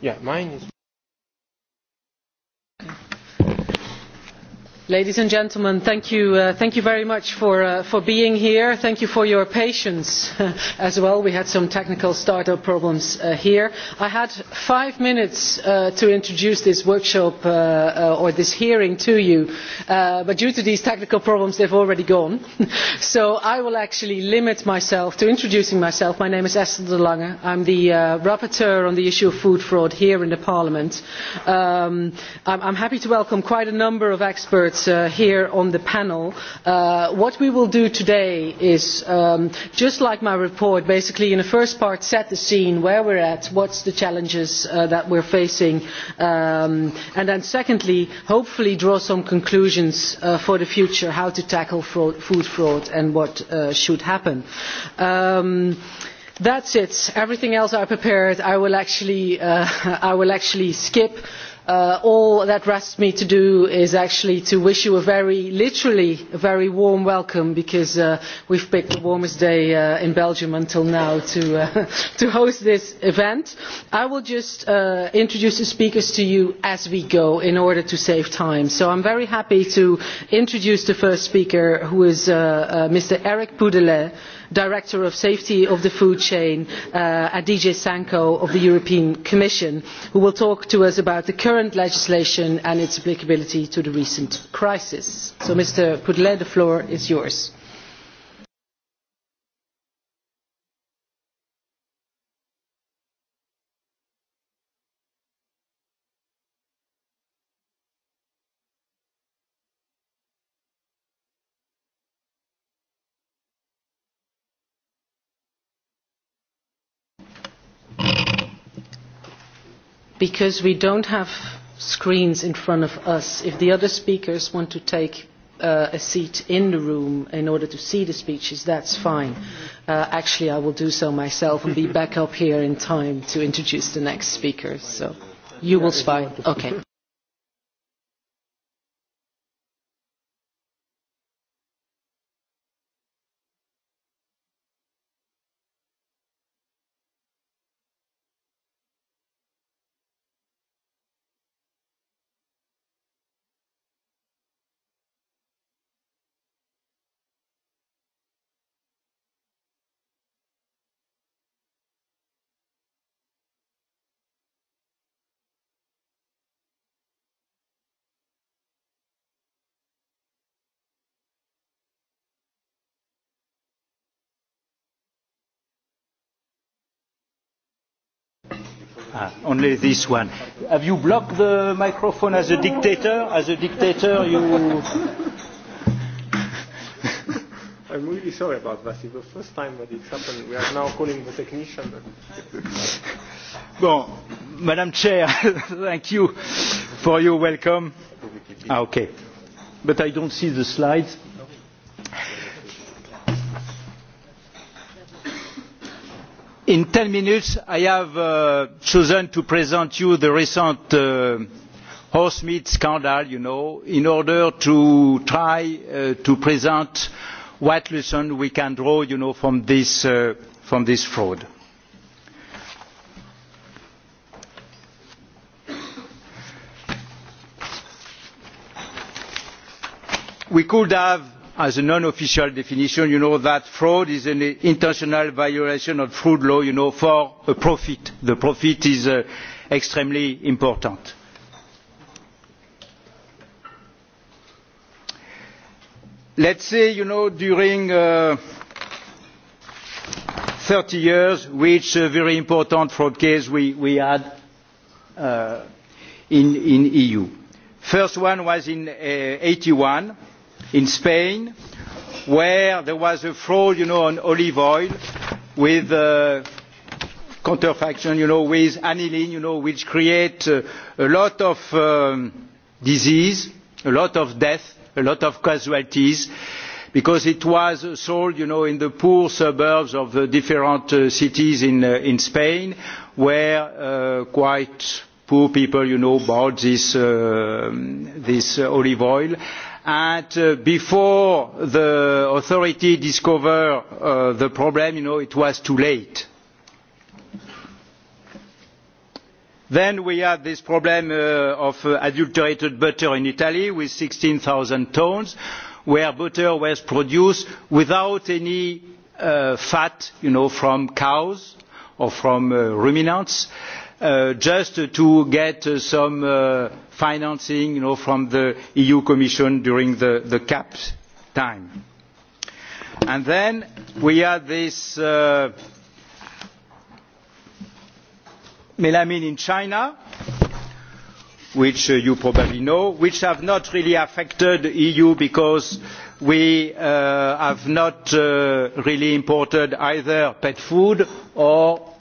Yeah, mine is ladies and gentlemen thank you very much for being here thank you for your patience as well we had some technical start up problems here. i had five minutes to introduce this workshop or this hearing to you but due to these technical problems they've already gone so i will actually limit myself to introducing myself. my name is esther de lange i the rapporteur on the issue of food fraud here in the parliament. i am happy to welcome quite a number of experts here on the panel. What we will do today is, just like my report, basically in the first part set the scene, where we're at, what's the challenges that we're facing, and then secondly, hopefully draw some conclusions for the future, how to tackle food fraud and what should happen. That's it. Everything else I prepared I will actually skip all that rests me to do is actually to wish you a very literally a very warm welcome because we've picked the warmest day in belgium until now to host this event. i will just introduce the speakers to you as we go in order to save time so i am very happy to introduce the first speaker who is mr eric poudelet director of safety of the food chain at dj sanco of the european commission who will talk to us about the current legislation and its applicability to the recent crisis. so mr Pudle, the floor is yours. because we don't have screens in front of us, if the other speakers want to take a seat in the room in order to see the speeches, that's fine. Actually, I will do so myself and be back up here in time to introduce the next speaker. So you will spy. Okay. Only this one. Have you blocked the microphone as a dictator? As a dictator, you. I'm really sorry about that. It's the first time that it's happened. We are now calling the technician. Bon, Madame Chair, thank you for your welcome. Okay, but I don't see the slides. in ten minutes i have chosen to present you the recent horsemeat scandal you know in order to try to present what lesson we can draw from this fraud. we could have as a non official definition you know that fraud is an intentional violation of food law you know for a profit. the profit is extremely important. let's say you know during 30 years which very important fraud case we had in the eu. first one was in eighty in Spain, where there was a fraud on olive oil with counterfection, with aniline, which creates a lot of disease, a lot of death, a lot of casualties, because it was sold in the poor suburbs of the different cities in Spain, where quite poor people you know, bought this olive oil and before the authority discovered the problem it was too late. then we had this problem of adulterated butter in italy with sixteen zero tonnes where butter was produced without any fat from cows or from ruminants just to get some financing from the EU Commission during the CAP time. And then we had this melamine in China, which you probably know, which have not really affected the EU because we have not really imported either pet food or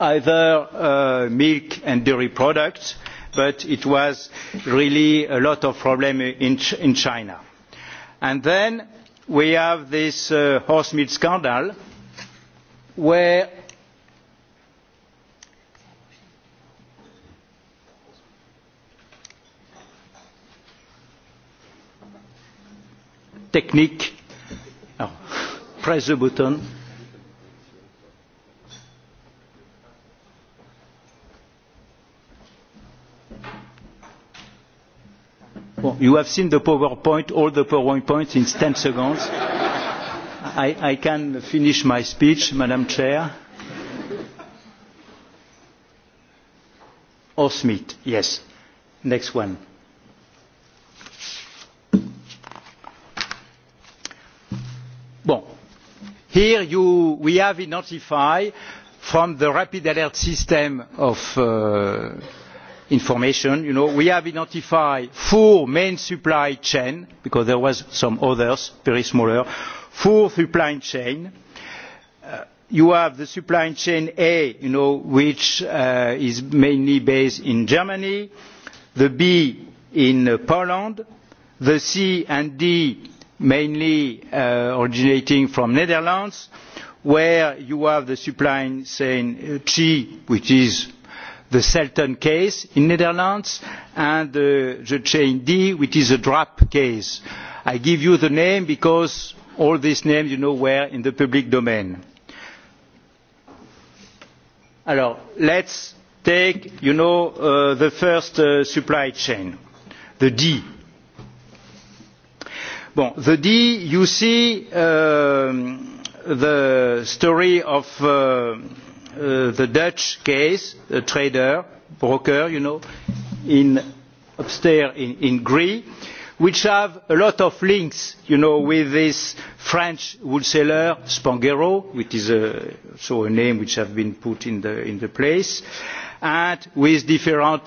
either milk and dairy products, but it was really a lot of problems in China. And then we have this horse meat scandal, where technique press the button You have seen the PowerPoint, all the PowerPoints in 10 seconds. I can finish my speech, Madam Chair. Or Smith, yes. Next one. Bon. Here you, we have identified from the rapid alert system of information you know we have identified four main supply chains because there were some others very smaller four supply chains you have the supply chain a which is mainly based in germany the b in poland the c and d mainly originating from the netherlands where you have the supply chain g which is the Selton case in the netherlands and the chain d which is a drap case. i give you the name because all these names you know were in the public domain. let us take the first supply chain the d. the d you see the story of the Dutch case, a trader, broker, you know, in upstairs in Greece, which have a lot of links, you know, with this French wholesaler Spanghero, which is also a name which has been put in the place, and with different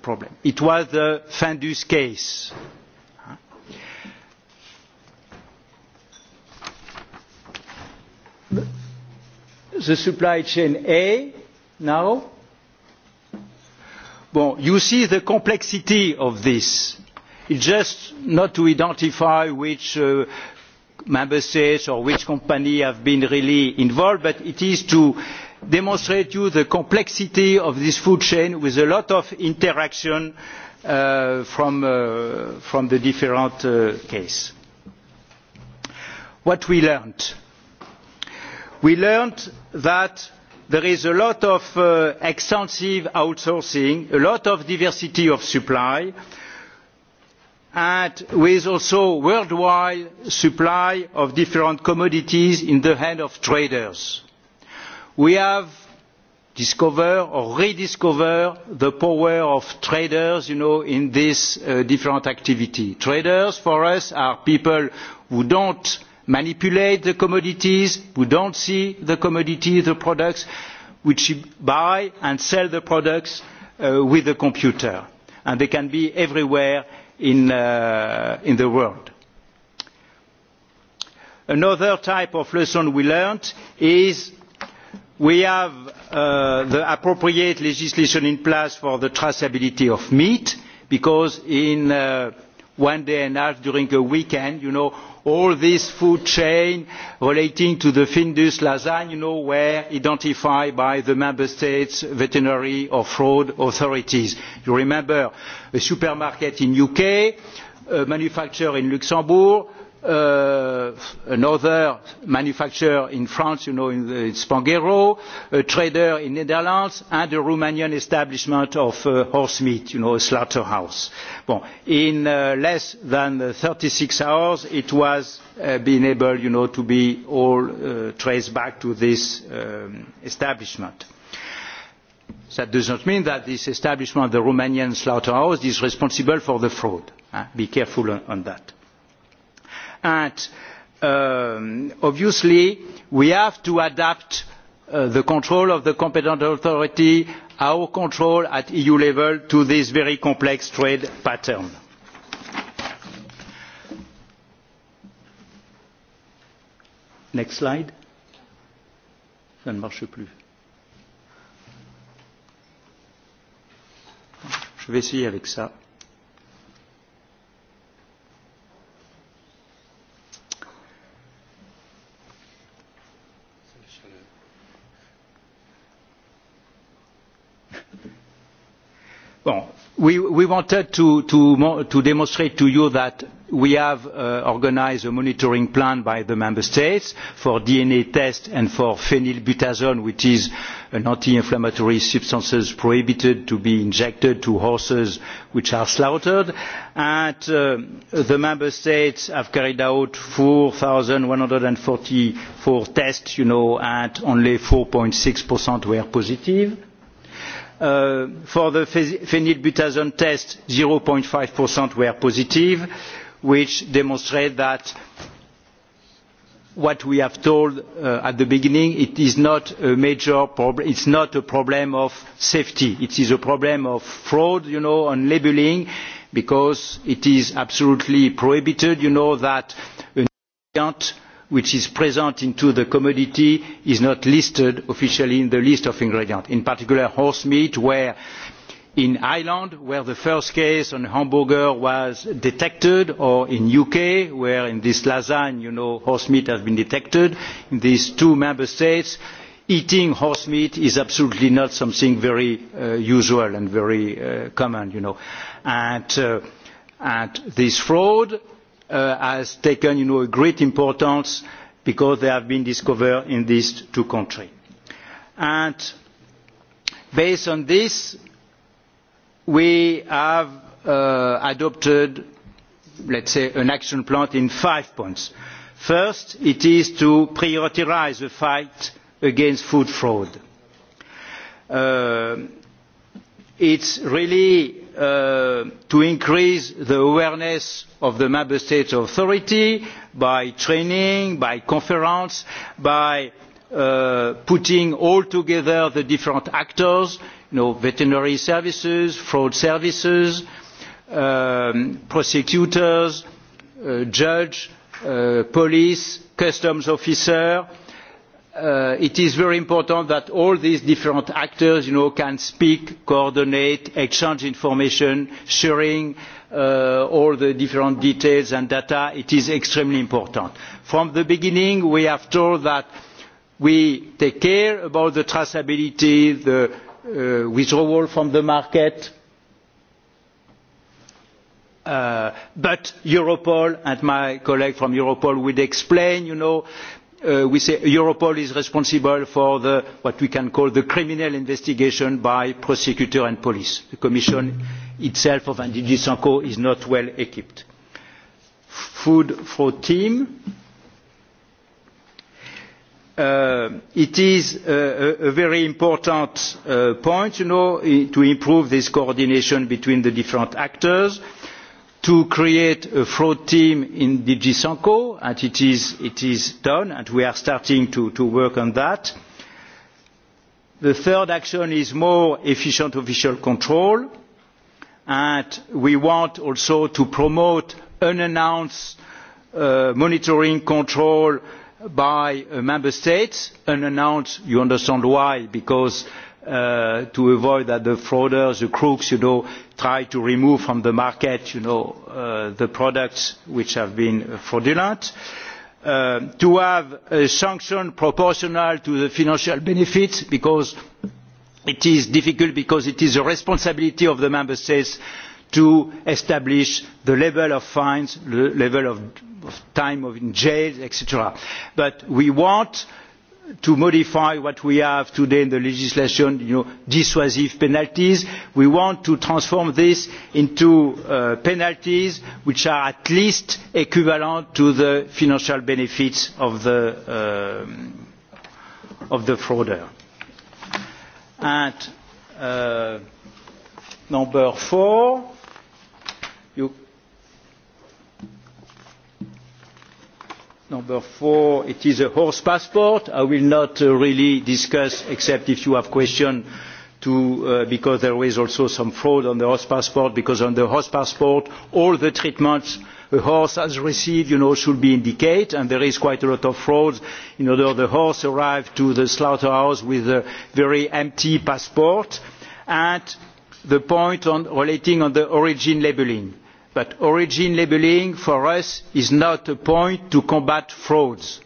problems. It was the Fandus case the supply chain A now. Well, you see the complexity of this. It's just not to identify which member states or which company have been really involved, but it is to demonstrate to you the complexity of this food chain with a lot of interaction from the different cases. What we learned we learned that there is a lot of extensive outsourcing a lot of diversity of supply and with also worldwide supply of different commodities in the hands of traders. we have discovered or rediscovered the power of traders in this different activity. traders for us are people who don't manipulate the commodities who don't see the commodities the products which buy and sell the products with the computer and they can be everywhere in the world. another type of lesson we learned is we have the appropriate legislation in place for the traceability of meat because in one day and a half during a weekend you know all this food chain relating to the findus lasagne were identified by the member states' veterinary or fraud authorities. you remember a supermarket in the uk a manufacturer in luxembourg another manufacturer in France, you know, in Spanghero a trader in Netherlands, and a Romanian establishment of horse meat, you know, a slaughterhouse. In less than 36 hours, it was being able, you know, to be all traced back to this establishment. That does not mean that this establishment, the Romanian slaughterhouse, is responsible for the fraud. Be careful on that and obviously we have to adapt the control of the competent authority our control at eu level to this very complex trade pattern. next slide. ne marche plus. je vais essayer avec ça. We wanted to demonstrate to you that we have organised a monitoring plan by the Member States for DNA tests and for phenylbutazone, which is an anti-inflammatory substance prohibited to be injected to horses which are slaughtered. And the Member States have carried out 4,144 tests, you know, and only 4.6% were positive for the phenylbutazone test zero five were positive which demonstrates that what we have told at the beginning it is not a major problem it's not a problem of safety it is a problem of fraud you know on labelling because it is absolutely prohibited you know that which is present into the commodity is not listed officially in the list of ingredients in particular horse meat where in ireland where the first case on hamburger was detected or in the uk where in this lasagne you know horse meat has been detected in these two member states eating horse meat is absolutely not something very usual and very common. you know. and this fraud has taken a great importance because they have been discovered in these two countries. And based on this, we have adopted, let's say, an action plan in five points. First, it is to prioritise the fight against food fraud. It's really to increase the awareness of the member states' authority by training by conference by putting all together the different actors veterinary services fraud services prosecutors judges police customs officers it is very important that all these different actors can speak coordinate exchange information sharing all the different details and data it is extremely important. from the beginning we have told that we take care about the traceability the withdrawal from the market but europol and my colleague from europol will explain we say europol is responsible for what we can call the criminal investigation by prosecutor and police. the commission itself of dg sanco is not well equipped. food fraud team it is a very important point to improve this coordination between the different actors to create a fraud team in DG and it is done, and we are starting to work on that. The third action is more efficient official control, and we want also to promote unannounced monitoring control by member states. Unannounced, you understand why, because to avoid that the frauders, the crooks, you know, try to remove from the market, the products which have been fraudulent, to have a sanction proportional to the financial benefits, because it is difficult, because it is the responsibility of the member states to establish the level of fines, the level of time in jail, etc. But we want to modify what we have today in the legislation you know, dissuasive penalties we want to transform this into penalties which are at least equivalent to the financial benefits of the frauder. and number four you number four it is a horse passport i will not really discuss except if you have questions because there is also some fraud on the horse passport because on the horse passport all the treatments a horse has received should be indicated and there is quite a lot of fraud in order the horse arrived to the slaughterhouse with a very empty passport and the point relating to the origin labelling but origin labelling for us is not a point to combat frauds.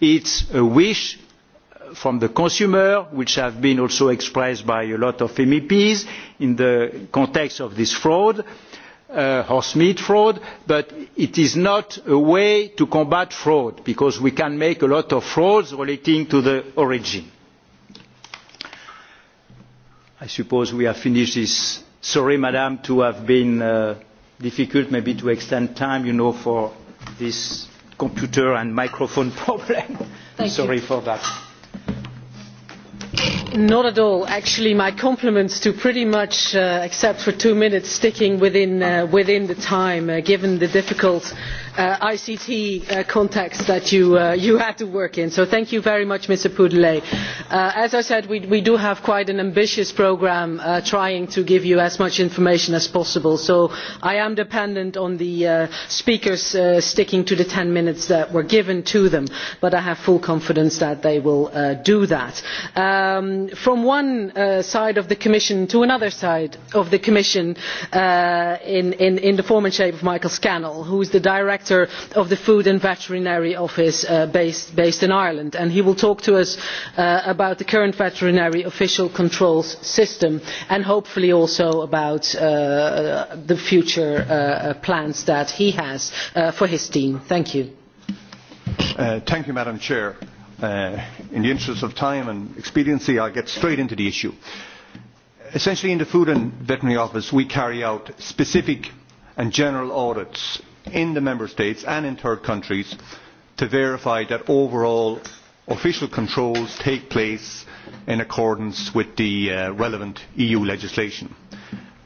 it is a wish from the consumer which has been also expressed by a lot of meps in the context of this fraud horsemeat fraud but it is not a way to combat fraud because we can make a lot of frauds relating to the origin. i suppose we have finished this. sorry madam to have been difficult maybe to extend time, you know, for this computer and microphone problem. Sorry for that. Not at all. Actually, my compliments to pretty much, except for two minutes, sticking within the time, given the difficult ict context that you had to work in so thank you very much mr poudelet. as i said we do have quite an ambitious programme trying to give you as much information as possible so i am dependent on the speakers sticking to the 10 minutes that were given to them but i have full confidence that they will do that. from one side of the commission to another side of the commission in the form and shape of michael scannell who is the director director of the food and veterinary office based in ireland and he will talk to us about the current veterinary official controls system and hopefully also about the future plans that he has for his team. thank you. madam president in the interest of time and expediency i get straight into the issue. essentially in the food and veterinary office we carry out specific and general audits in the member states and in third countries to verify that overall official controls take place in accordance with the relevant eu legislation.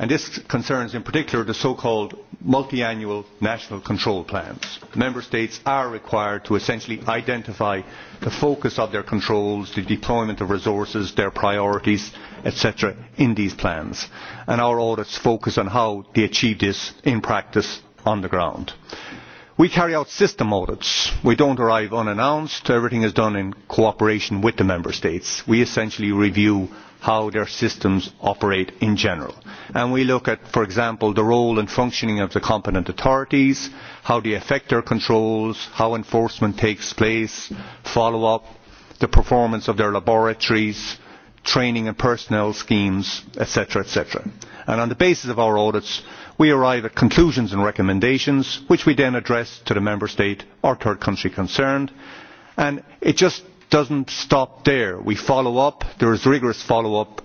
this concerns in particular the so called multiannual national control plans. member states are required to essentially identify the focus of their controls the deployment of resources their priorities etc. in these plans and our audits focus on how they achieve this in practice on the ground. We carry out system audits. We don't arrive unannounced. Everything is done in cooperation with the member states. We essentially review how their systems operate in general. And we look at, for example, the role and functioning of the competent authorities, how they affect their controls, how enforcement takes place, follow-up, the performance of their laboratories, training and personnel schemes, etc., etc. And on the basis of our audits, we arrive at conclusions and recommendations which we then address to the member state or third country concerned and it just does not stop there. we follow up there is rigorous follow up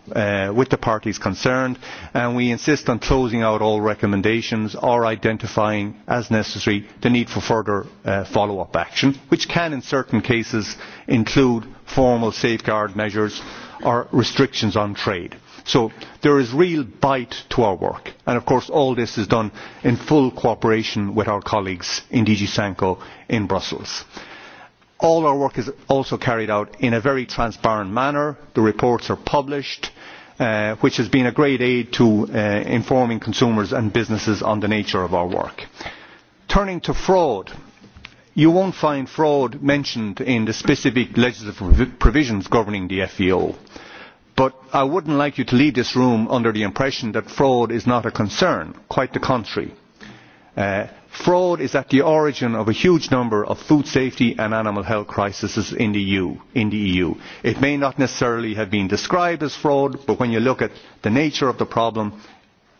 with the parties concerned and we insist on closing out all recommendations or identifying as necessary the need for further follow up action which can in certain cases include formal safeguard measures or restrictions on trade. So there is real bite to our work. And of course all this is done in full cooperation with our colleagues in DG SANCO in Brussels. All our work is also carried out in a very transparent manner. The reports are published, which has been a great aid to informing consumers and businesses on the nature of our work. Turning to fraud. You won't find fraud mentioned in the specific legislative provisions governing the FEO. But I would not like you to leave this room under the impression that fraud is not a concern. Quite the contrary. Fraud is at the origin of a huge number of food safety and animal health crises in the EU. It may not necessarily have been described as fraud, but when you look at the nature of the problem,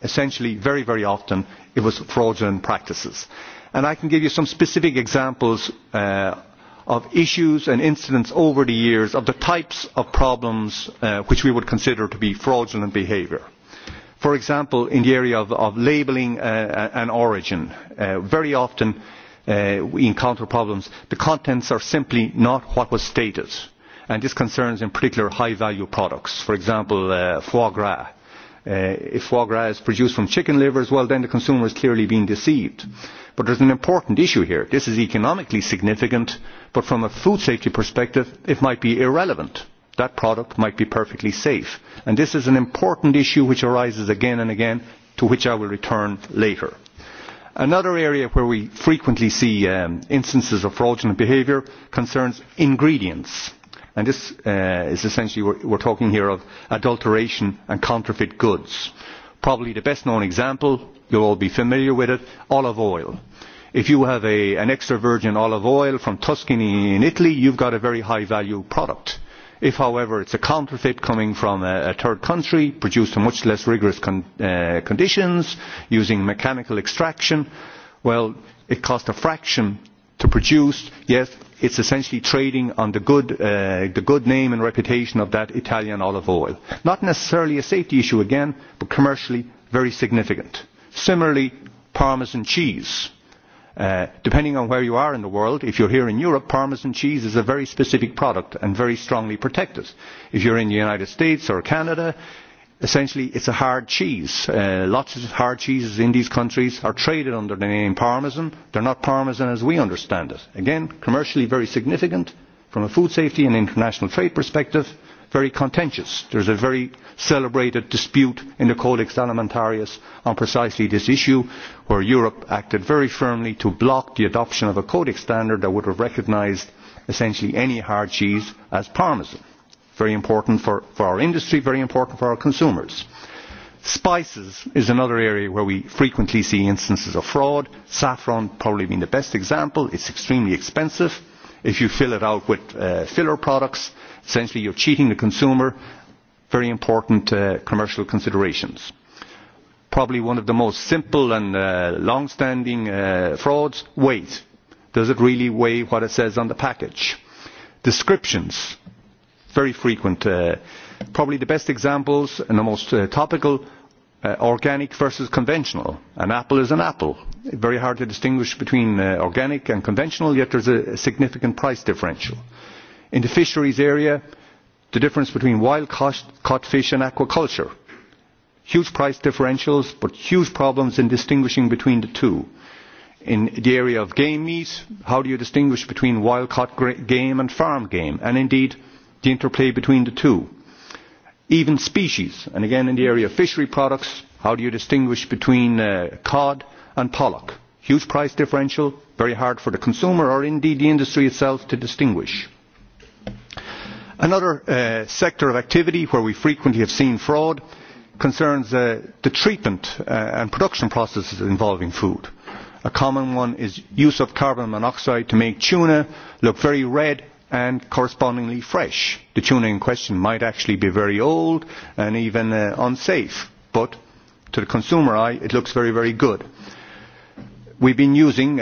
essentially very, very often it was fraudulent practices. And I can give you some specific examples of issues and incidents over the years of the types of problems which we would consider to be fraudulent behaviour. For example, in the area of labelling and origin, very often we encounter problems. The contents are simply not what was stated, and this concerns in particular high-value products. For example, foie gras. If foie gras is produced from chicken livers, well then the consumer is clearly being deceived But there's an important issue here. This is economically significant, but from a food safety perspective, it might be irrelevant. That product might be perfectly safe. And this is an important issue which arises again and again, to which I will return later. Another area where we frequently see instances of fraudulent behaviour concerns ingredients. And this is essentially, we're talking here of adulteration and counterfeit goods. Probably the best known example, you'll all be familiar with it, olive oil if you have an extra virgin olive oil from tuscany in italy you've got a very high value product if however it's a counterfeit coming from a third country produced in much less rigorous conditions using mechanical extraction well it costs a fraction to produce Yes, it's essentially trading on the good name and reputation of that italian olive oil not necessarily a safety issue again but commercially very significant similarly parmesan cheese Depending on where you are in the world, if you're here in Europe, Parmesan cheese is a very specific product and very strongly protected. If you're in the United States or Canada, essentially it's a hard cheese. Lots of hard cheeses in these countries are traded under the name Parmesan. They're not Parmesan as we understand it. Again, commercially very significant from a food safety and international trade perspective very contentious. There is a very celebrated dispute in the Codex Alimentarius on precisely this issue, where Europe acted very firmly to block the adoption of a Codex standard that would have recognised essentially any hard cheese as parmesan. Very important for our industry, very important for our consumers. Spices is another area where we frequently see instances of fraud. Saffron probably being the best example. it is extremely expensive If you fill it out with filler products, essentially you're cheating the consumer. Very important commercial considerations. Probably one of the most simple and long-standing frauds, weight. Does it really weigh what it says on the package? Descriptions, very frequent. Probably the best examples and the most topical organic versus conventional. An apple is an apple. Very hard to distinguish between organic and conventional, yet there is a significant price differential. In the fisheries area, the difference between wild caught fish and aquaculture. Huge price differentials, but huge problems in distinguishing between the two. In the area of game meat, how do you distinguish between wild caught game and farm game, and indeed the interplay between the two? even species and again in the area of fishery products how do you distinguish between cod and pollock huge price differential very hard for the consumer or indeed the industry itself to distinguish another sector of activity where we frequently have seen fraud concerns the treatment and production processes involving food a common one is use of carbon monoxide to make tuna look very red and correspondingly fresh. The tuna in question might actually be very old and even unsafe, but to the consumer eye it looks very, very good. We've been using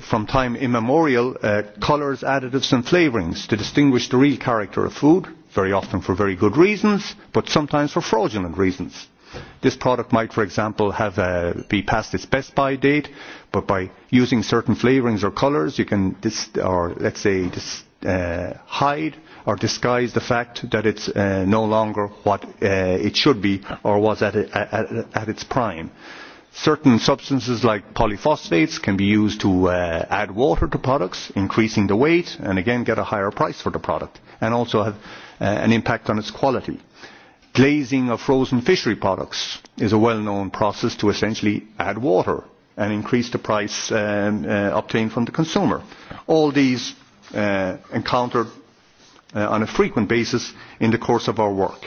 from time immemorial colours, additives and flavourings to distinguish the real character of food, very often for very good reasons, but sometimes for fraudulent reasons. This product might, for example, have be past its best buy date, but by using certain flavourings or colours, you can, or let's say, hide or disguise the fact that it's no longer what it should be or was at its prime. Certain substances like polyphosphates can be used to add water to products, increasing the weight and again get a higher price for the product and also have an impact on its quality. Glazing of frozen fishery products is a well-known process to essentially add water and increase the price obtained from the consumer. All these encountered on a frequent basis in the course of our work.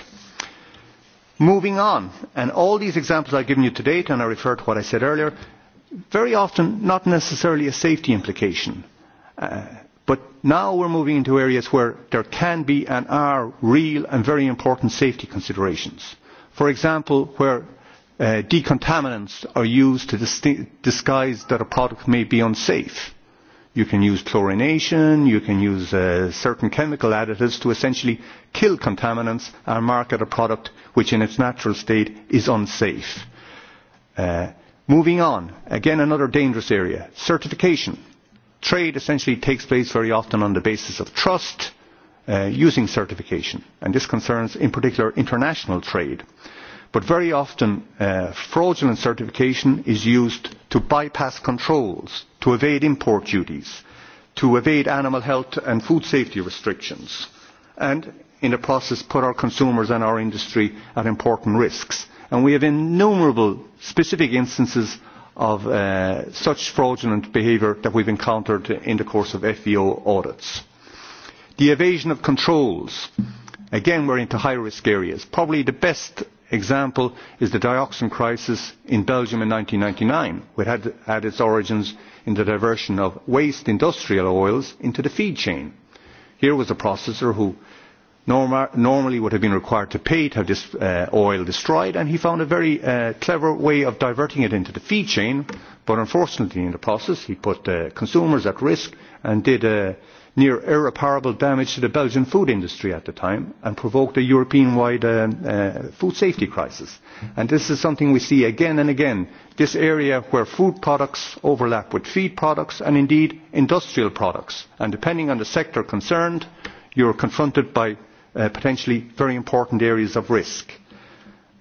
Moving on, and all these examples I've given you to date, and I refer to what I said earlier, very often not necessarily a safety implication. But now we're moving into areas where there can be and are real and very important safety considerations. For example, where decontaminants are used to disguise that a product may be unsafe You can use chlorination, you can use certain chemical additives to essentially kill contaminants and market a product which in its natural state is unsafe. Moving on, again another dangerous area, certification. Trade essentially takes place very often on the basis of trust using certification, and this concerns in particular international trade but very often fraudulent certification is used to bypass controls to evade import duties to evade animal health and food safety restrictions and in the process put our consumers and our industry at important risks. we have innumerable specific instances of such fraudulent behaviour that we have encountered in the course of fvo audits. the evasion of controls again we're are into high risk areas. probably the best example is the dioxin crisis in Belgium in ninety nine. which had had its origins in the diversion of waste industrial oils into the feed chain. Here was a processor who normally would have been required to pay to have this oil destroyed, and he found a very clever way of diverting it into the feed chain, but unfortunately in the process he put consumers at risk and did near irreparable damage to the Belgian food industry at the time and provoked a European-wide food safety crisis. And this is something we see again and again, this area where food products overlap with feed products and indeed industrial products. And depending on the sector concerned, you are confronted by potentially very important areas of risk.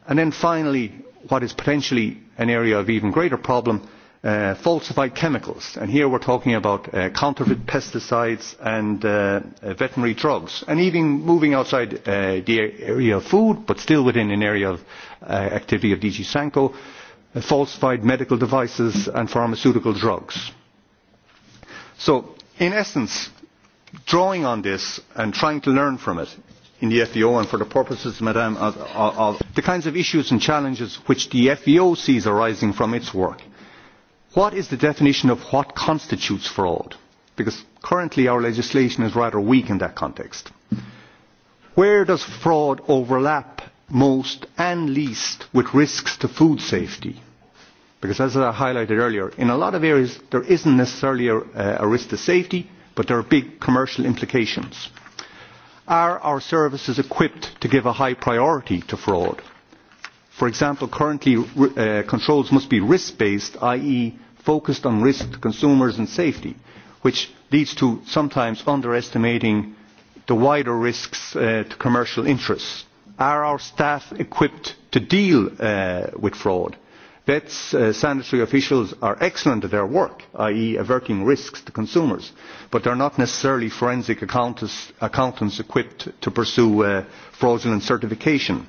And then finally, what is potentially an area of even greater problem falsified chemicals and here we're talking about counterfeit pesticides and veterinary drugs and even moving outside the area of food but still within an area of activity of DG Sanko falsified medical devices and pharmaceutical drugs. So in essence drawing on this and trying to learn from it in the FVO and for the purposes madam of the kinds of issues and challenges which the FEO sees arising from its work what is the definition of what constitutes fraud? Because currently our legislation is rather weak in that context. Where does fraud overlap most and least with risks to food safety? Because as I highlighted earlier, in a lot of areas there isn't necessarily a risk to safety, but there are big commercial implications. Are our services equipped to give a high priority to fraud? For example, currently controls must be risk-based, i.e. focused on risk to consumers and safety, which leads to sometimes underestimating the wider risks to commercial interests. Are our staff equipped to deal with fraud? Vets, sanitary officials are excellent at their work, i.e. averting risks to consumers, but they are not necessarily forensic accountants equipped to pursue fraudulent certification.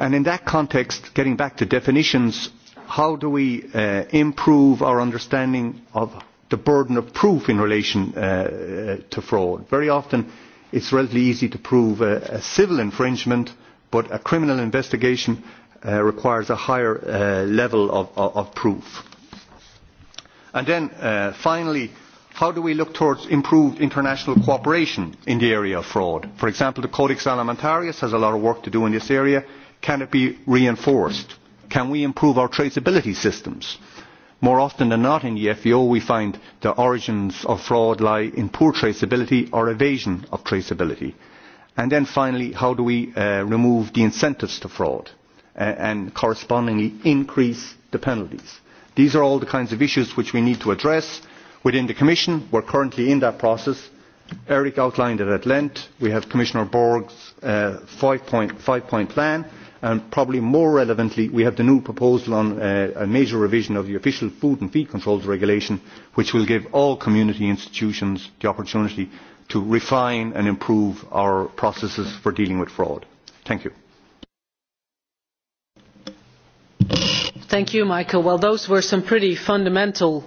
And in that context, getting back to definitions, how do we improve our understanding of the burden of proof in relation to fraud? Very often it's relatively easy to prove a civil infringement, but a criminal investigation requires a higher level of proof. And then finally, how do we look towards improved international cooperation in the area of fraud? For example, the Codex Alimentarius has a lot of work to do in this area Can it be reinforced? Can we improve our traceability systems? More often than not in the FEO we find the origins of fraud lie in poor traceability or evasion of traceability. And then finally, how do we remove the incentives to fraud and correspondingly increase the penalties? These are all the kinds of issues which we need to address within the Commission. We're currently in that process. Eric outlined it at length. We have Commissioner Borg's five-point plan and probably more relevantly we have the new proposal on a major revision of the official food and feed controls regulation which will give all community institutions the opportunity to refine and improve our processes for dealing with fraud. Thank you. Thank you, Michael. Well, those were some pretty fundamental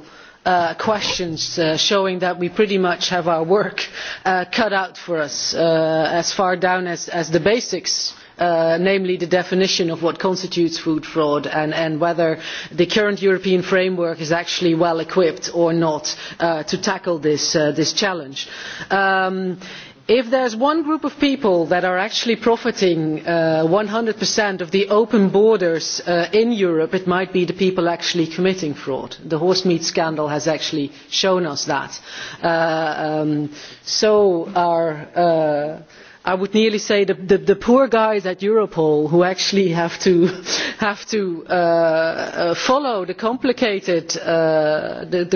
questions showing that we pretty much have our work cut out for us as far down as the basics namely the definition of what constitutes food fraud and whether the current European framework is actually well equipped or not to tackle this challenge. If there is one group of people that are actually profiting 100% of the open borders in Europe, it might be the people actually committing fraud. The horse meat scandal has actually shown us that. So our I would nearly say the poor guys at Europol who actually have to follow the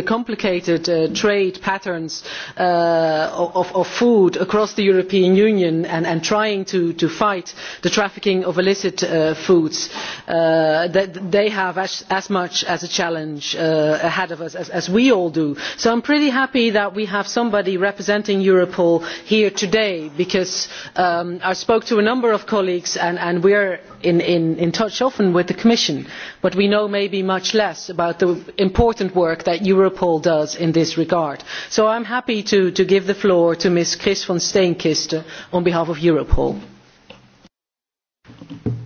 complicated trade patterns of food across the European Union and trying to fight the trafficking of illicit foods. They have as much as a challenge ahead of us as we all do. So I'm pretty happy that we have somebody representing Europol here today because I spoke to a number of colleagues and we are in touch often with the Commission, but we know maybe much less about the important work that Europol does in this regard. So I am happy to give the floor to Ms Chris van Steenkiste on behalf of Europol.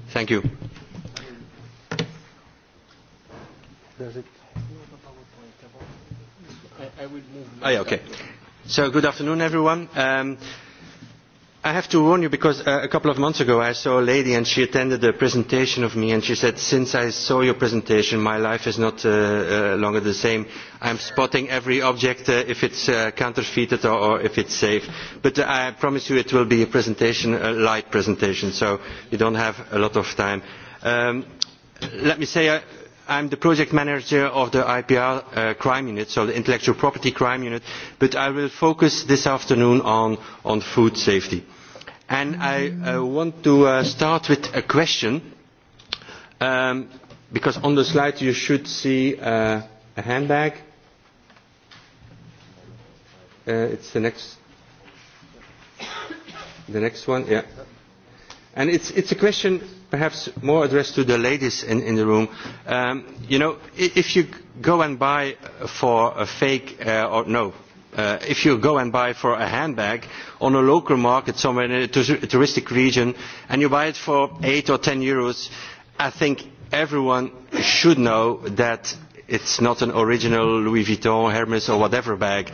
Thank you. So good afternoon everyone. I have to warn you because a couple of months ago I saw a lady and she attended a presentation of me and she said, since I saw your presentation, my life is not longer the same. I'm spotting every object if it's counterfeited or if it's safe. But I promise you it will be a presentation, a light presentation, so you don't have a lot of time. Let me say I am the project manager of the IPR crime unit, so the intellectual property crime unit, but I will focus this afternoon on food safety. And I want to start with a question, because on the slide you should see a handbag. It's the next, the next one, yeah it is a question perhaps more addressed to the ladies in the room. You know, if you go and buy for a fake or no, if you go and buy for a handbag on a local market somewhere in a touristic region and you buy it for eight or ten euros, I think everyone should know that it's not an original Louis Vuitton, Hermes or whatever bag.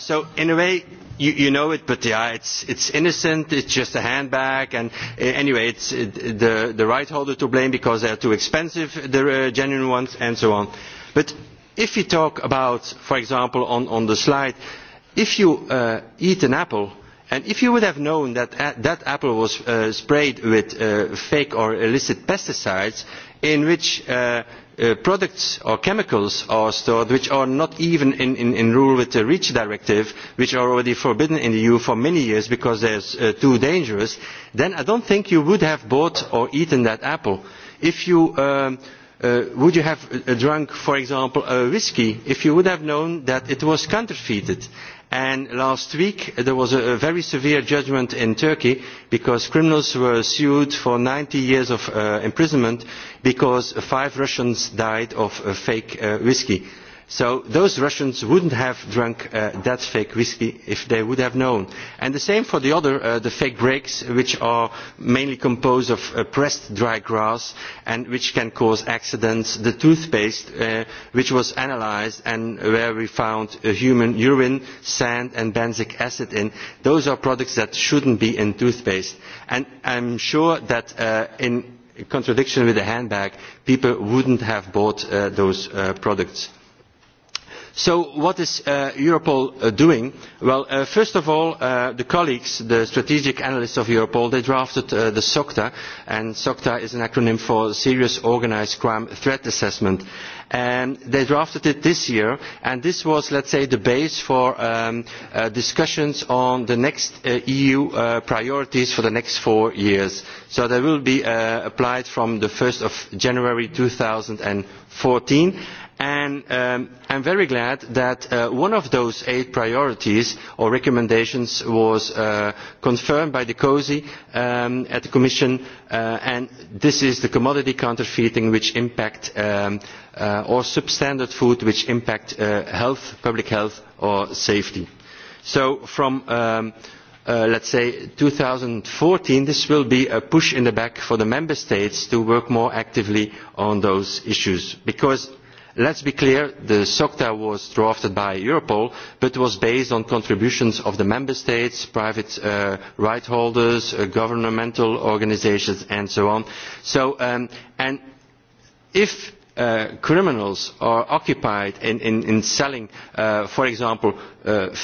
So in a way You know it, but yeah, it's it's innocent. It's just a handbag, and anyway, it's the the right holder to blame because they are too expensive, the genuine ones, and so on. But if you talk about, for example, on on the slide, if you eat an apple, and if you would have known that that apple was sprayed with fake or illicit pesticides, in which products or chemicals are stored which are not even in rule with the REACH directive, which are already forbidden in the EU for many years because they are too dangerous, then I do not think you would have bought or eaten that apple. If would you have drunk, for example, a whiskey, if you would have known that it was counterfeited? and last week there was a very severe judgment in turkey because criminals were sued for 90 years of imprisonment because five russians died of fake whiskey So those Russians would not have drunk that fake whiskey if they would have known. And the same for the other, the fake breaks, which are mainly composed of pressed dry grass and which can cause accidents. The toothpaste, which was analysed and where we found human urine, sand and benzic acid in, those are products that not be in toothpaste. And am sure that in contradiction with the handbag, people wouldn't have bought those products. So what is Europol doing? Well, first of all, the colleagues, the strategic analysts of Europol, they drafted the SOCTA, and SOCTA is an acronym for Serious Organised Crime Threat Assessment. and They drafted it this year, and this was, let's say, the base for discussions on the next EU priorities for the next four years. So they will be applied from the 1st of January 2014 and am very glad that one of those eight priorities or recommendations was confirmed by the cosi at the commission and this is the commodity counterfeiting which impacts or substandard food which impact health public health or safety so from let's say 2014 this will be a push in the back for the member states to work more actively on those issues because Let us be clear, the SOCTA was drafted by Europol, but was based on contributions of the member states, private right holders, governmental organisations and so on. and if criminals are occupied in selling, for example,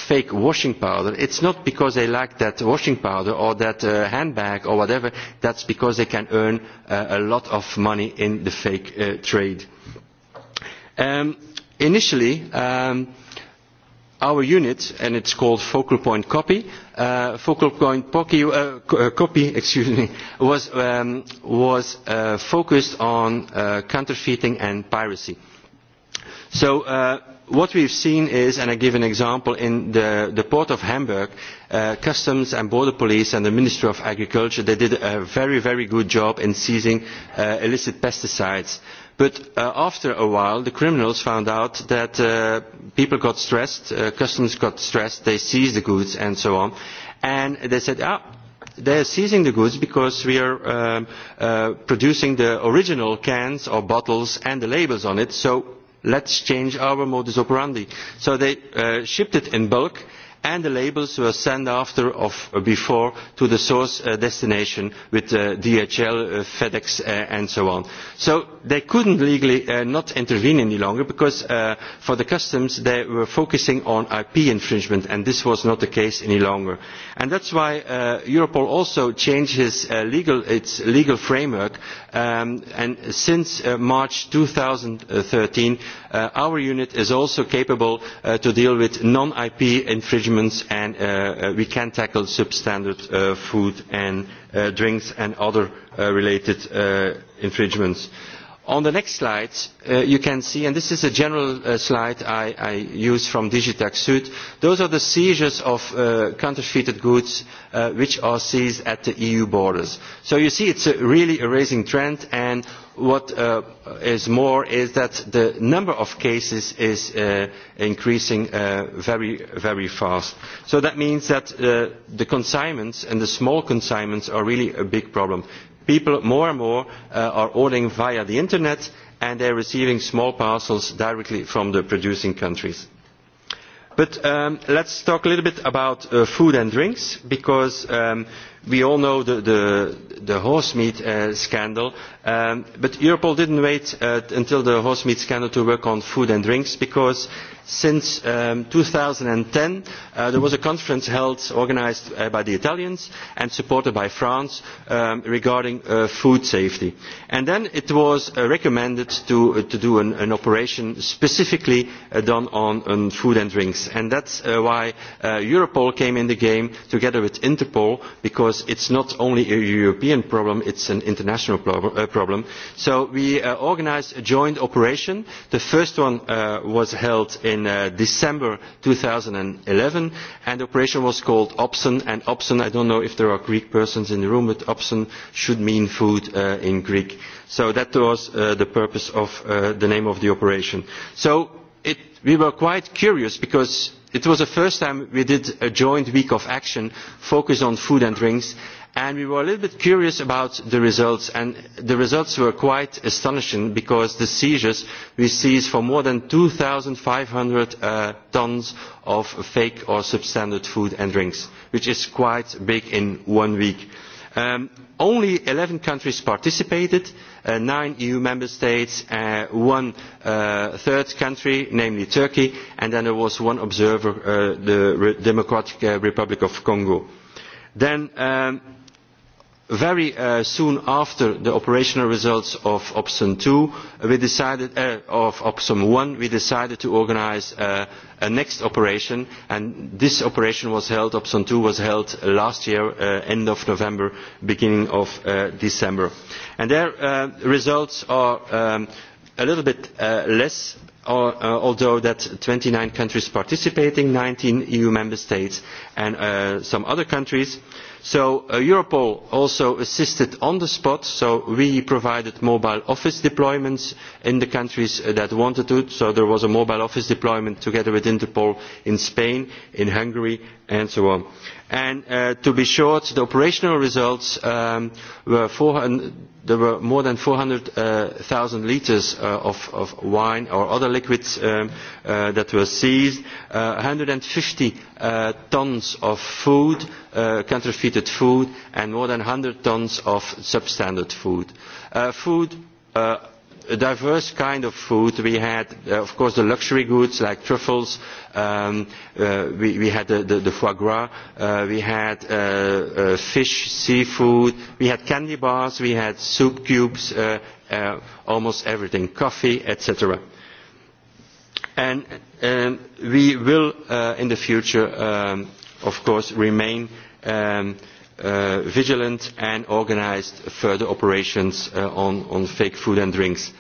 fake washing powder, it is not because they like that washing powder or that handbag or whatever. is because they can earn a lot of money in the fake trade. Initially, our unit, and it's called Focal Point Copy, Focal Point Copy, excuse me, was focused on counterfeiting and piracy. So What we have seen is and I give an example in the Port of Hamburg, Customs and Border Police and the Ministry of Agriculture they did a very, very good job in seizing illicit pesticides. But after a while the criminals found out that people got stressed, customs got stressed, they seized the goods and so on, and they said ah They are seizing the goods because we are producing the original cans or bottles and the labels on it, so let's change our modus operandi. So they shipped it in bulk and the labels were sent after or before to the source destination with DHL, FedEx and so on. So they couldn't legally not intervene any longer because for the customs they were focusing on IP infringement and this was not the case any longer. And that's why Europol also changed its legal framework and since March 2013 our unit is also capable to deal with non-IP infringement and we can tackle substandard food and drinks and other related infringements. On the next slide, you can see, and this is a general slide I use from Digitax Sud, those are the seizures of counterfeited goods which are seized at the EU borders. So you see it's really a rising trend, and what is more is that the number of cases is increasing very, very fast. So that means that the consignments and the small consignments are really a big problem people more and more are ordering via the internet and they are receiving small parcels directly from the producing countries. But us talk a little bit about food and drinks because we all know the horsemeat scandal But Europol didn't wait until the horsemeat scandal to work on food and drinks because since 2010 there was a conference held organised by the Italians and supported by France regarding food safety. And then it was recommended to do an operation specifically done on food and drinks. And that's why Europol came in the game together with Interpol because it's not only a European problem, it's an international problem problem. So we organised a joint operation. The first one was held in December 2011 and the operation was called Opson and Opson, I don't know if there are Greek persons in the room, but Opson should mean food in Greek. So that was the purpose of the name of the operation. So we were quite curious because it was the first time we did a joint week of action focused on food and drinks and we were a little bit curious about the results and the results were quite astonishing because the seizures we seized for more than 2500 tons of fake or substandard food and drinks which is quite big in one week only 11 countries participated nine eu member states one third country namely turkey and then there was one observer the democratic republic of congo then very soon after the operational results of Option one we decided to organise a next operation and this operation was held Option two was held last year end of november beginning of december. and their results are a little bit less although that twenty nine countries participating nineteen eu member states and some other countries So Europol also assisted on the spot, so we provided mobile office deployments in the countries that wanted to, so there was a mobile office deployment together with Interpol in Spain, in Hungary and so on and to be short the operational results were there were more than 400,000 litres of wine or other liquids that were seized 150 tons of food counterfeited food and more than 100 tons of substandard food food a diverse kind of food. We had, of course, the luxury goods like truffles. We had the foie gras. We had fish, seafood. We had candy bars. We had soup cubes, almost everything, coffee, etc. And we will, in the future, of course, remain vigilant and organised further operations on fake food and drinks.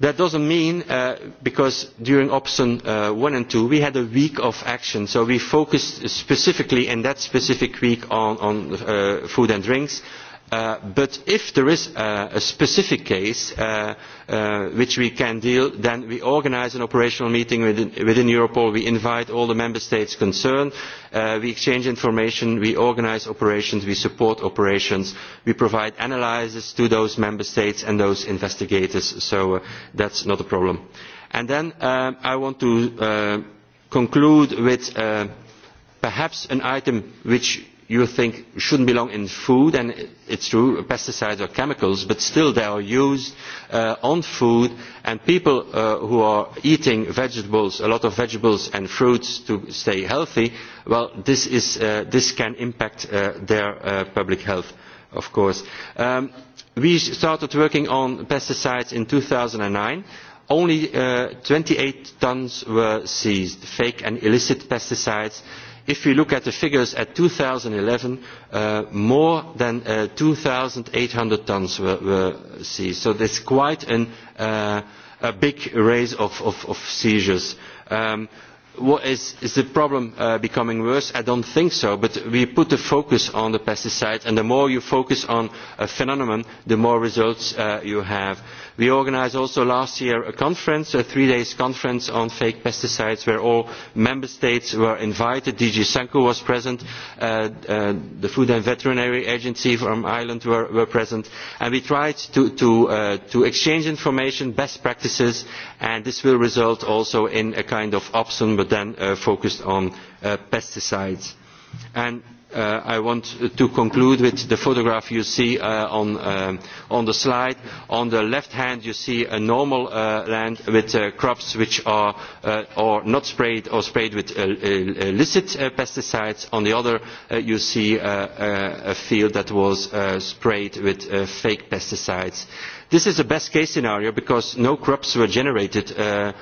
That doesn't mean, because during option one and two we had a week of action, so we focused specifically in that specific week on food and drinks. But if there is a specific case which we can deal, then we organise an operational meeting within Europol. We invite all the member states concerned. We exchange information. We organise operations. We support operations. We provide analyses to those member states and those investigators. So that's not a problem. And then I want to conclude with perhaps an item which you think shouldn't belong in food and it's true pesticides are chemicals but still they are used on food and people who are eating vegetables a lot of vegetables and fruits to stay healthy well this this can impact their public health of course we started working on pesticides in 2009 only 28 tons were seized fake and illicit pesticides if we look at the figures at 2011, more than 2,800 tonnes were seized. So there is quite a big rise of seizures. Is the problem becoming worse? I do not think so, but we put the focus on the pesticides, and the more you focus on a phenomenon, the more results you have. We organised also last year a conference, a three day conference on fake pesticides where all Member States were invited. DG Sanko was present, the Food and Veterinary Agency from Ireland were present, and we tried to exchange information, best practices, and this will result also in a kind of option but then focused on pesticides. I want to conclude with the photograph you see on the slide. On the left hand you see a normal land with crops which are not sprayed or sprayed with illicit pesticides. On the other you see a field that was sprayed with fake pesticides This is the best case scenario because no crops were generated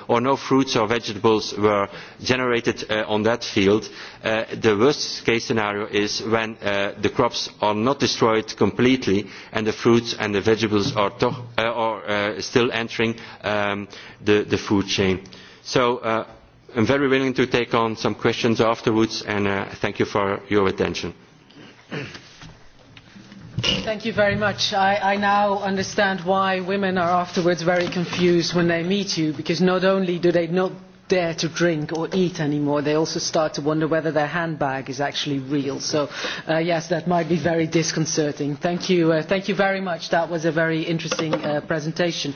or no fruits or vegetables were generated on that field. The worst case scenario is when the crops are not destroyed completely and the fruits and the vegetables are still entering the food chain. So I am very willing to take on some questions afterwards and thank you for your attention. Thank you very much. I now understand why women are afterwards very confused when they meet you, because not only do they not dare to drink or eat anymore, they also start to wonder whether their handbag is actually real. So, yes, that might be very disconcerting. Thank you very much. That was a very interesting presentation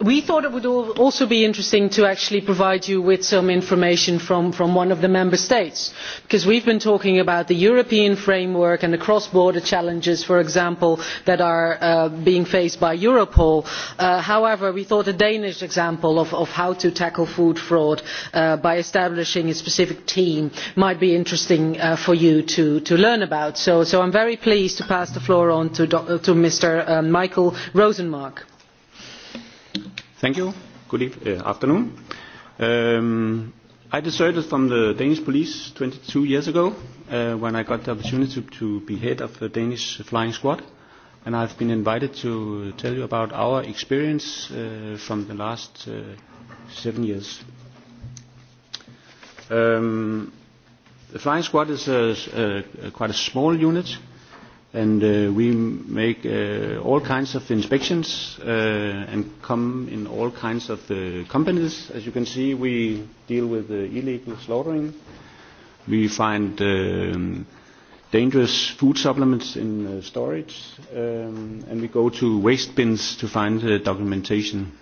we thought it would also be interesting to actually provide you with some information from one of the member states because we have been talking about the european framework and the cross border challenges for example that are being faced by europol. however we thought a danish example of how to tackle food fraud by establishing a specific team might be interesting for you to learn about so i am very pleased to pass the floor on to mr michael rosenmark. Thank you. Good afternoon. Um, I deserted from the Danish police 22 years ago when I got the opportunity to be head of the Danish flying squad. And I've been invited to tell you about our experience from the last seven years. Um The flying squad is a quite a small unit and we make all kinds of inspections and come in all kinds of companies. As you can see, we deal with illegal slaughtering. We find dangerous food supplements in storage, and we go to waste bins to find documentation.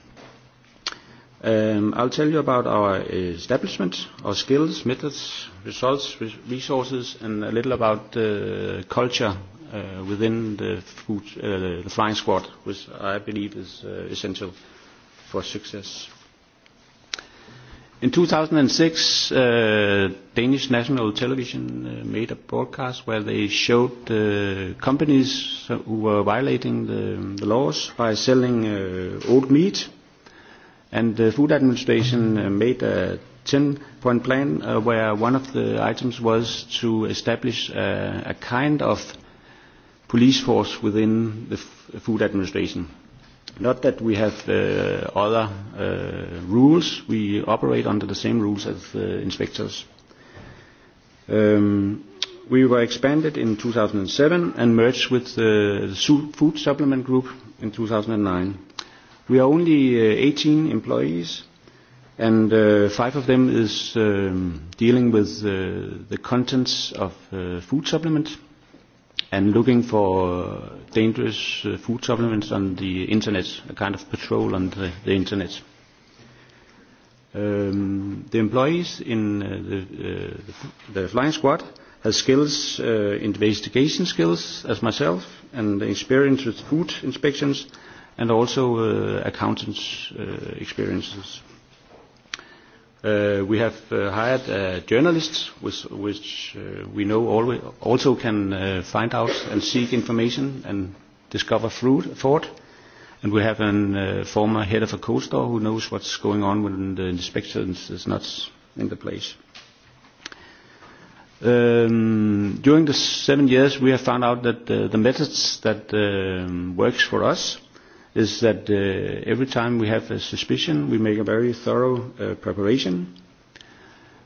I'll tell you about our establishment, our skills, methods, results, resources, and a little about culture within the food the flying squad, which I believe is essential for success. In 2006, Danish national television made a broadcast where they showed companies who were violating the laws by selling old meat, and the Food Administration made a 10-point plan where one of the items was to establish a kind of police force within the food administration. Not that we have other rules. We operate under the same rules as inspectors. We were expanded in 2007 and merged with the Food Supplement Group in 2009. We are only 18 employees, and five of them is dealing with the contents of food supplements and looking for dangerous food supplements on the internet, a kind of patrol on the internet. The employees in the flying squad have skills, investigation skills as myself, and experience with food inspections, and also accountants' experiences. We have hired journalists, which we know also can find out and seek information and discover fraud. And we have a former head of a coal store who knows what's going on when the inspection is not in the place. During the seven years, we have found out that the methods that works for us is that every time we have a suspicion, we make a very thorough preparation.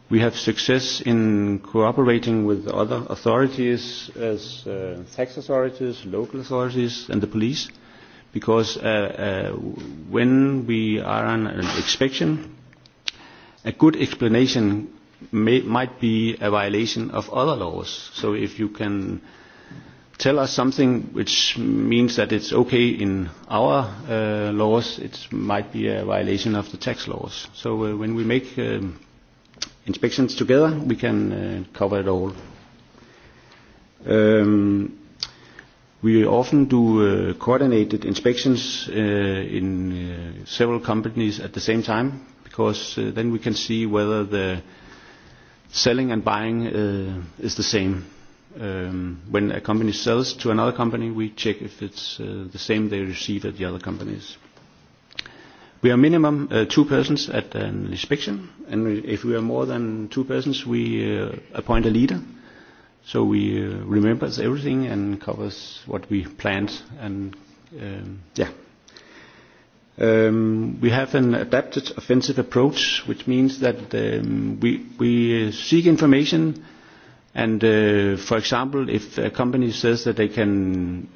We have success in cooperating with other authorities as tax authorities, local authorities and the police because when we are on an inspection, a good explanation might be a violation of other laws. So if you can tell us something which means that it's okay in our laws, it might be a violation of the tax laws. So when we make inspections together, we can cover it all. We often do coordinated inspections in several companies at the same time, because then we can see whether the selling and buying is the same when a company sells to another company, we check if it's the same they receive at the other companies. We are minimum two persons at an inspection, and if we are more than two persons, we appoint a leader. So we remember everything and covers what we planned. And yeah, we have an adapted offensive approach, which means that we we seek information And for example, if a company says that they can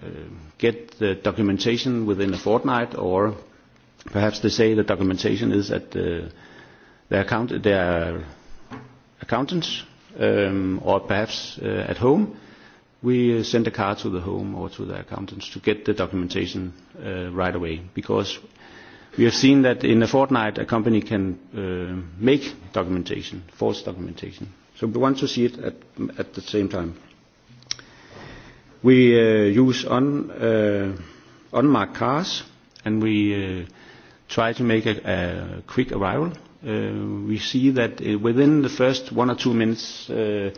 get the documentation within a fortnight, or perhaps they say the documentation is at their accountants, or perhaps at home, we send a car to the home or to the accountants to get the documentation right away, because we have seen that in a fortnight a company can make documentation, false documentation So we want to see it at, the same time. We uh, use un, uh, unmarked cars and we uh, try to make a, a quick arrival. Uh, we see that within the first one or two minutes uh,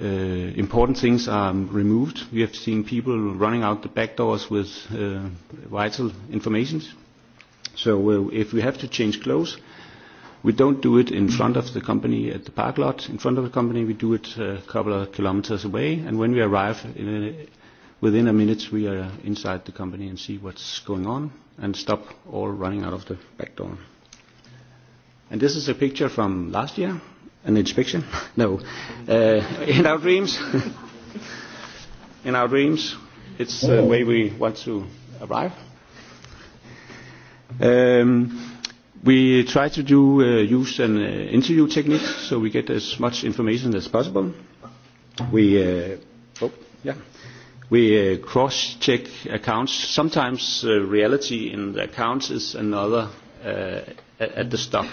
uh, important things are removed. We have seen people running out the back doors with uh, vital information. So uh, if we have to change clothes, We don't do it in front of the company at the park lot. In front of the company, we do it a couple of kilometers away. And when we arrive, within a minute, we are inside the company and see what's going on and stop all running out of the back door. And this is a picture from last year, an inspection. No, in our dreams. In our dreams, it's the way we want to arrive. Um, We try to do use an interview technique so we get as much information as possible. We yeah, we cross-check accounts. Sometimes reality in the accounts is another at the stop.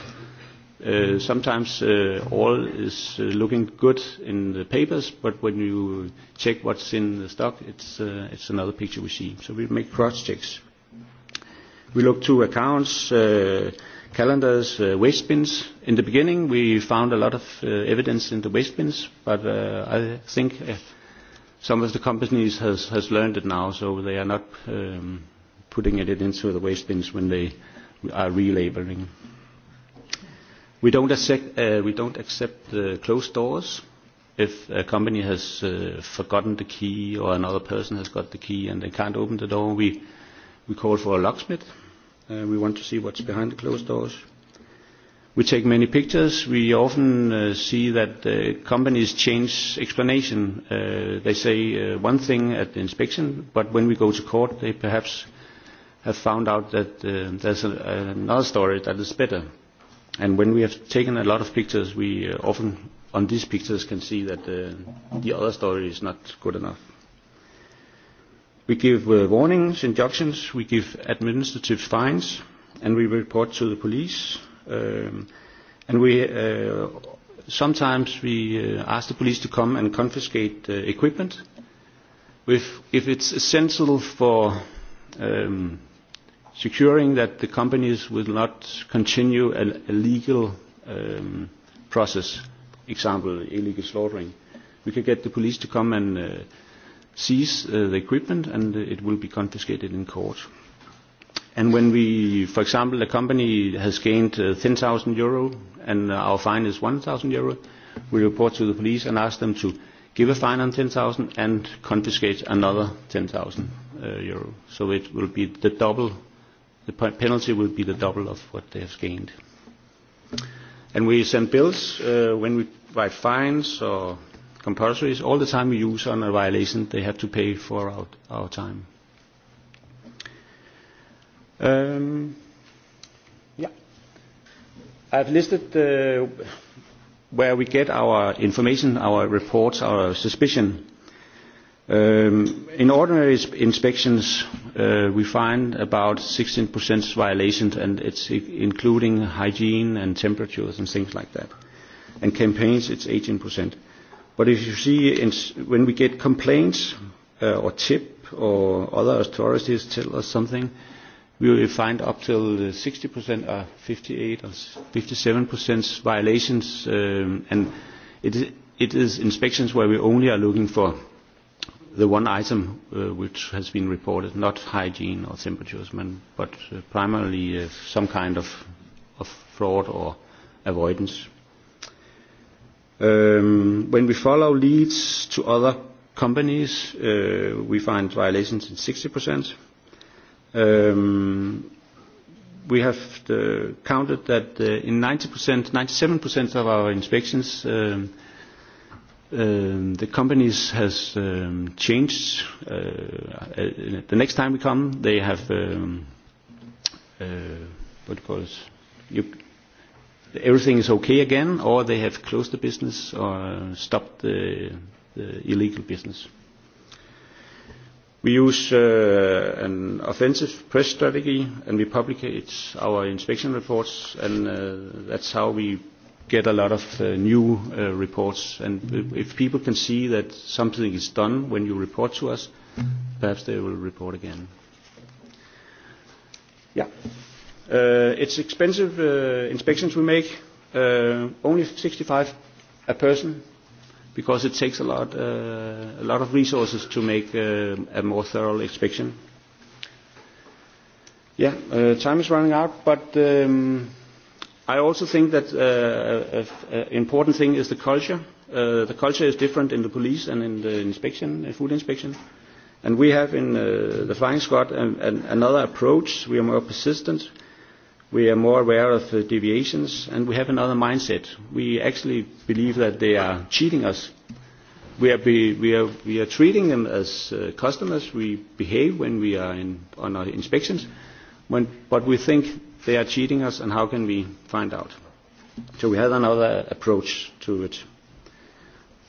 Sometimes all is looking good in the papers, but when you check what's in the stock, it's it's another picture we see. So we make cross-checks. We look to accounts calendars, waste bins. In the beginning, we found a lot of evidence in the waste bins, but I think some of the companies has has learned it now, so they are not putting it into the waste bins when they are relabeling. We don't accept we don't accept closed doors. If a company has forgotten the key or another person has got the key and they can't open the door, we we call for a locksmith We want to see what's behind the closed doors. We take many pictures. We often see that companies change explanation. They say one thing at the inspection, but when we go to court, they perhaps have found out that there's another story that is better. And when we have taken a lot of pictures, we often on these pictures can see that the other story is not good enough. We give warnings, injunctions, we give administrative fines, and we report to the police. And we sometimes we ask the police to come and confiscate equipment. If it's essential for securing that the companies will not continue a legal process, example illegal slaughtering, we can get the police to come and seize the equipment and it will be confiscated in court. And when we, for example, a company has gained 10,000 euro and our fine is 1,000 euro, we report to the police and ask them to give a fine on 10,000 and confiscate another 10,000 euro. So it will be the double, the penalty will be the double of what they have gained. And we send bills when we write fines or is all the time we use on a violation they have to pay for our, our time um, yeah I've listed where we get our information our reports our suspicion um, in ordinary inspections we find about 16% violations and it's including hygiene and temperatures and things like that and campaigns it's 18% But if you see, when we get complaints or TIP or other authorities tell us something, we will find up till 60% or 58 or 57% violations. And it is inspections where we only are looking for the one item which has been reported, not hygiene or temperatures, but primarily some kind of fraud or avoidance. Um When we follow leads to other companies, we find violations in 60%. We have counted that in 90%, 97% of our inspections, the companies has changed. The next time we come, they have, what do you everything is okay again, or they have closed the business or stopped the illegal business. We use an offensive press strategy, and we publicate our inspection reports, and that's how we get a lot of new reports. And if people can see that something is done when you report to us, perhaps they will report again. Yeah. It's expensive inspections we make, only 65 a person, because it takes a lot a lot of resources to make a more thorough inspection. Yeah, time is running out, but I also think that an important thing is the culture. The culture is different in the police and in the inspection, food inspection. And we have in the Flying Squad another approach. We are more persistent We are more aware of the deviations and we have another mindset. We actually believe that they are cheating us. We are treating them as customers. We behave when we are on our inspections, but we think they are cheating us and how can we find out? So we have another approach to it.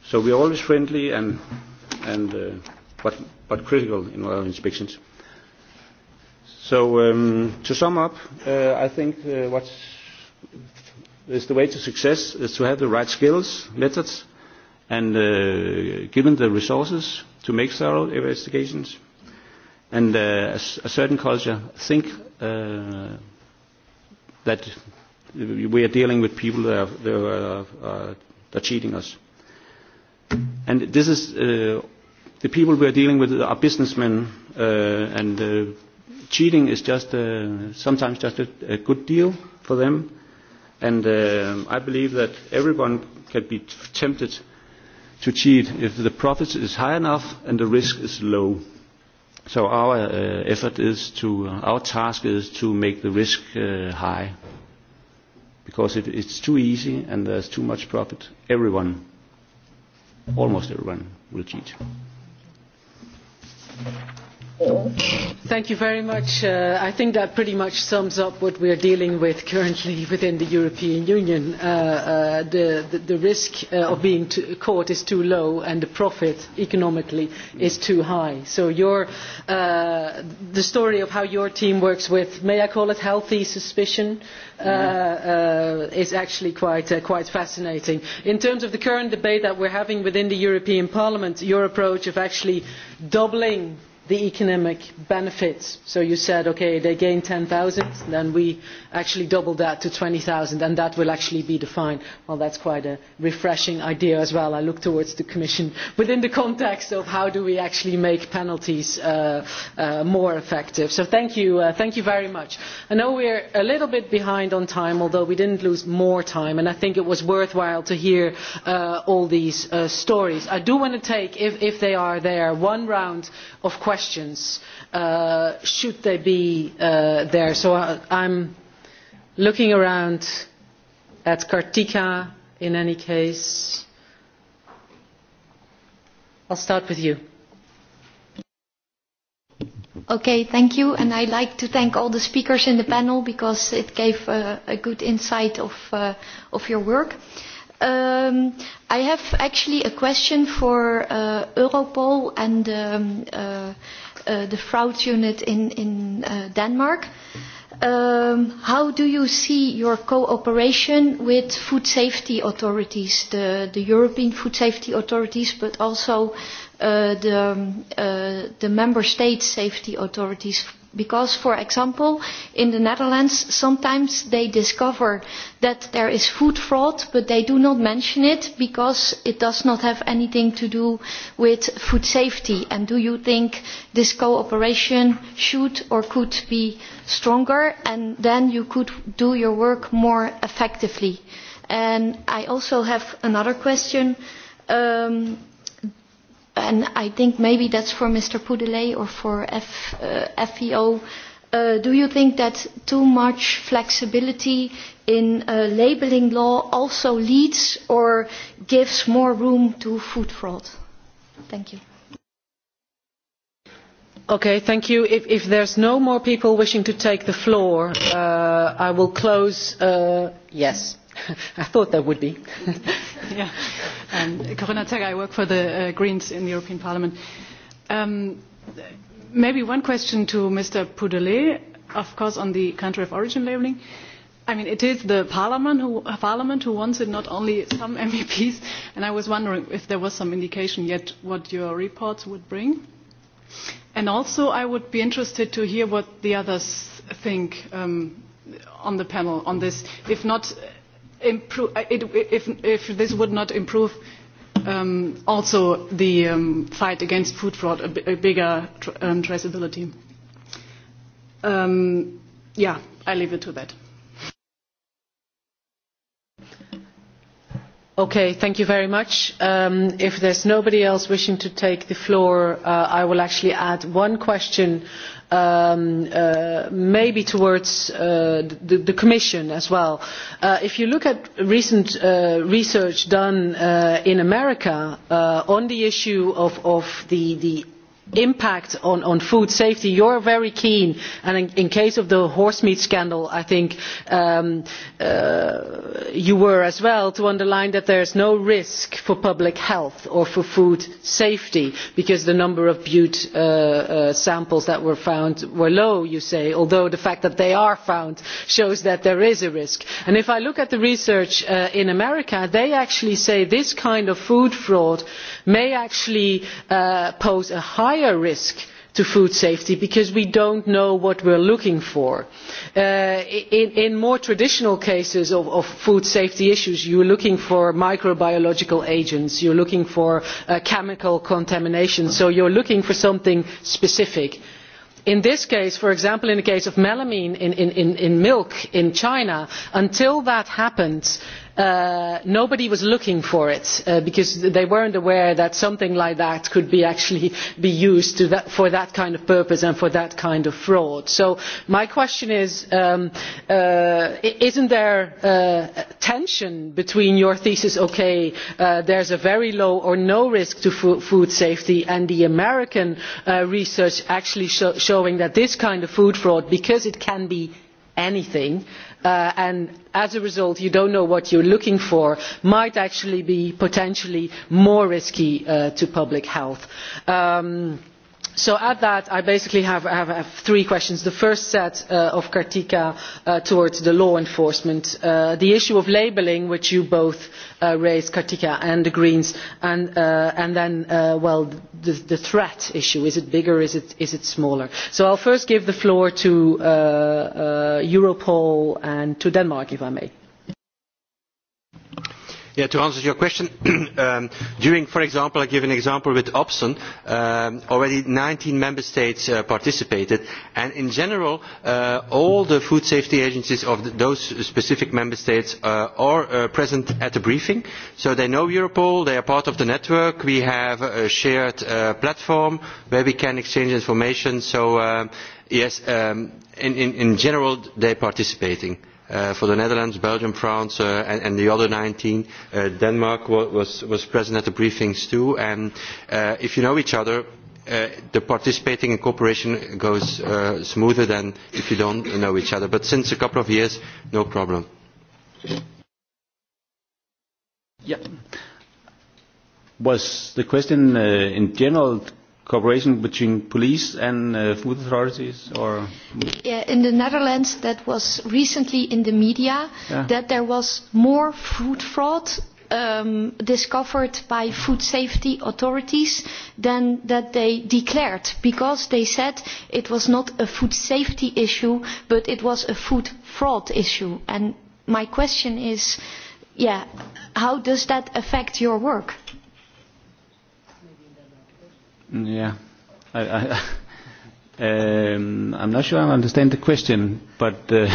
So we are always friendly and but critical in our inspections. So to sum up, I think what is the way to success is to have the right skills, methods, and given the resources to make thorough investigations, and a certain culture. Think that we are dealing with people that are cheating us. And this is the people we are dealing with are businessmen and cheating is just sometimes just a good deal for them. And I believe that everyone can be tempted to cheat if the profit is high enough and the risk is low. So our effort is to, our task is to make the risk high, because if it's too easy and there's too much profit. Everyone, almost everyone, will cheat. Thank you very much. I think that pretty much sums up what we are dealing with currently within the European Union. The risk of being caught is too low and the profit economically is too high. So the story of how your team works with, may I call it healthy suspicion, is actually quite fascinating. In terms of the current debate that we are having within the European Parliament, your approach of actually doubling the economic benefits. So you said, okay, they gain 10,000, then we actually double that to 20,000, and that will actually be defined. Well, that's quite a refreshing idea as well. I look towards the Commission within the context of how do we actually make penalties more effective. So thank you, thank you very much. I know we are a little bit behind on time, although we didn't lose more time, and I think it was worthwhile to hear all these stories. I do want to take, if they are there, one round of questions questions should they be there. So I'm looking around at Kartika in any case. I'll start with you. Okay, thank you. And I'd like to thank all the speakers in the panel because it gave a good insight of your work. I have actually a question for Europol and the fraud unit in Denmark. How do you see your cooperation with food safety authorities, the European food safety authorities, but also the member state safety authorities? Because, for example, in the Netherlands, sometimes they discover that there is food fraud, but they do not mention it because it does not have anything to do with food safety. And do you think this cooperation should or could be stronger, and then you could do your work more effectively? And I also have another question and I think maybe that's for Mr. Poudelet or for FEO. Do you think that too much flexibility in labelling law also leads or gives more room to food fraud? Thank you. Okay, thank you. If there's no more people wishing to take the floor, I will close. Yes. I thought there would be. Yeah. Corinna Zegger, I work for the Greens in the European Parliament. Maybe one question to Mr. Poudelet, of course, on the country of origin labelling. I mean, it is the Parliament who wants it, not only some MEPs. And I was wondering if there was some indication yet what your reports would bring. And also, I would be interested to hear what the others think on the panel on this. If not if this would not improve also the fight against food fraud, a bigger traceability. Yeah, I leave it to that. Okay, thank you very much. If there's nobody else wishing to take the floor, I will actually add one question maybe towards the Commission as well. If you look at recent research done in America on the issue of the impact on food safety you are very keen and in case of the horsemeat scandal i think you were as well to underline that there is no risk for public health or for food safety because the number of bute samples that were found were low you say although the fact that they are found shows that there is a risk. if i look at the research in america they actually say this kind of food fraud may actually pose a higher risk to food safety because we do not know what we are looking for. in more traditional cases of food safety issues you are looking for microbiological agents you are looking for chemical contamination so you are looking for something specific. in this case for example in the case of melamine in milk in china until that happens nobody was looking for it because they were not aware that something like that could actually be used for that kind of purpose and for that kind of fraud. so my question is isn't there tension between your thesis ok there is a very low or no risk to food safety and the american research actually showing that this kind of food fraud because it can be anything and as a result you do not know what you are looking for might actually be potentially more risky to public health. So at that, I basically have three questions. The first set of Kartika towards the law enforcement. The issue of labelling, which you both raised, Kartika and the Greens, and then, well, the threat issue. Is it bigger? Is it smaller? So I'll first give the floor to Europol and to Denmark, if I may. To answer your question, during, for example, I give an example with Opson, already 19 member states participated, and in general, all the food safety agencies of those specific member states are present at the briefing, so they know Europol, they are part of the network, we have a shared platform where we can exchange information, so yes, in general, they are participating for the Netherlands, Belgium, France and the other 19. Denmark was present at the briefings too. And if you know each other, the participating in cooperation goes smoother than if you don't know each other. But since a couple of years, no problem. Yeah. Was the question in general cooperation between police and food authorities or in the netherlands that was recently in the media that there was more food fraud discovered by food safety authorities than that they declared because they said it was not a food safety issue but it was a food fraud issue and my question is yeah how does that affect your work Yeah. I, I, um, I'm not sure I understand the question, but uh,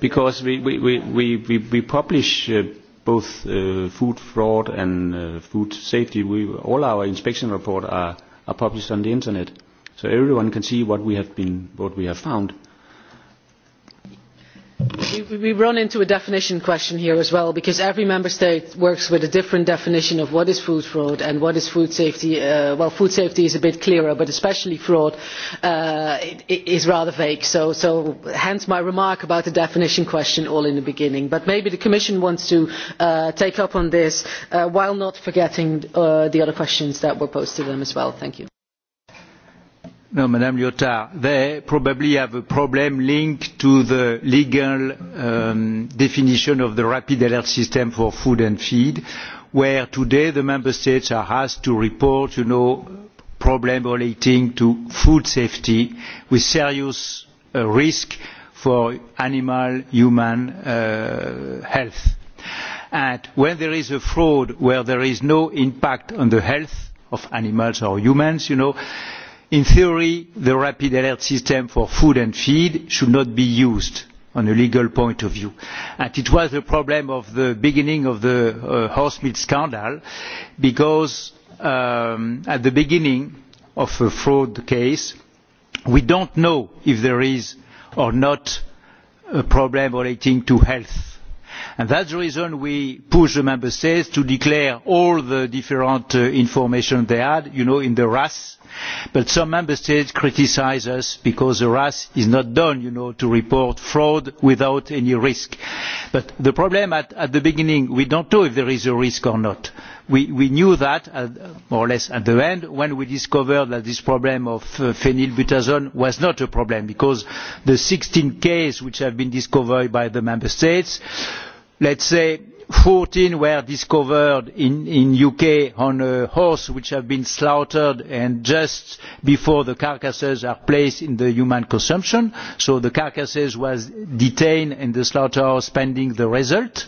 because we, we, we, we, we publish uh, both uh, food fraud and uh, food safety, we, all our inspection reports are, are published on the internet. So everyone can see what we have been, what we have found we run into a definition question here as well because every member state works with a different definition of what is food fraud and what is food safety. well food safety is a bit clearer but especially fraud is rather vague so hence my remark about the definition question all in the beginning. but maybe the commission wants to take up on this while not forgetting the other questions that were posed to them as well. thank you. No, Madame Lyotard, they probably have a problem linked to the legal definition of the rapid alert system for food and feed, where today the member states are asked to report, you know, problems relating to food safety with serious risk for animal, human health. And when there is a fraud where there is no impact on the health of animals or humans, you know, in theory the rapid alert system for food and feed should not be used on a legal point of view. And it was a problem of the beginning of the horsemeat scandal because at the beginning of a fraud case we do not know if there is or not a problem relating to health. And that is the reason we pushed the Member States to declare all the different information they had, you know, in the RAS But some member states criticise us because the RAS is not done, you know, to report fraud without any risk. But the problem at the beginning, we don't know if there is a risk or not. We knew that, more or less at the end, when we discovered that this problem of phenylbutazone was not a problem, because the 16 cases which have been discovered by the member states, let's say Fourteen were discovered in the UK on a horse which have been slaughtered and just before the carcasses are placed in the human consumption. So the carcasses were detained in the slaughterhouse pending the result.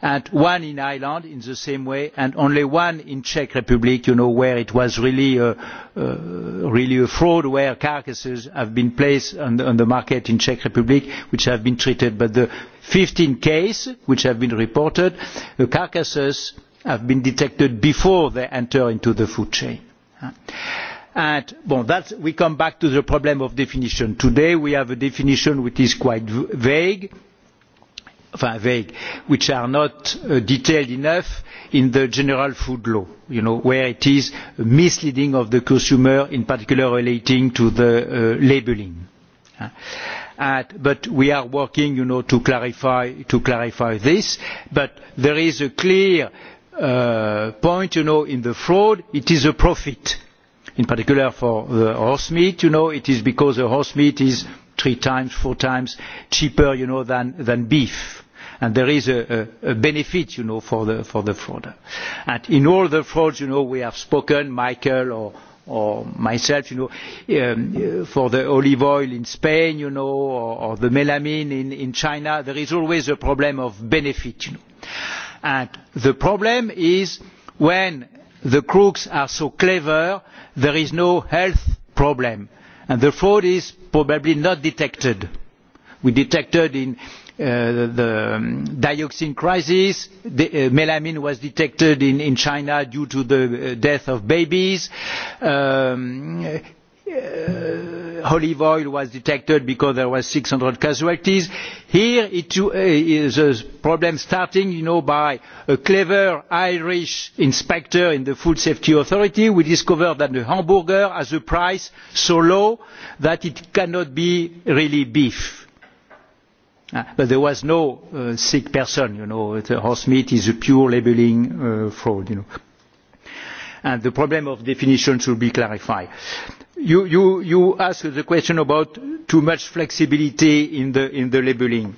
And one in Ireland in the same way, and only one in Czech Republic, you know, where it was really a fraud, where carcasses have been placed on the market in Czech Republic, which have been treated, but the 15 cases which have been reported, the carcasses have been detected before they enter into the food chain. We come back to the problem of definition. Today we have a definition which is quite vague, which are not detailed enough in the general food law, where it is misleading of the consumer, in particular relating to the labelling but we are working to clarify this but there is a clear point in the fraud it is a profit in particular for the horse meat it is because the horse meat is three times four times cheaper than beef and there is a benefit for the fraud. in all the frauds we have spoken michael or or myself, you know, for the olive oil in Spain, you know, or the melamine in China, there is always a problem of benefit, you know. And the problem is when the crooks are so clever, there is no health problem, and the fraud is probably not detected. We detected in the dioxin crisis. Melamine was detected in China due to the death of babies. Olive oil was detected because there were 600 casualties. Here it is a problem starting you know, by a clever Irish inspector in the Food Safety Authority. We discovered that the hamburger has a price so low that it cannot be really beef But there was no sick person, you know. The horse meat is a pure labelling fraud, you know. And the problem of definition should be clarified. You asked the question about too much flexibility in the labelling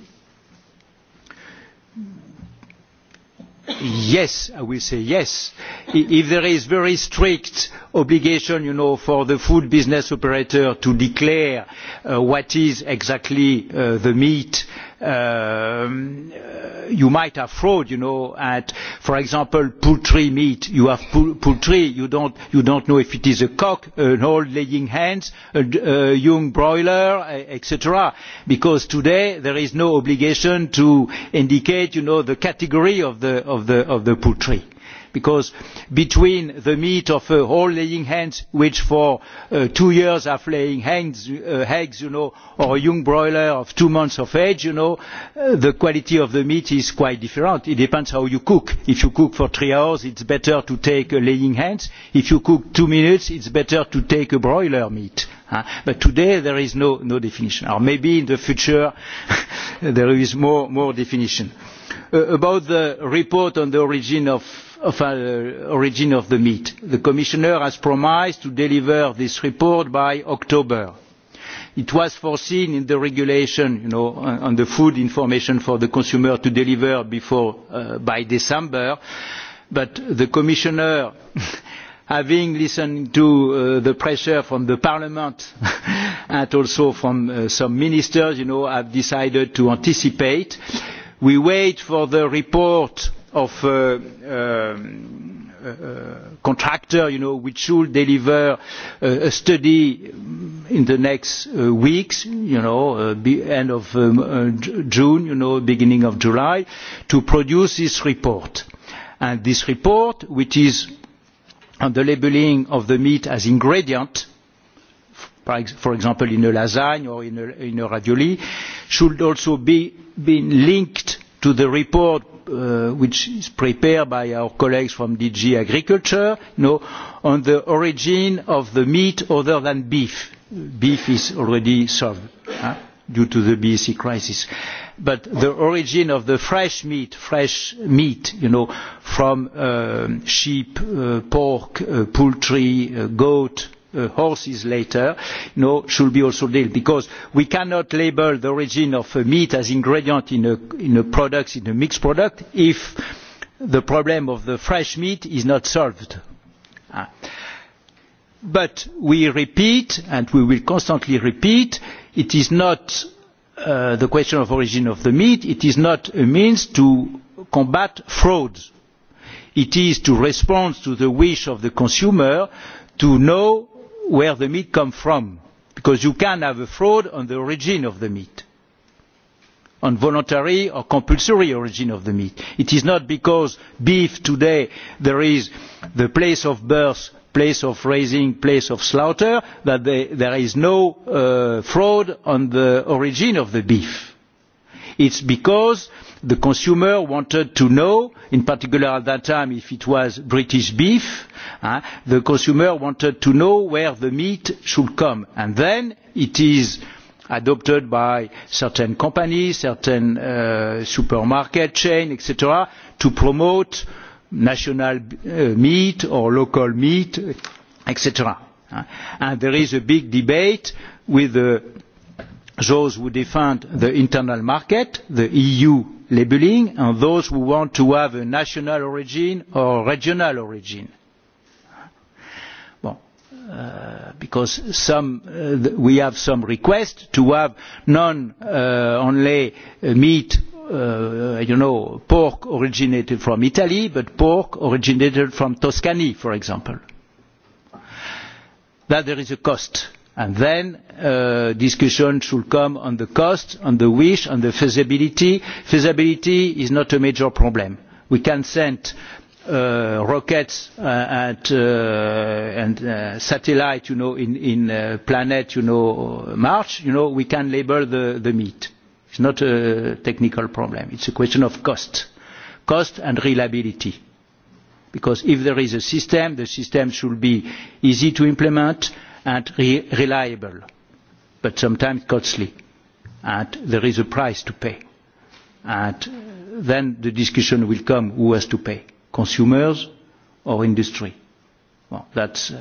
yes i will say yes if there is very strict obligation you know for the food business operator to declare what is exactly the meat you might have fraud you know at for example poultry meat you have poultry you don't know if it is a cock an old laying hens a young broiler etc because today there is no obligation to indicate you know the category of the of the poultry because between the meat of a whole laying hen which for two years have laying eggs or a young broiler of two months of age you know, the quality of the meat is quite different. it depends how you cook. if you cook for three hours it's better to take a laying hen. if you cook two minutes it's better to take a broiler meat. But today there is no definition. Or maybe in the future there is more definition. About the report on the origin of origin of the meat. The Commissioner has promised to deliver this report by October. It was foreseen in the regulation on the food information for the consumer to deliver before by December, but the Commissioner having listened to the pressure from the parliament and also from some ministers have decided to anticipate. we wait for the report of contractor which should deliver a study in the next weeks end of june beginning of july to produce this report. and this report which is on the labelling of the meat as ingredient for example in a lasagne or in a ravioli should also be linked to the report which is prepared by our colleagues from DG Agriculture, on the origin of the meat other than beef. Beef is already solved due to the BSE crisis. But the origin of the fresh meat, fresh meat, from sheep, pork, poultry, goat, horses later should be also dealt because we cannot label the origin of meat as ingredient in a product in a mixed product if the problem of the fresh meat is not solved. But we repeat and we will constantly repeat it is not the question of origin of the meat, it is not a means to combat fraud. It is to respond to the wish of the consumer to know where the meat comes from, because you can have a fraud on the origin of the meat, on voluntary or compulsory origin of the meat. It is not because beef today there is the place of birth, place of raising, place of slaughter that there is no fraud on the origin of the beef. It's because the consumer wanted to know, in particular at that time if it was British beef The consumer wanted to know where the meat should come, and then it is adopted by certain companies, certain supermarket chains, etc., to promote national meat or local meat, etc. And there is a big debate with those who defend the internal market, the EU labelling, and those who want to have a national origin or regional origin because we have some requests to have non only meat you know pork originated from Italy but pork originated from Tuscany for example. That there is a cost and then discussion should come on the cost, on the wish, on the feasibility. Feasibility is not a major problem. We can send rockets and satellite, you know, in planet, you know, March, you know, we can label the meat. It's not a technical problem. It's a question of cost, cost and reliability. Because if there is a system, the system should be easy to implement and reliable, but sometimes costly, and there is a price to pay. And then the discussion will come who has to pay consumers or industry. Well, that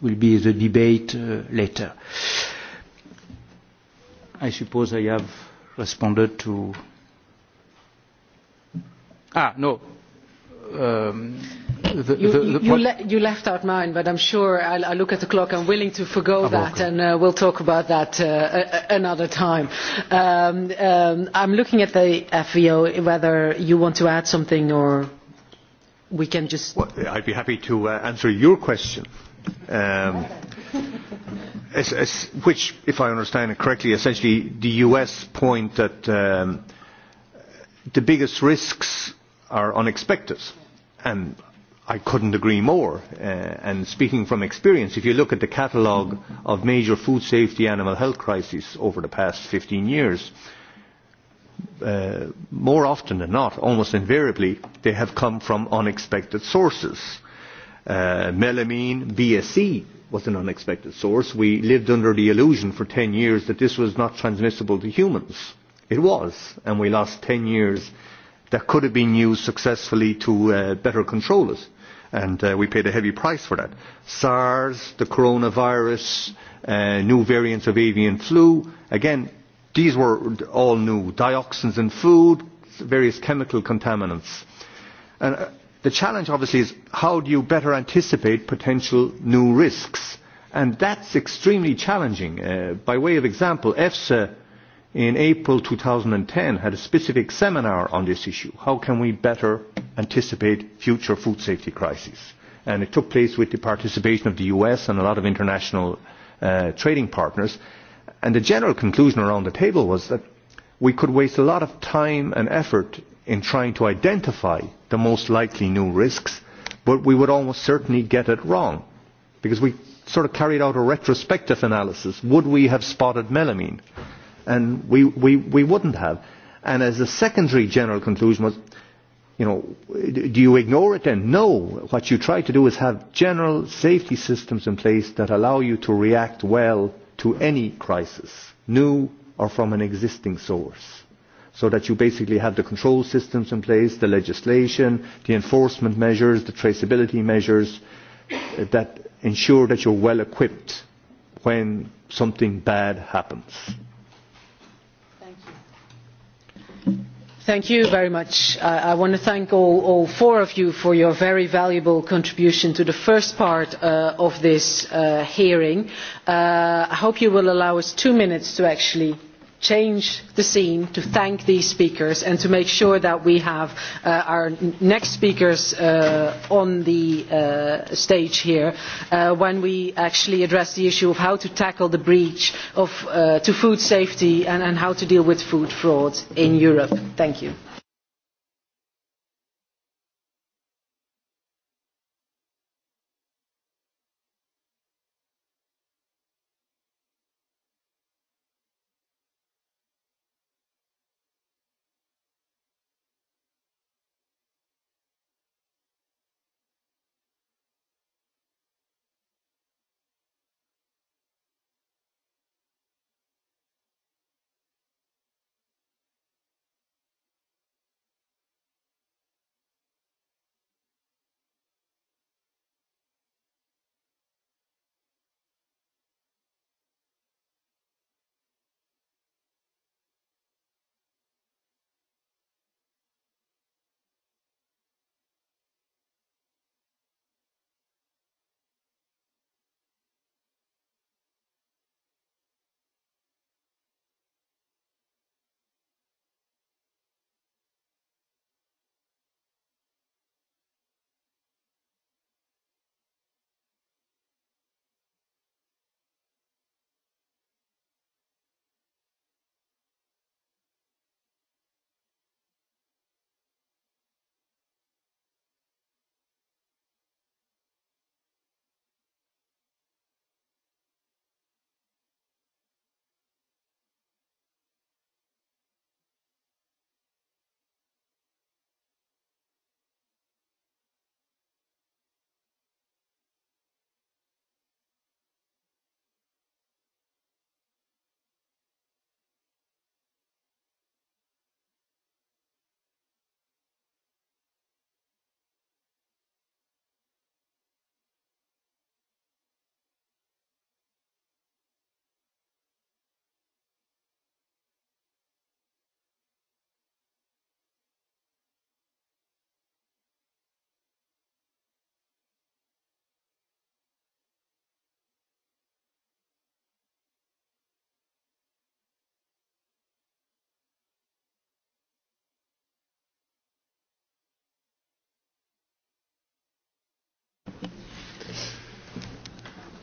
will be the debate later. I suppose I have responded to. Ah, no. You left out mine, but I'm sure I look at the clock. I'm willing to forgo that, and we'll talk about that another time. I'm looking at the FVO, whether you want to add something or we can just. I'd be happy to answer your question, which, if I understand it correctly, essentially the U.S. point that the biggest risks are unexpected, and I couldn't agree more. And speaking from experience, if you look at the catalogue of major food safety animal health crises over the past 15 years more often than not, almost invariably, they have come from unexpected sources. Melamine, BSE was an unexpected source. We lived under the illusion for 10 years that this was not transmissible to humans. It was, and we lost 10 years that could have been used successfully to better control it, and we paid a heavy price for that. SARS, the coronavirus, new variants of avian flu, again These were all new, dioxins in food, various chemical contaminants. And the challenge obviously is how do you better anticipate potential new risks? And that's extremely challenging. By way of example, EFSA in April 2010 had a specific seminar on this issue. How can we better anticipate future food safety crises? And it took place with the participation of the US and a lot of international trading partners And the general conclusion around the table was that we could waste a lot of time and effort in trying to identify the most likely new risks, but we would almost certainly get it wrong because we sort of carried out a retrospective analysis. Would we have spotted melamine? And we, we, we wouldn't have. And as a secondary general conclusion was, you know, do you ignore it then? No. What you try to do is have general safety systems in place that allow you to react well to any crisis, new or from an existing source, so that you basically have the control systems in place, the legislation, the enforcement measures, the traceability measures that ensure that you're well equipped when something bad happens. Thank you very much. I want to thank all four of you for your very valuable contribution to the first part of this hearing. I hope you will allow us two minutes to actually change the scene to thank these speakers and to make sure that we have our next speakers on the stage here when we actually address the issue of how to tackle the breach to food safety and how to deal with food fraud in Europe. Thank you.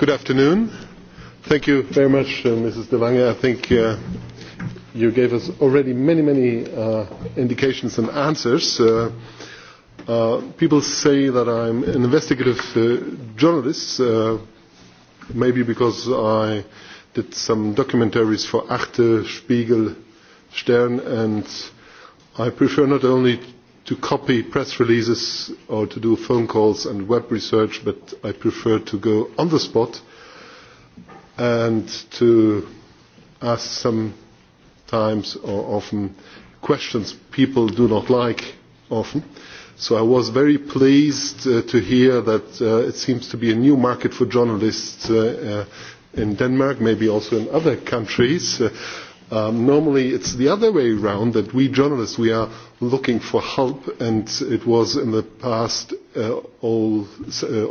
Good afternoon. Thank you very much, Mrs. De Lange. I think you gave us already many, many indications and answers. People say that I'm an investigative journalist, maybe because I did some documentaries for Achte, Spiegel, Stern, and I prefer not only to copy press releases or to do phone calls and web research, but I prefer to go on the spot and to ask sometimes or often questions people do not like often. So I was very pleased to hear that it seems to be a new market for journalists in Denmark, maybe also in other countries. Normally it's the other way around that we journalists we are looking for help and it was in the past all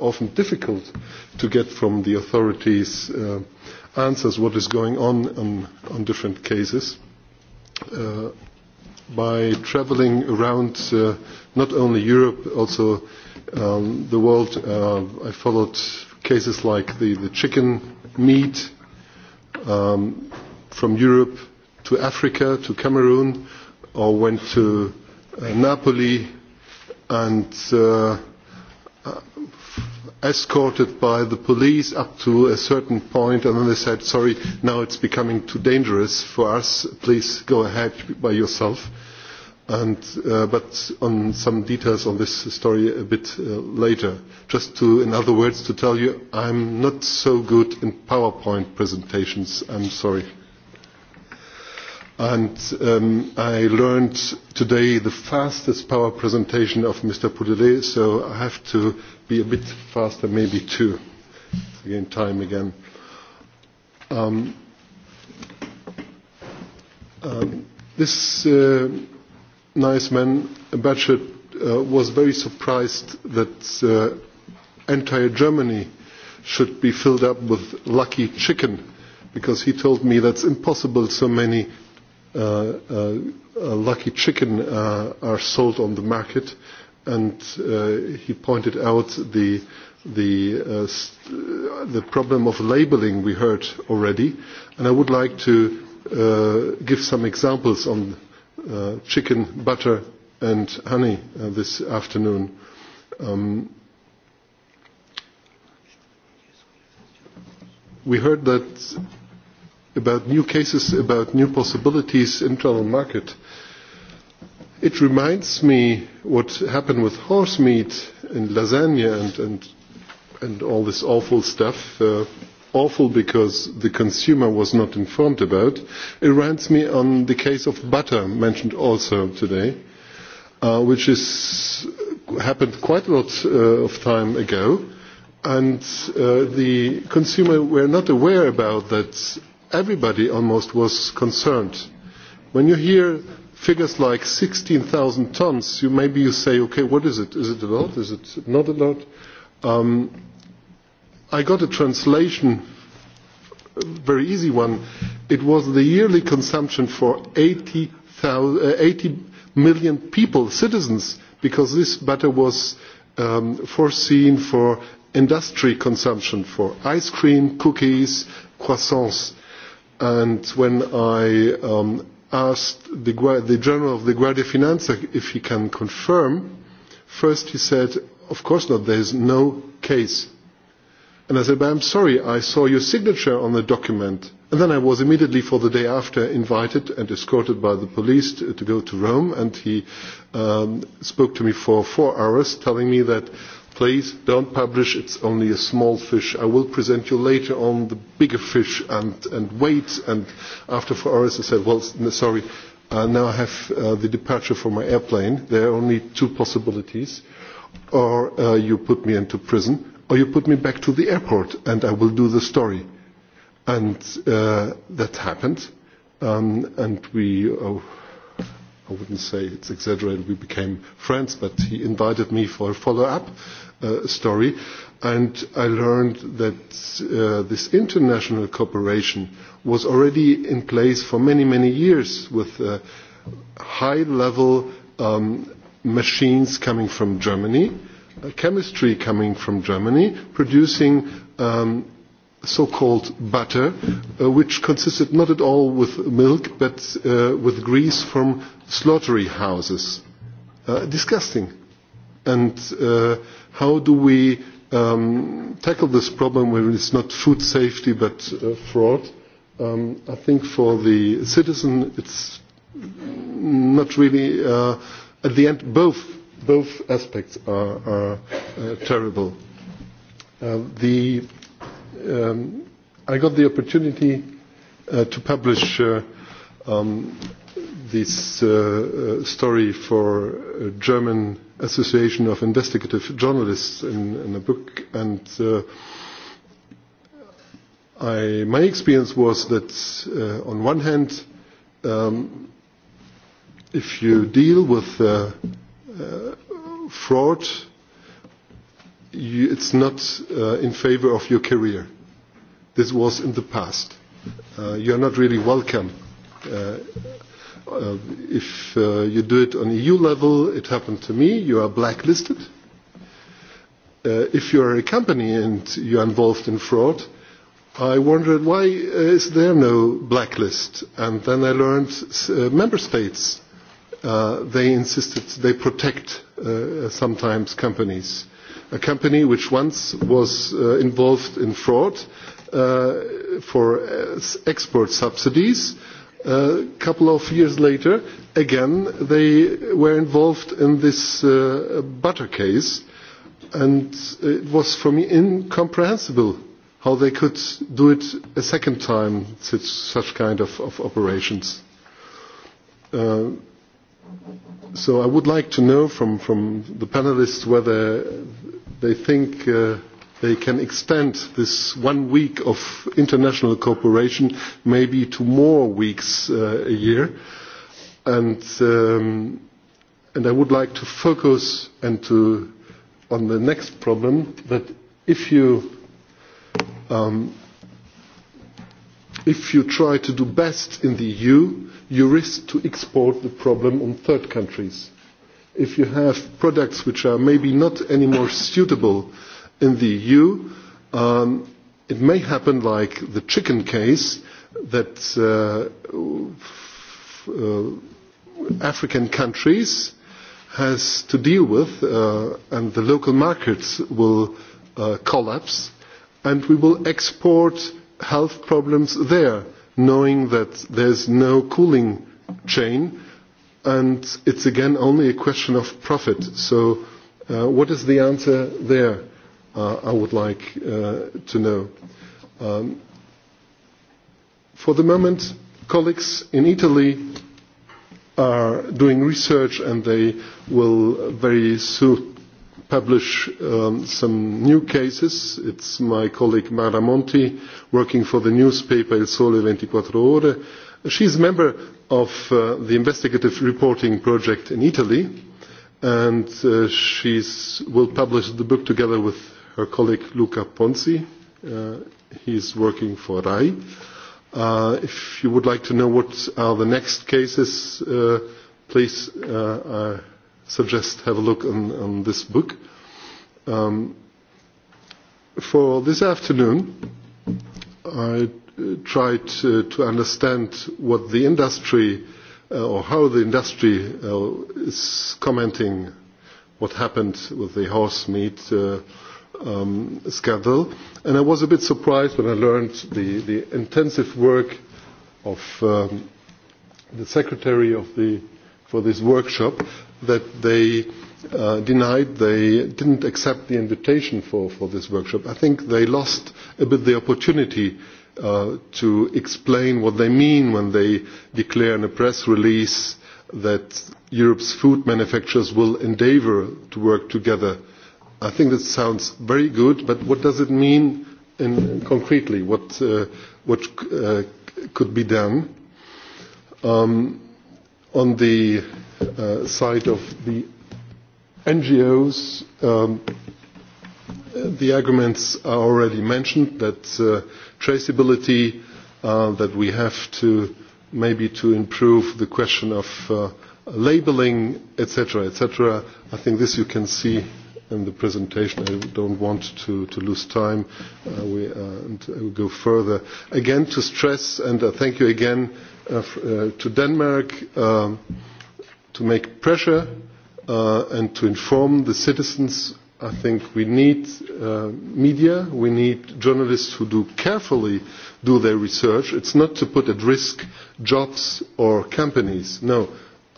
often difficult to get from the authorities answers what is going on on different cases. By travelling around not only Europe, also the world, I followed cases like the chicken meat from Europe to Africa, to Cameroon, or went to Napoli and escorted by the police up to a certain point and then they said, sorry, now it's becoming too dangerous for us, please go ahead by yourself. But on some details on this story a bit later. Just to, in other words, to tell you, I'm not so good in PowerPoint presentations. I'm sorry and I learned today the fastest power presentation of Mr. Poudelet, so I have to be a bit faster, maybe too. Again, time again. This nice man, uh, was very surprised that entire Germany should be filled up with lucky chicken, because he told me that's impossible, so many lucky chicken are sold on the market and he pointed out the problem of labelling we heard already and I would like to give some examples on chicken, butter and honey this afternoon. We heard that about new cases, about new possibilities, internal market. It reminds me what happened with horse meat and lasagna and and all this awful stuff. Awful because the consumer was not informed about. It reminds me on the case of butter mentioned also today, which is happened quite a lot of time ago, and the consumer were not aware about that everybody almost was concerned. When you hear figures like 16,000 tons, you maybe you say, okay, what is it? Is it a lot? Is it not a lot?" I got a translation, a very easy one. It was the yearly consumption for 80, million people, citizens, because this butter was foreseen for industry consumption, for ice cream, cookies, croissants And when I asked the general of the Guardia Finanza if he can confirm, first he said, of course not, there is no case. And I said, but I'm sorry, I saw your signature on the document. And then I was immediately for the day after invited and escorted by the police to go to Rome, and he spoke to me for four hours, telling me that Please don't publish it's only a small fish. I will present you later on the bigger fish and and wait and after four hours I said, Well sorry, now I have the departure for my airplane. There are only two possibilities. Or you put me into prison or you put me back to the airport and I will do the story. And that happened. And we I wouldn't say it's exaggerated, we became friends, but he invited me for a follow-up story. And I learned that this international cooperation was already in place for many, many years with high-level machines coming from Germany, chemistry coming from Germany, producing so-called butter, which consisted not at all with milk, but with grease from slaughtery houses. Disgusting And how do we tackle this problem when it's not food safety but fraud? I think for the citizen it's not really at the end both both aspects are terrible. The I got the opportunity to publish this story for German Association of Investigative Journalists in a book and my experience was that on one hand if you deal with fraud it's not in favor of your career. This was in the past. You are not really welcome if you do it on EU level, it happened to me, you are blacklisted. If you are a company and you are involved in fraud, I wondered why is there no blacklist, and then I learned member states they insisted they protect sometimes companies. A company which once was involved in fraud for export subsidies A couple of years later, again, they were involved in this butter case, and it was for me incomprehensible how they could do it a second time, such kind of operations. So I would like to know from the panelists whether they think they can extend this one week of international cooperation maybe to more weeks a year. And I would like to focus and to on the next problem that if you if you try to do best in the EU, you risk to export the problem on third countries. If you have products which are maybe not any more suitable in the EU, it may happen like the chicken case that African countries has to deal with and the local markets will collapse and we will export health problems there knowing that there's no cooling chain and it's again only a question of profit. So what is the answer there? I would like to know. For the moment, colleagues in Italy are doing research and they will very soon publish some new cases. It's my colleague Mara Monti working for the newspaper Il Sole 24 Ore. She is a member of the investigative reporting project in Italy and she will publish the book together with her colleague Luca Ponzi. He is working for RAI. If you would like to know what are the next cases, please I suggest have a look on this book. For this afternoon, I tried to understand what the industry or how the industry is commenting what happened with the horse meat schedule, and I was a bit surprised when I learned the the intensive work of the secretary for this workshop that they denied they didn't accept the invitation for for this workshop. I think they lost a bit the opportunity to explain what they mean when they declare in a press release that Europe's food manufacturers will endeavour to work together I think that sounds very good, but what does it mean concretely? What could be done? On the side of the NGOs, the arguments are already mentioned that traceability, that we have to maybe to improve the question of labelling, etc., etc. I think this you can see in the presentation. I don't want to lose time. We go further. Again, to stress, and thank you again to Denmark, to make pressure and to inform the citizens. I think we need media, we need journalists who do carefully do their research. It's not to put at risk jobs or companies. No,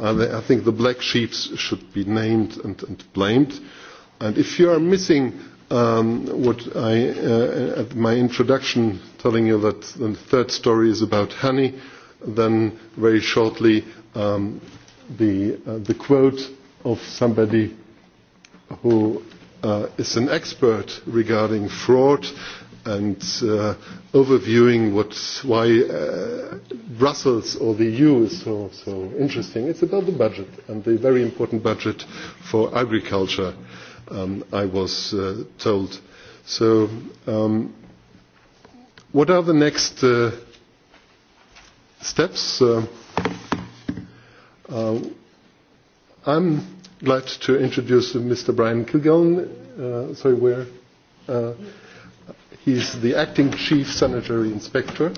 I think the black sheep should be named and blamed. And if you are missing what I, at my introduction, telling you that the third story is about honey, then very shortly the, the quote of somebody who is an expert regarding fraud and overviewing what, why Brussels or the EU is so, so interesting. It's about the budget and the very important budget for agriculture I was told. So what are the next steps? I'm glad to introduce Mr. Brian Kilgallen. Sorry, where? He's the acting chief sanitary inspector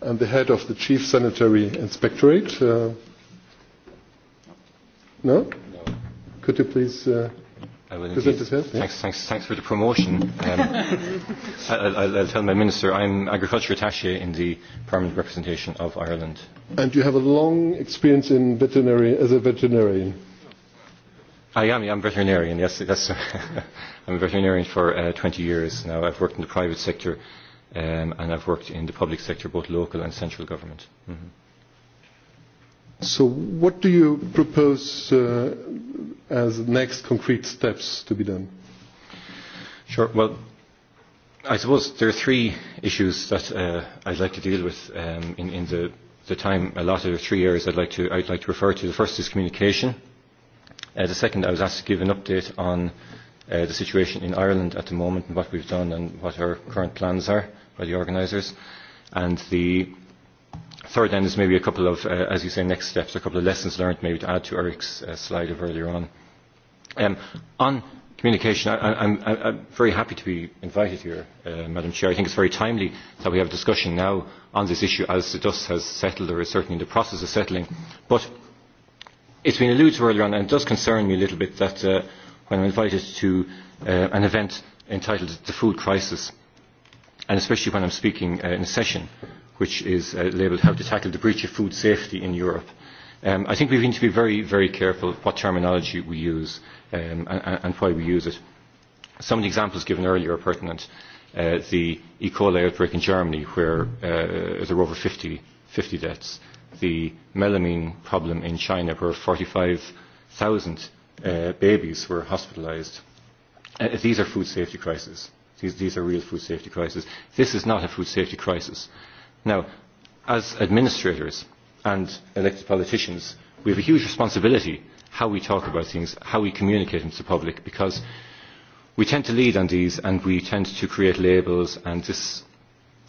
and the head of the chief sanitary inspectorate. No? Could you please... Thanks for the promotion. I'll tell my minister I'm agriculture attaché in the permanent representation of Ireland. And you have a long experience in veterinary as a veterinarian. I am. I'm a veterinarian. Yes, yes. I'm a veterinarian for 20 years now. I've worked in the private sector, and I've worked in the public sector, both local and central government. So what do you propose as next concrete steps to be done? Sure. Well, I suppose there are three issues that I'd like to deal with in the time allotted, three areas I'd like to I'd like to refer to. The first is communication. The second, I was asked to give an update on the situation in Ireland at the moment and what we've done and what our current plans are by the organisers. And the Third then is maybe a couple of, as you say, next steps, a couple of lessons learned maybe to add to Eric's slide of earlier on. On communication, I I'm very happy to be invited here, Madam Chair. I think it's very timely that we have a discussion now on this issue as the dust has settled or is certainly in the process of settling. But it's been alluded to earlier on and it does concern me a little bit that when I'm invited to an event entitled The Food Crisis, and especially when I'm speaking in a session which is labelled How to Tackle the Breach of Food Safety in Europe. I think we need to be very, very careful what terminology we use and why we use it. Some of the examples given earlier are pertinent. The E. coli outbreak in Germany, where there were over 50 deaths. The melamine problem in China, where 45,000 babies were hospitalised. These are food safety crises. These are real food safety crises. This is not a food safety crisis. Now, as administrators and elected politicians, we have a huge responsibility how we talk about things, how we communicate them to the public, because we tend to lead on these and we tend to create labels and this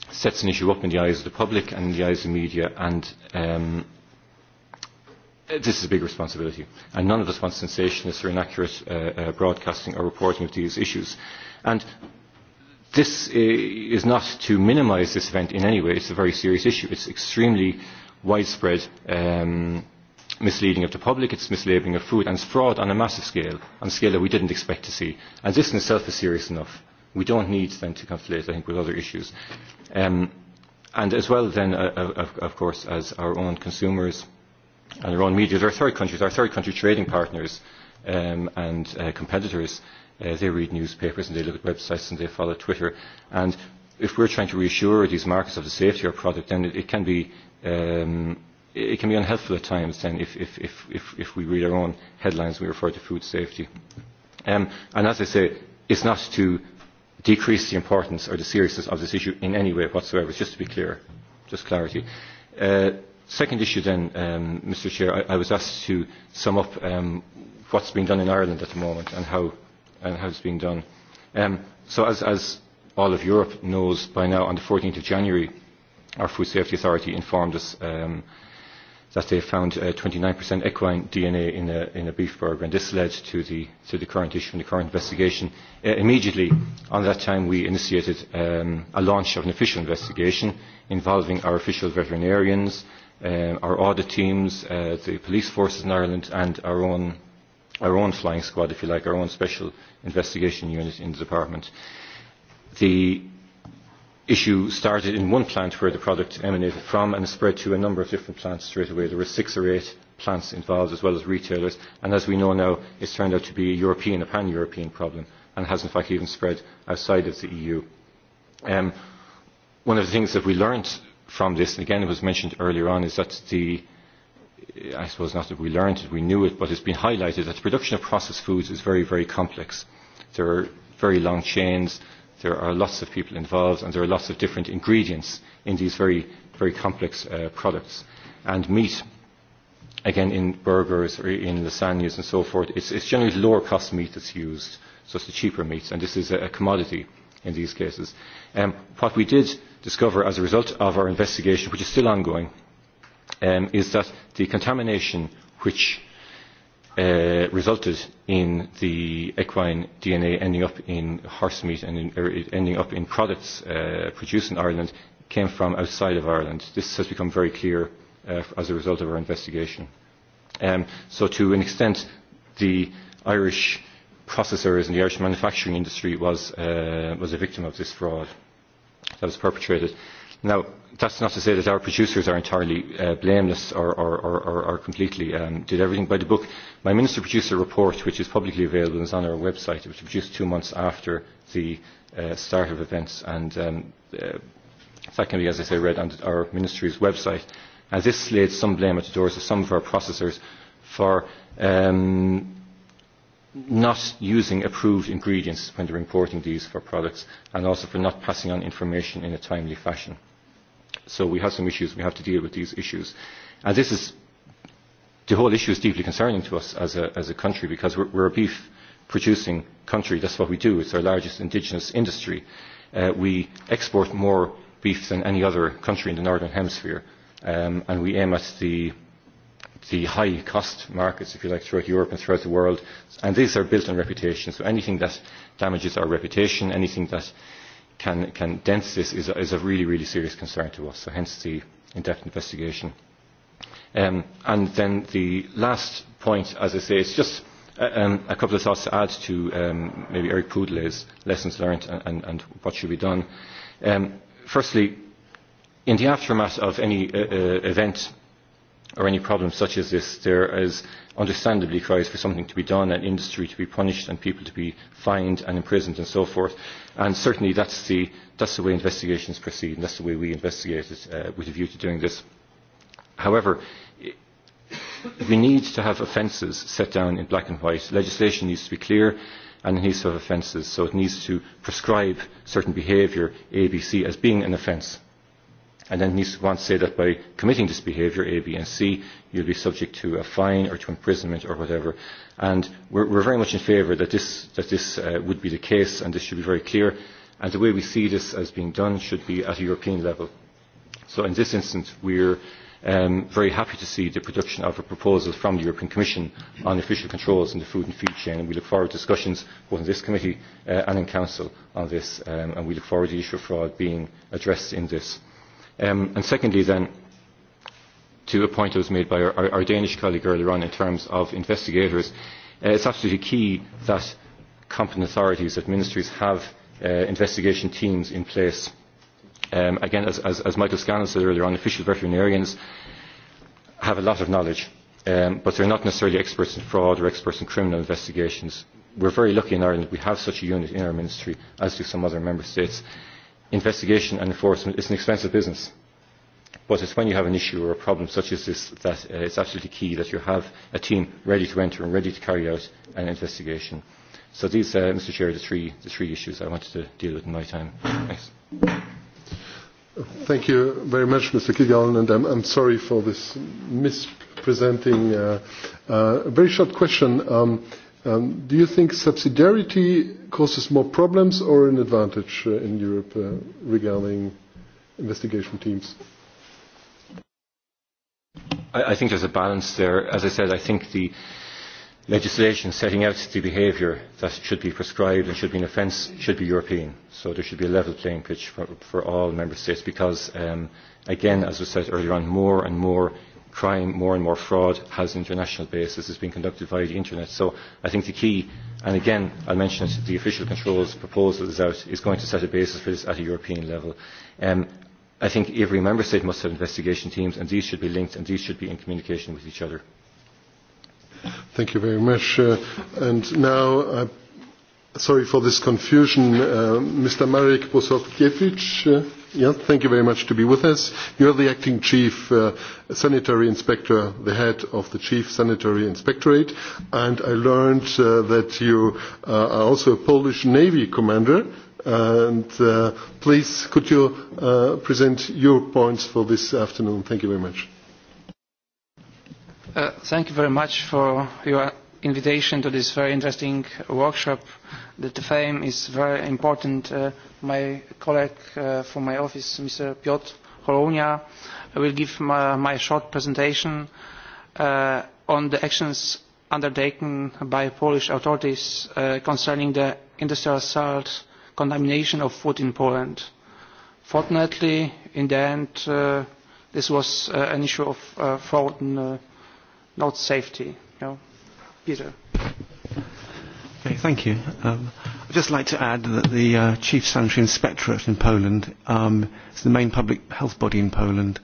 sets an issue up in the eyes of the public and in the eyes of the media and this is a big responsibility and none of us want sensationalist or inaccurate broadcasting or reporting of these issues. And This is not to minimise this event in any way. It's a very serious issue. It's extremely widespread misleading of the public, it's mislabelling of food, and it's fraud on a massive scale, on a scale that we didn't expect to see. And this in itself is serious enough. We don't need then to conflate, I think, with other issues. And as well then, of course, as our own consumers and our own media, our third countries, our third country trading partners and competitors they read newspapers and they look at websites and they follow Twitter. And if we're trying to reassure these markets of the safety of our product, then it can be it can be unhelpful at times then if if if if we read our own headlines we refer to food safety. And as I say, it's not to decrease the importance or the seriousness of this issue in any way whatsoever, just to be clear, just clarity. Second issue then, Mr Chair, I was asked to sum up what's being done in Ireland at the moment and how and how it's being done. So as all of Europe knows by now, on the 14th of January, our Food Safety Authority informed us that they found 29% equine DNA in a beef burger, and this led to the current issue and the current investigation. Immediately, on that time, we initiated a launch of an official investigation involving our official veterinarians, our audit teams, the police forces in Ireland, and our own our own flying squad, if you like, our own special investigation unit in the department. The issue started in one plant where the product emanated from and spread to a number of different plants straight away. There were six or eight plants involved as well as retailers and as we know now it's turned out to be a European, a pan-European problem and has in fact even spread outside of the EU. One of the things that we learned from this, and again it was mentioned earlier on, is that the I suppose not that we learned it, we knew it, but it's been highlighted that the production of processed foods is very, very complex. There are very long chains, there are lots of people involved, and there are lots of different ingredients in these very, very complex products. And meat, again, in burgers or in lasagnas and so forth, it's, generally lower cost meat that's used, so it's the cheaper meats, and this is a commodity in these cases. what we did discover as a result of our investigation, which is still ongoing, is that the contamination which resulted in the equine DNA ending up in horse meat and ending up in products produced in Ireland came from outside of Ireland. This has become very clear as a result of our investigation. So to an extent, the Irish processors and the Irish manufacturing industry was a victim of this fraud that was perpetrated. Now, that's not to say that our producers are entirely blameless or completely did everything by the book. My Minister a report, which is publicly available and is on our website, it was produced two months after the start of events, and that can be, as I say, read on our Ministry's website. And this laid some blame at the doors of some of our processors for not using approved ingredients when they're importing these for products, and also for not passing on information in a timely fashion. So we have some issues. We have to deal with these issues. And this is, the whole issue is deeply concerning to us as a, as a country because we're, we're a beef producing country. That's what we do. It's our largest indigenous industry. we export more beef than any other country in the Northern Hemisphere. Um, and we aim at the, the high cost markets, if you like, throughout Europe and throughout the world. And these are built on reputation. So anything that damages our reputation, anything that can can dense this is is a really really serious concern to us. So hence the in-depth investigation. And then the last point, as I say, it's just a couple of thoughts to add to maybe Eric Poudle's lessons learned and what should be done. Firstly, in the aftermath of any event or any problem such as this, there is understandably cries for something to be done and industry to be punished and people to be fined and imprisoned and so forth. And certainly that's the way investigations proceed and that's the way we investigate it with a view to doing this. However, we need to have offences set down in black and white. Legislation needs to be clear and it needs to have offences. So it needs to prescribe certain behaviour, ABC, as being an offence and then needs to want say that by committing this behaviour, A, B and C, you'll be subject to a fine or to imprisonment or whatever. And we're very much in favour that this that this would be the case and this should be very clear. And the way we see this as being done should be at a European level. So in this instance, we're very happy to see the production of a proposal from the European Commission on official controls in the food and feed chain, and we look forward to discussions both in this committee and in Council on this, and we look forward to the issue of fraud being addressed in this. And secondly then, to a point that was made by our Danish colleague earlier on in terms of investigators, it's absolutely key that competent authorities, that ministries have investigation teams in place. Again, as Michael Scannell said earlier on, official veterinarians have a lot of knowledge, but they're not necessarily experts in fraud or experts in criminal investigations. We're very lucky in Ireland we have such a unit in our ministry, as do some other member states investigation and enforcement is an expensive business. But it's when you have an issue or a problem such as this that it's absolutely key that you have a team ready to enter and ready to carry out an investigation. So these, Mr. Chair, are the three, the three issues I wanted to deal with in my time. Thanks. Thank you very much, Mr. Kigal, and I'm, I'm sorry for this mispresenting. Uh, uh, a very short question. Um, Do you think subsidiarity causes more problems or an advantage in Europe regarding investigation teams? I think there's a balance there. As I said, I think the legislation setting out the behaviour that should be prescribed and should be an offence should be European. So there should be a level playing pitch for all member states because, again, as was said earlier on, more and more crime, more and more fraud has an international basis, is being conducted via the internet. So I think the key, and again, I'll mention it, the official controls proposal is out, is going to set a basis for this at a European level. I think every member state must have investigation teams, and these should be linked, and these should be in communication with each other. Thank you very much. And now Sorry for this confusion. Mr. Marek Bosokiewicz, thank you very much to be with us. You are the acting chief sanitary inspector, the head of the chief sanitary inspectorate, and I learned that you are also a Polish Navy commander. And please, could you present your points for this afternoon? Thank you very much. Thank you very much for your invitation to this very interesting workshop. The theme is very important. My colleague from my office, Mr. Piotr Holonia, will give my short presentation on the actions undertaken by Polish authorities concerning the industrial salt contamination of food in Poland. Fortunately, in the end, this was an issue of fraud and not safety. Peter. Okay, thank you. Um, I'd just like to add that the uh, Chief Sanitary Inspectorate in Poland um, is the main public health body in Poland,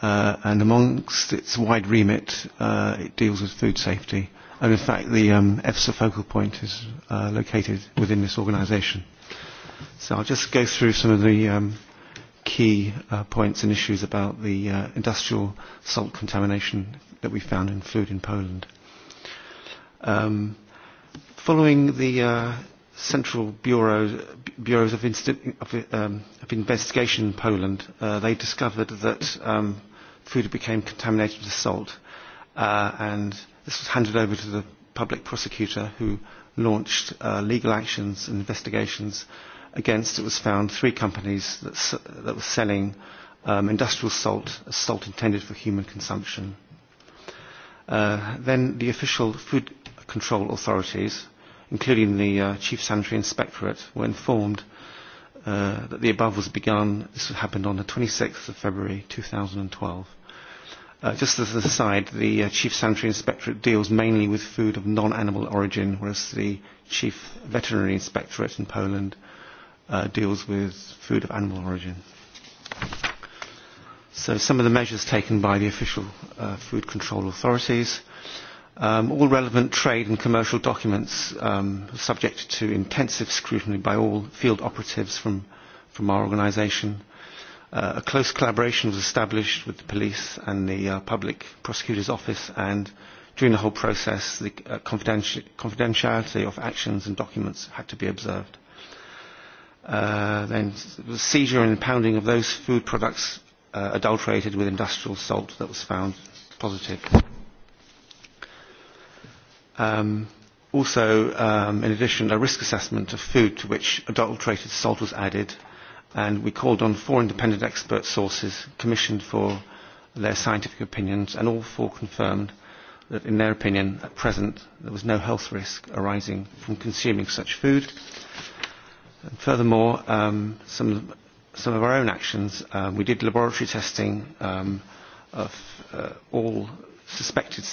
and amongst its wide remit, uh, it deals with food safety. And in fact, the um, EFSA focal point is uh, located within this organisation. So I'll just go through some of the um, key uh, points and issues about the uh, industrial salt contamination that we found in food in Poland. Following the Central Bureau Bureaus of Investigation in Poland, they discovered that food became contaminated with salt, and this was handed over to the public prosecutor, who launched legal actions and investigations against, it was found, three companies that were selling industrial salt salt intended for human consumption. Then the official food control authorities, including the Chief Sanitary Inspectorate, were informed that the above was begun. This happened on the 26th of February 2012. Just as an aside, the Chief Sanitary Inspectorate deals mainly with food of non-animal origin, whereas the Chief Veterinary Inspectorate in Poland deals with food of animal origin. So some of the measures taken by the official food control authorities All relevant trade and commercial documents subject to intensive scrutiny by all field operatives from our organisation. A close collaboration was established with the police and the public prosecutor's office and during the whole process the confidentiality of actions and documents had to be observed. Then the seizure and impounding of those food products adulterated with industrial salt that was found positive. Also, in addition, a risk assessment of food to which adulterated salt was added, and we called on four independent expert sources commissioned for their scientific opinions, and all four confirmed that, in their opinion, at present there was no health risk arising from consuming such food. Furthermore, some some of our own actions, we did laboratory testing of all suspected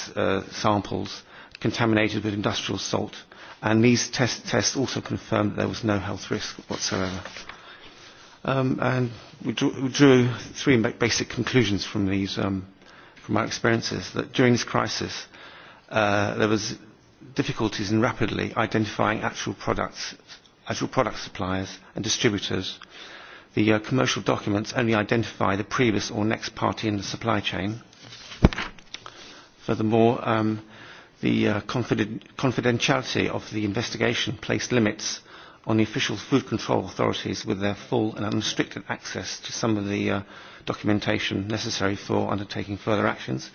samples contaminated with industrial salt. And these tests also confirmed that there was no health risk whatsoever. And we drew three basic conclusions from these, from our experiences, that during this crisis there was difficulties in rapidly identifying actual products, actual product suppliers and distributors. The commercial documents only identify the previous or next party in the supply chain. Furthermore, the confidentiality of the investigation placed limits on the official food control authorities with their full and unrestricted access to some of the documentation necessary for undertaking further actions.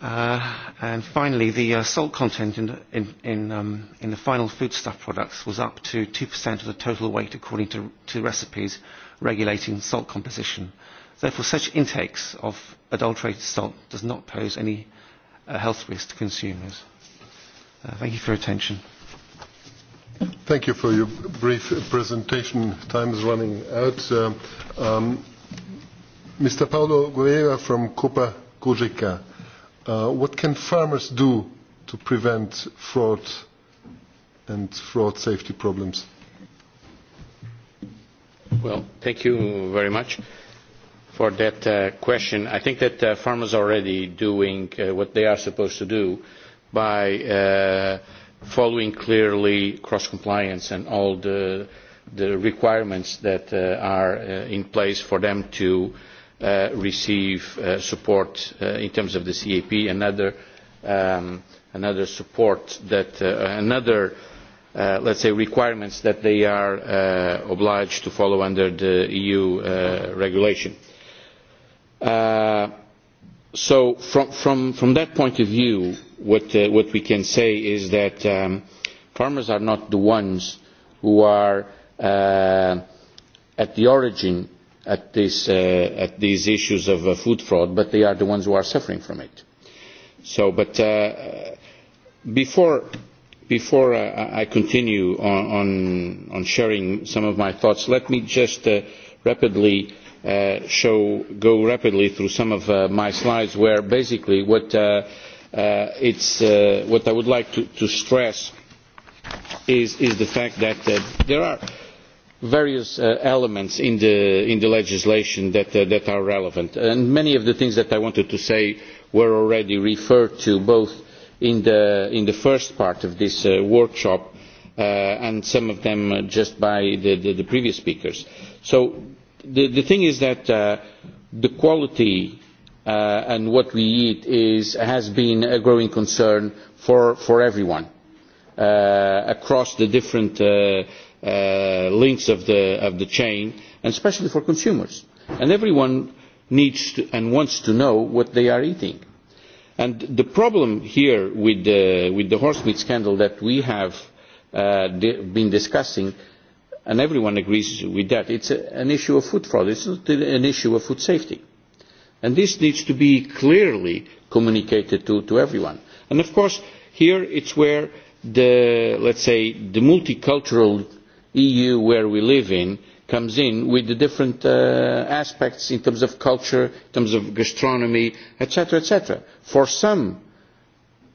And finally, the salt content in the final foodstuff products was up to 2% of the total weight according to recipes regulating salt composition. Therefore, such intakes of adulterated salt does not pose any health risk to consumers. Thank you for your attention. Thank you for your brief presentation. Time is running out. Mr. Paulo Guerra from Copa Cogeca. What can farmers do to prevent fraud and fraud safety problems? Well, thank you very much for that question. I think that farmers are already doing what they are supposed to do by following clearly cross-compliance and all the requirements that are in place for them to receive support in terms of the CAP, another support that, another, let's say, requirements that they are obliged to follow under the EU regulation So from that point of view, what we can say is that farmers are not the ones who are at the origin at these issues of food fraud, but they are the ones who are suffering from it. So, but before before I continue on sharing some of my thoughts, let me just rapidly show go rapidly through some of my slides where basically what I would like to stress is the fact that there are various elements in the legislation that are relevant and many of the things that I wanted to say were already referred to both in the in the first part of this workshop and some of them just by the previous speakers so the thing is that the quality and what we eat is has been a growing concern for for everyone across the different links of the of the chain and especially for consumers and everyone needs and wants to know what they are eating and the problem here with the with the horsemeat scandal that we have been discussing and everyone agrees with that, it's an issue of food fraud. It's not an issue of food safety. And this needs to be clearly communicated to everyone. And of course, here it's where the, let's say, the multicultural EU where we live in comes in with the different aspects in terms of culture, in terms of gastronomy, etc., etc. For some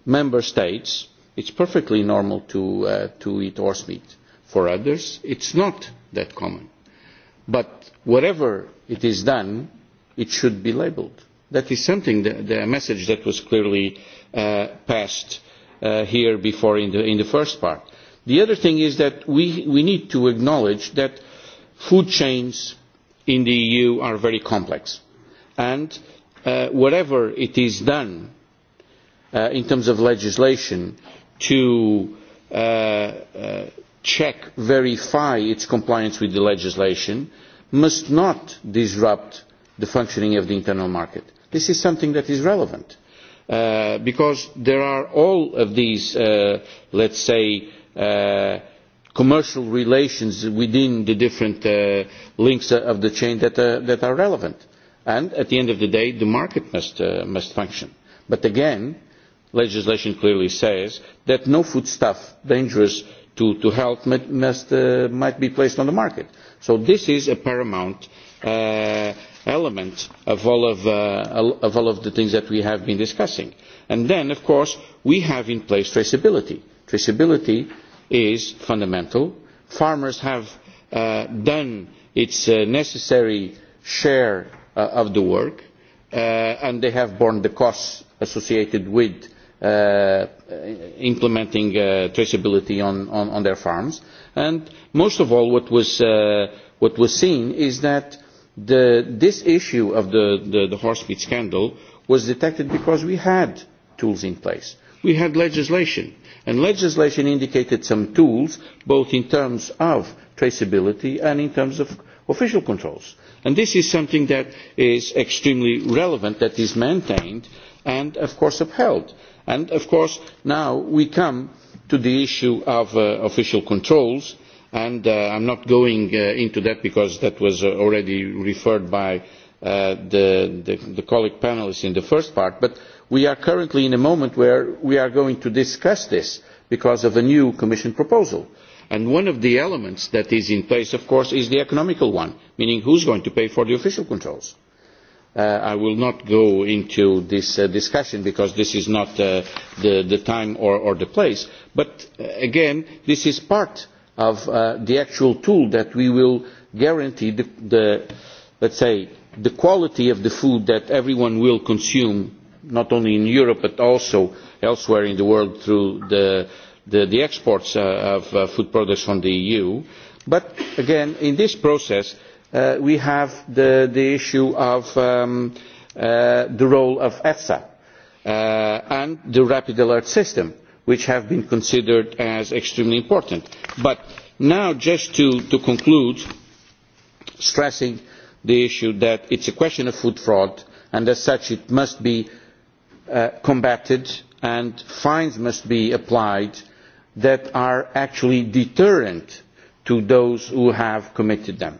member states, it's perfectly normal to eat horse meat for others, it's not that common. But wherever it is done, it should be labelled. That is something, the message that was clearly passed here before in the first part. The other thing is that we need to acknowledge that food chains in the EU are very complex. And whatever it is done in terms of legislation to check, verify its compliance with the legislation must not disrupt the functioning of the internal market. This is something that is relevant because there are all of these, let's say, commercial relations within the different links of the chain that are relevant. And at the end of the day, the market must function. But again, legislation clearly says that no foodstuff dangerous to help might be placed on the market. So this is a paramount element of all of the things that we have been discussing. And then, of course, we have in place traceability. Traceability is fundamental. Farmers have done its necessary share of the work and they have borne the costs associated with implementing traceability on their farms. And most of all, what was seen is that this issue of the horsemeat scandal was detected because we had tools in place. We had legislation. And legislation indicated some tools, both in terms of traceability and in terms of official controls. And this is something that is extremely relevant, that is maintained and, of course, upheld And of course now we come to the issue of official controls and I am not going into that because that was already referred by the colleague panellists in the first part, but we are currently in a moment where we are going to discuss this because of a new Commission proposal. And one of the elements that is in place, of course, is the economical one, meaning who is going to pay for the official controls I will not go into this discussion because this is not the time or the place. But again, this is part of the actual tool that we will guarantee the, let's say, the quality of the food that everyone will consume, not only in Europe but also elsewhere in the world through the exports of food products from the EU. But again, in this process we have the issue of the role of EFSA and the rapid alert system, which have been considered as extremely important. But now, just to conclude, stressing the issue that it is a question of food fraud and as such it must be combated and fines must be applied that are actually deterrent to those who have committed them.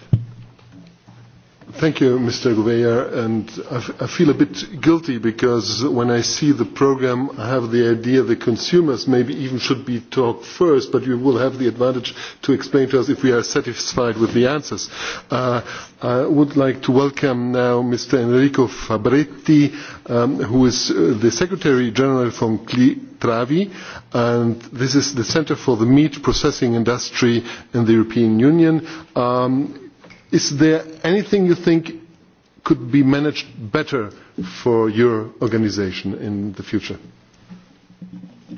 Thank you, Mr. Gouveia. And I feel a bit guilty because when I see the program, I have the idea the consumers maybe even should be talked first, but you will have the advantage to explain to us if we are satisfied with the answers. I would like to welcome now Mr. Enrico Fabretti, who is the Secretary General from Travi, and this is the Centre for the Meat Processing Industry in the European Union Is there anything you think could be managed better for your organisation in the future?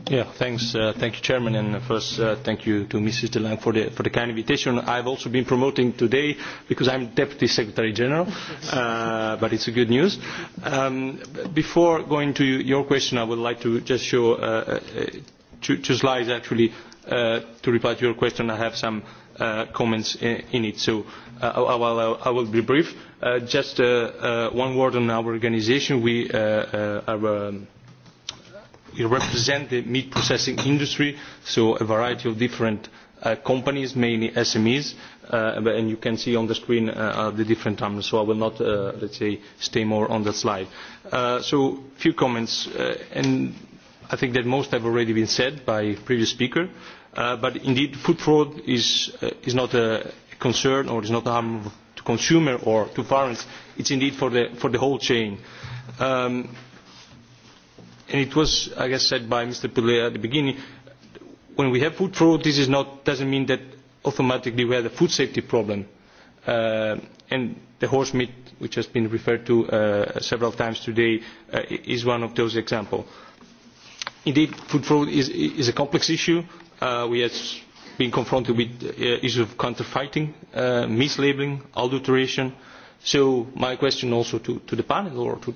Yeah, thanks. Thank you, Chairman, and first thank you to Mrs. De for the for the kind invitation. I've also been promoting today because I'm Deputy Secretary General, but it's a good news. Before going to your question, I would like to just show two slides actually to reply to your question. I have some comments in it. So I will be brief. Just one word on our organisation. We represent the meat processing industry, so a variety of different companies, mainly SMEs, and you can see on the screen the different terms, so I will not, let's say, stay more on that slide. So a few comments, and I think that most have already been said by previous speaker but indeed food fraud is not a concern or is not harmful to consumers or to parents is indeed for the for the whole chain and it was i guess said by mr pillay at the beginning when we have food fraud this is not doesn't mean that automatically we have a food safety problem and the horse meat which has been referred to several times today is one of those examples indeed food fraud is a complex issue we have been confronted with issues of counterfeiting, mislabelling, adulteration. So my question also to the panel or to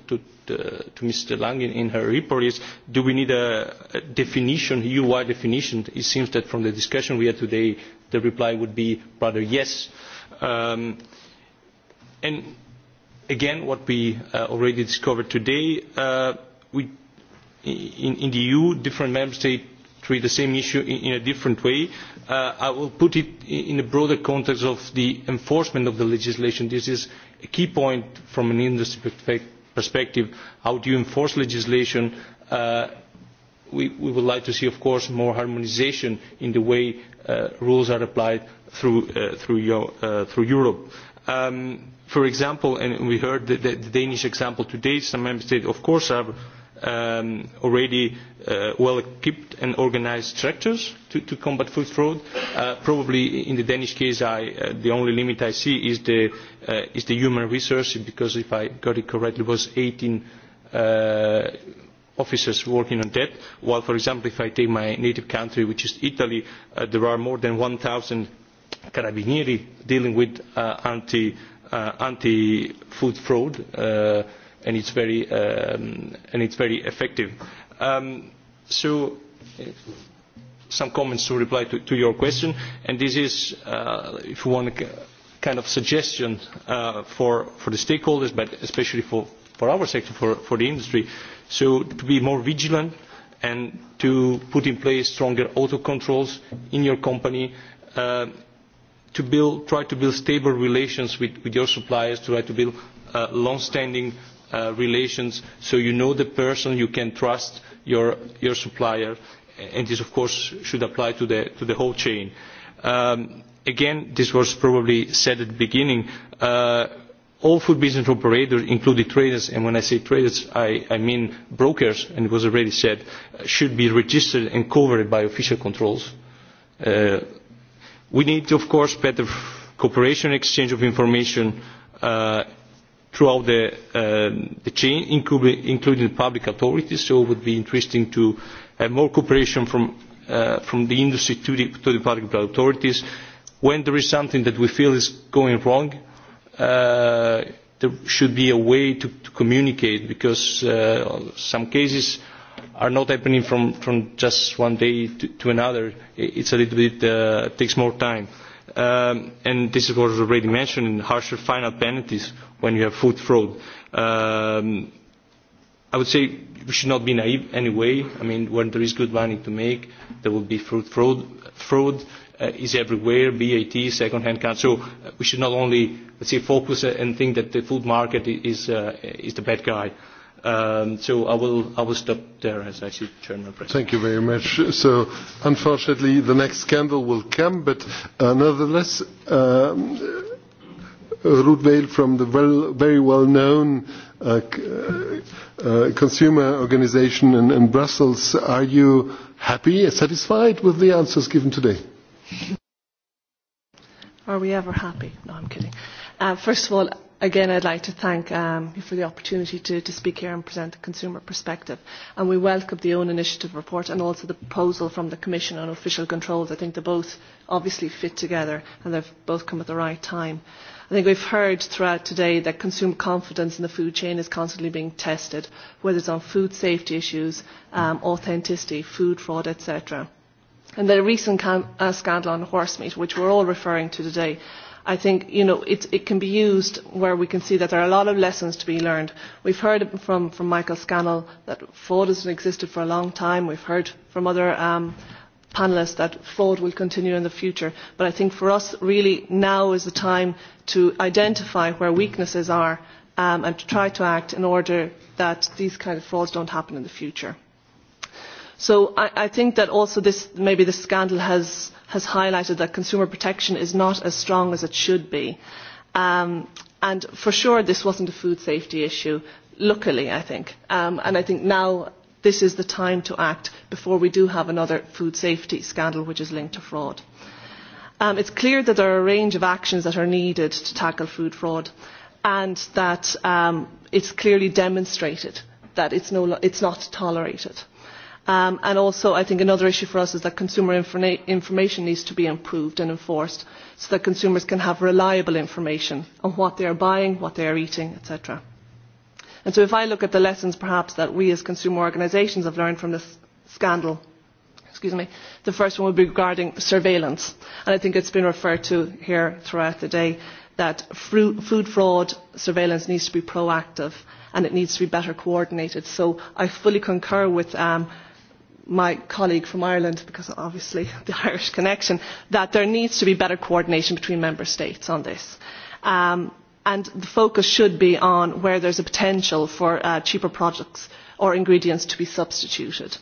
Mr. Lang in her report is, do we need a definition, EU-wide definition? It seems that from the discussion we had today, the reply would be rather yes. And again, what we already discovered today, in the EU, different member states treat the same issue in a different way. I will put it in a broader context of the enforcement of the legislation. This is a key point from an industry perspective. How do you enforce legislation? We would like to see, of course, more harmonisation in the way rules are applied through Europe. For example, and we heard the Danish example today, some member states, of course, are already well-equipped and organized structures to combat food fraud. Probably in the Danish case, the only limit I see is the human resources, because if I got it correctly, there was 18 officers working on that, while, for example, if I take my native country, which is Italy, there are more than 1,000 carabinieri dealing with anti-food fraud and it's very effective. So some comments to reply to your question, and this is, if you want, a kind of suggestion for for the stakeholders, but especially for for our sector, for the industry, so to be more vigilant and to put in place stronger auto controls in your company, to build, try to build stable relations with your suppliers, to try to build long-standing relations so you know the person you can trust your supplier and this of course should apply to the whole chain. again this was probably said at the beginning all food business operators including traders and when i say traders i mean brokers and it was already said should be registered and covered by official controls. we need of course better cooperation exchange of information throughout the chain, including public authorities. So it would be interesting to have more cooperation from the industry to the public authorities. When there is something that we feel is going wrong, there should be a way to communicate because some cases are not happening from just one day to another. It's a little bit takes more time and this is what was already mentioned harsher final penalties when you have food fraud. I would say we should not be naive anyway. I mean, when there is good money to make, there will be food fraud. Fraud is everywhere, BAT, second-hand cards. So we should not only, let's say, focus and think that the food market is the bad guy. So I will I will stop there as I see Chairman President. Thank you very much. So unfortunately the next scandal will come, but nevertheless, nonetheless veil from the very well known consumer organisation in Brussels, are you happy, and satisfied with the answers given today? Are we ever happy? No, I'm kidding. First of all Again, I'd like to thank you for the opportunity to speak here and present the consumer perspective. And we welcome the own initiative report and also the proposal from the Commission on official controls. I think they both obviously fit together and they've both come at the right time. I think we've heard throughout today that consumer confidence in the food chain is constantly being tested, whether it's on food safety issues, authenticity, food fraud, etc. And the recent scandal on horse meat, which we're all referring to today, I think it can be used where we can see that there are a lot of lessons to be learned. We've heard from Michael Scannell that fraud has existed for a long time. We've heard from other panellists that fraud will continue in the future. But I think for us really now is the time to identify where weaknesses are and to try to act in order that these kind of frauds don't happen in the future. So I think that also this maybe this scandal has has highlighted that consumer protection is not as strong as it should be. And for sure this wasn't a food safety issue, luckily I think. And I think now this is the time to act before we do have another food safety scandal which is linked to fraud. It is clear that there are a range of actions that are needed to tackle food fraud and that it it's clearly demonstrated that it is not tolerated and also i think another issue for us is that consumer information needs to be improved and enforced so that consumers can have reliable information on what they are buying what they are eating etc. and so if i look at the lessons perhaps that we as consumer organisations have learned from this scandal excuse me the first one would be regarding surveillance and i think it's been referred to here throughout the day that food fraud surveillance needs to be proactive and it needs to be better coordinated so i fully concur with my colleague from Ireland, because obviously the Irish connection, that there needs to be better coordination between member states on this. And the focus should be on where there is a potential for cheaper products or ingredients to be substituted.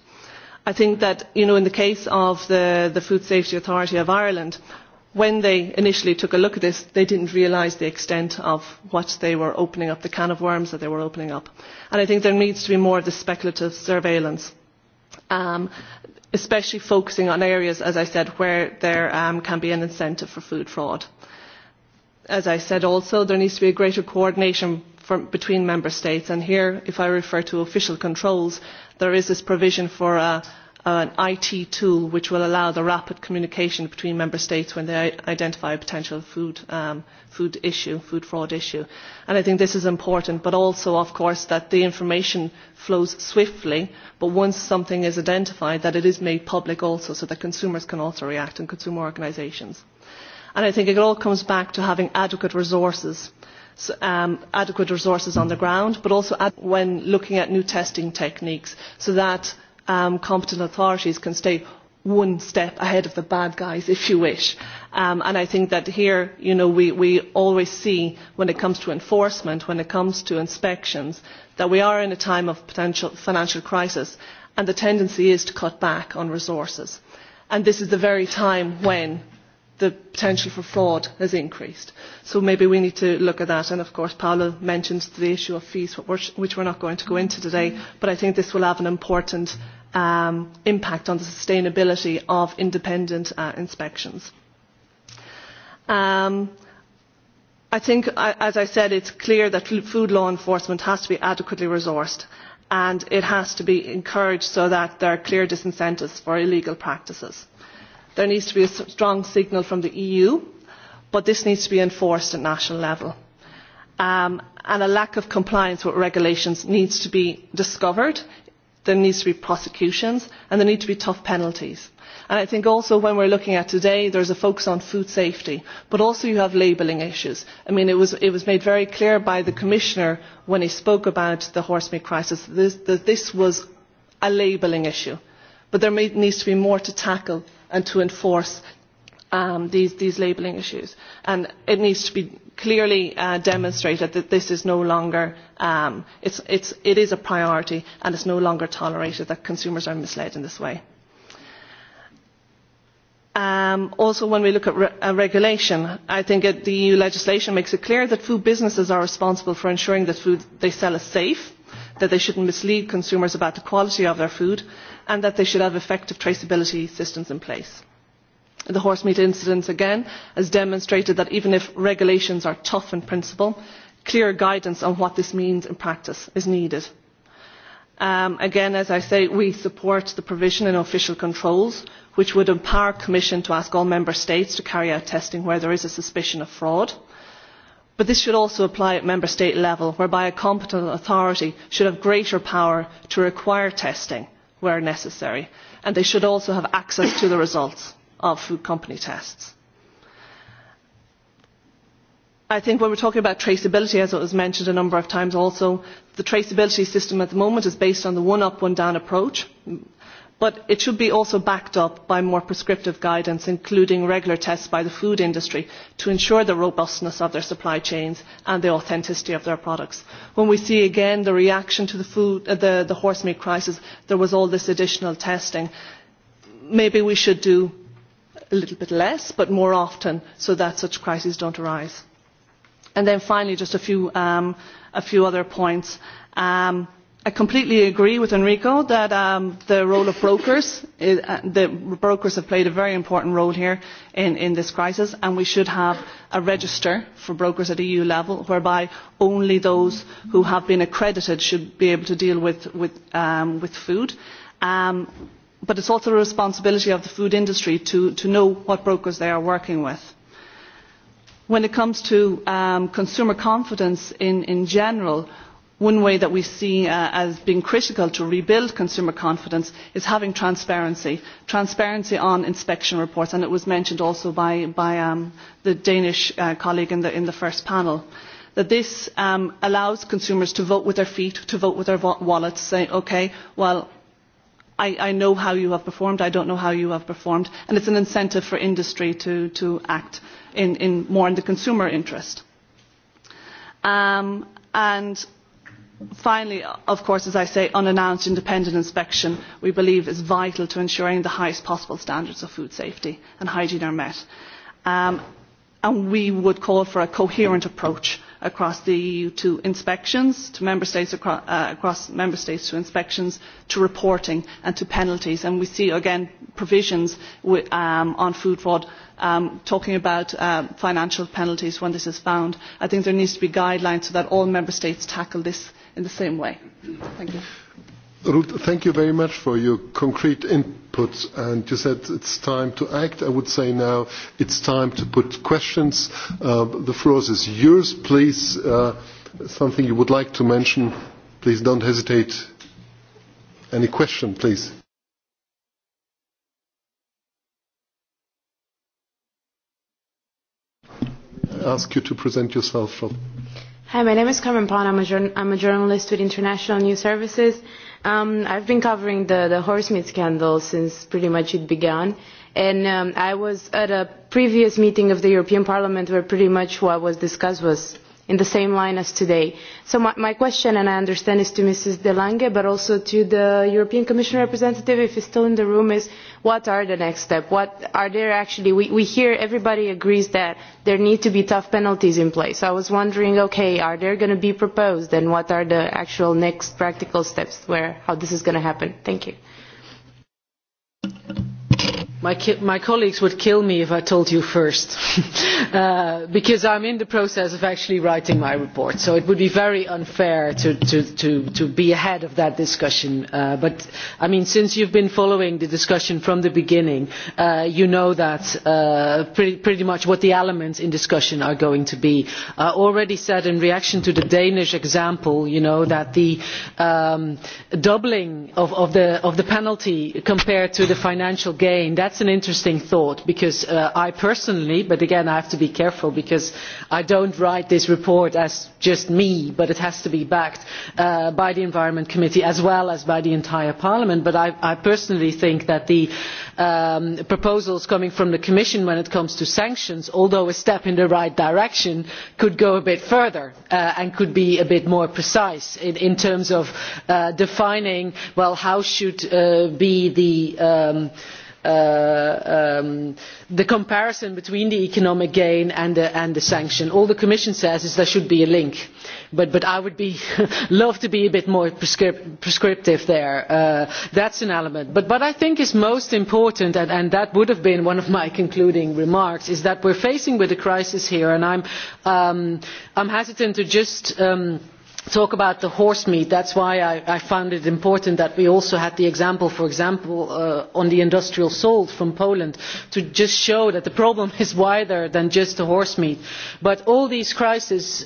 I think that in the case of the Food Safety Authority of Ireland, when they initially took a look at this, they didn't realise the extent of what they were opening up, the can of worms that they were opening up. And I think there needs to be more of the speculative surveillance especially focusing on areas, as I said, where there can be an incentive for food fraud. As I said also, there needs to be a greater coordination between member states, and here, if I refer to official controls, there is this provision for a an IT tool which will allow the rapid communication between member states when they identify a potential food food issue, food fraud issue. And I think this is important, but also, of course, that the information flows swiftly, but once something is identified, that it is made public also, so that consumers can also react and consumer organisations. And I think it all comes back to having adequate resources adequate resources on the ground, but also when looking at new testing techniques so that competent authorities can stay one step ahead of the bad guys, if you wish. And I think that here, you know, we always see when it comes to enforcement, when it comes to inspections, that we are in a time of potential financial crisis, and the tendency is to cut back on resources. And this is the very time when the potential for fraud has increased. So maybe we need to look at that. And of course, Paolo mentioned the issue of fees, which we're not going to go into today. But I think this will have an important impact on the sustainability of independent inspections. I think, as I said, it's clear that food law enforcement has to be adequately resourced and it has to be encouraged so that there are clear disincentives for illegal practices there needs to be a strong signal from the eu but this needs to be enforced at national level and a lack of compliance with regulations needs to be discovered there needs to be prosecutions and there need to be tough penalties. i think also when we are looking at today there is a focus on food safety but also you have labelling issues. it was made very clear by the commissioner when he spoke about the horsemeat crisis that this was a labelling issue but there needs to be more to tackle and to enforce these labelling issues. And it needs to be clearly demonstrated that this is no longer, it is a priority and it's no longer tolerated that consumers are misled in this way. Also, when we look at regulation, I think the EU legislation makes it clear that food businesses are responsible for ensuring that food they sell is safe, that they shouldn't mislead consumers about the quality of their food, and that they should have effective traceability systems in place. The horsemeat meat incident again has demonstrated that even if regulations are tough in principle, clear guidance on what this means in practice is needed. Again, as I say, we support the provision in official controls, which would empower the Commission to ask all Member States to carry out testing where there is a suspicion of fraud. But this should also apply at Member State level, whereby a competent authority should have greater power to require testing where necessary and they should also have access to the results of food company tests. I think when we're talking about traceability, as it was mentioned a number of times also, the traceability system at the moment is based on the one-up, one-down approach but it should be also backed up by more prescriptive guidance including regular tests by the food industry to ensure the robustness of their supply chains and the authenticity of their products. when we see again the reaction to the horsemeat crisis there was all this additional testing maybe we should do a little bit less but more often so that such crises do not arise. and then finally just a few other points I completely agree with Enrico that the role of brokers, the brokers have played a very important role here in this crisis and we should have a register for brokers at EU level whereby only those who have been accredited should be able to deal with food. But it's also the responsibility of the food industry to know what brokers they are working with. When it comes to consumer confidence in general, One way that we see as being critical to rebuild consumer confidence is having transparency, transparency on inspection reports, and it was mentioned also by the Danish colleague in the first panel, that this allows consumers to vote with their feet, to vote with their wallets, say, okay, well, I know how you have performed, I don't know how you have performed, and it's an incentive for industry to act more in the consumer interest. And finally of course as i say unannounced independent inspection we believe is vital to ensuring the highest possible standards of food safety and hygiene are met and we would call for a coherent approach across the eu to inspections to member states across member states to inspections to reporting and to penalties and we see again provisions on food fraud talking about financial penalties when this is found. i think there needs to be guidelines so that all member states tackle this in the same way. Thank you. Ruth, thank you very much for your concrete input. And you said it's time to act. I would say now it's time to put questions. The floor is yours. Please, something you would like to mention. Please don't hesitate. Any question, please. ask you to present yourself from Hi, my name is Carmen Pon. I'm a journalist with International News Services. I've been covering the horsemeat scandal since pretty much it began. And I was at a previous meeting of the European Parliament where pretty much what was discussed was in the same line as today. So my question, and I understand, is to Mrs. De Lange, but also to the European Commission representative, if he's still in the room, is what are the next steps? What are there actually? We hear everybody agrees that there need to be tough penalties in place. I was wondering, okay, are there going to be proposed, and what are the actual next practical steps where how this is going to happen? Thank you my colleagues would kill me if i told you first because i am in the process of actually writing my report so it would be very unfair to be ahead of that discussion but I mean, since you have been following the discussion from the beginning you know that pretty much what the elements in discussion are going to be. i already said in reaction to the danish example that the doubling of the penalty compared to the financial gain that's an interesting thought because I personally, but again I have to be careful because I don't write this report as just me, but it has to be backed by the Environment Committee as well as by the entire Parliament. But I personally think that the proposals coming from the Commission when it comes to sanctions, although a step in the right direction, could go a bit further and could be a bit more precise in terms of defining well how should be the the comparison between the economic gain and the sanction. all the commission says is there should be a link but i would love to be a bit more prescriptive there. that is an element. but what i think is most important and that would have been one of my concluding remarks is that we are facing a crisis here and i am hesitant to just talk about the horse meat that is why i found it important that we also had the example for example on the industrial salt from poland to just show that the problem is wider than just the horse meat. but all these crises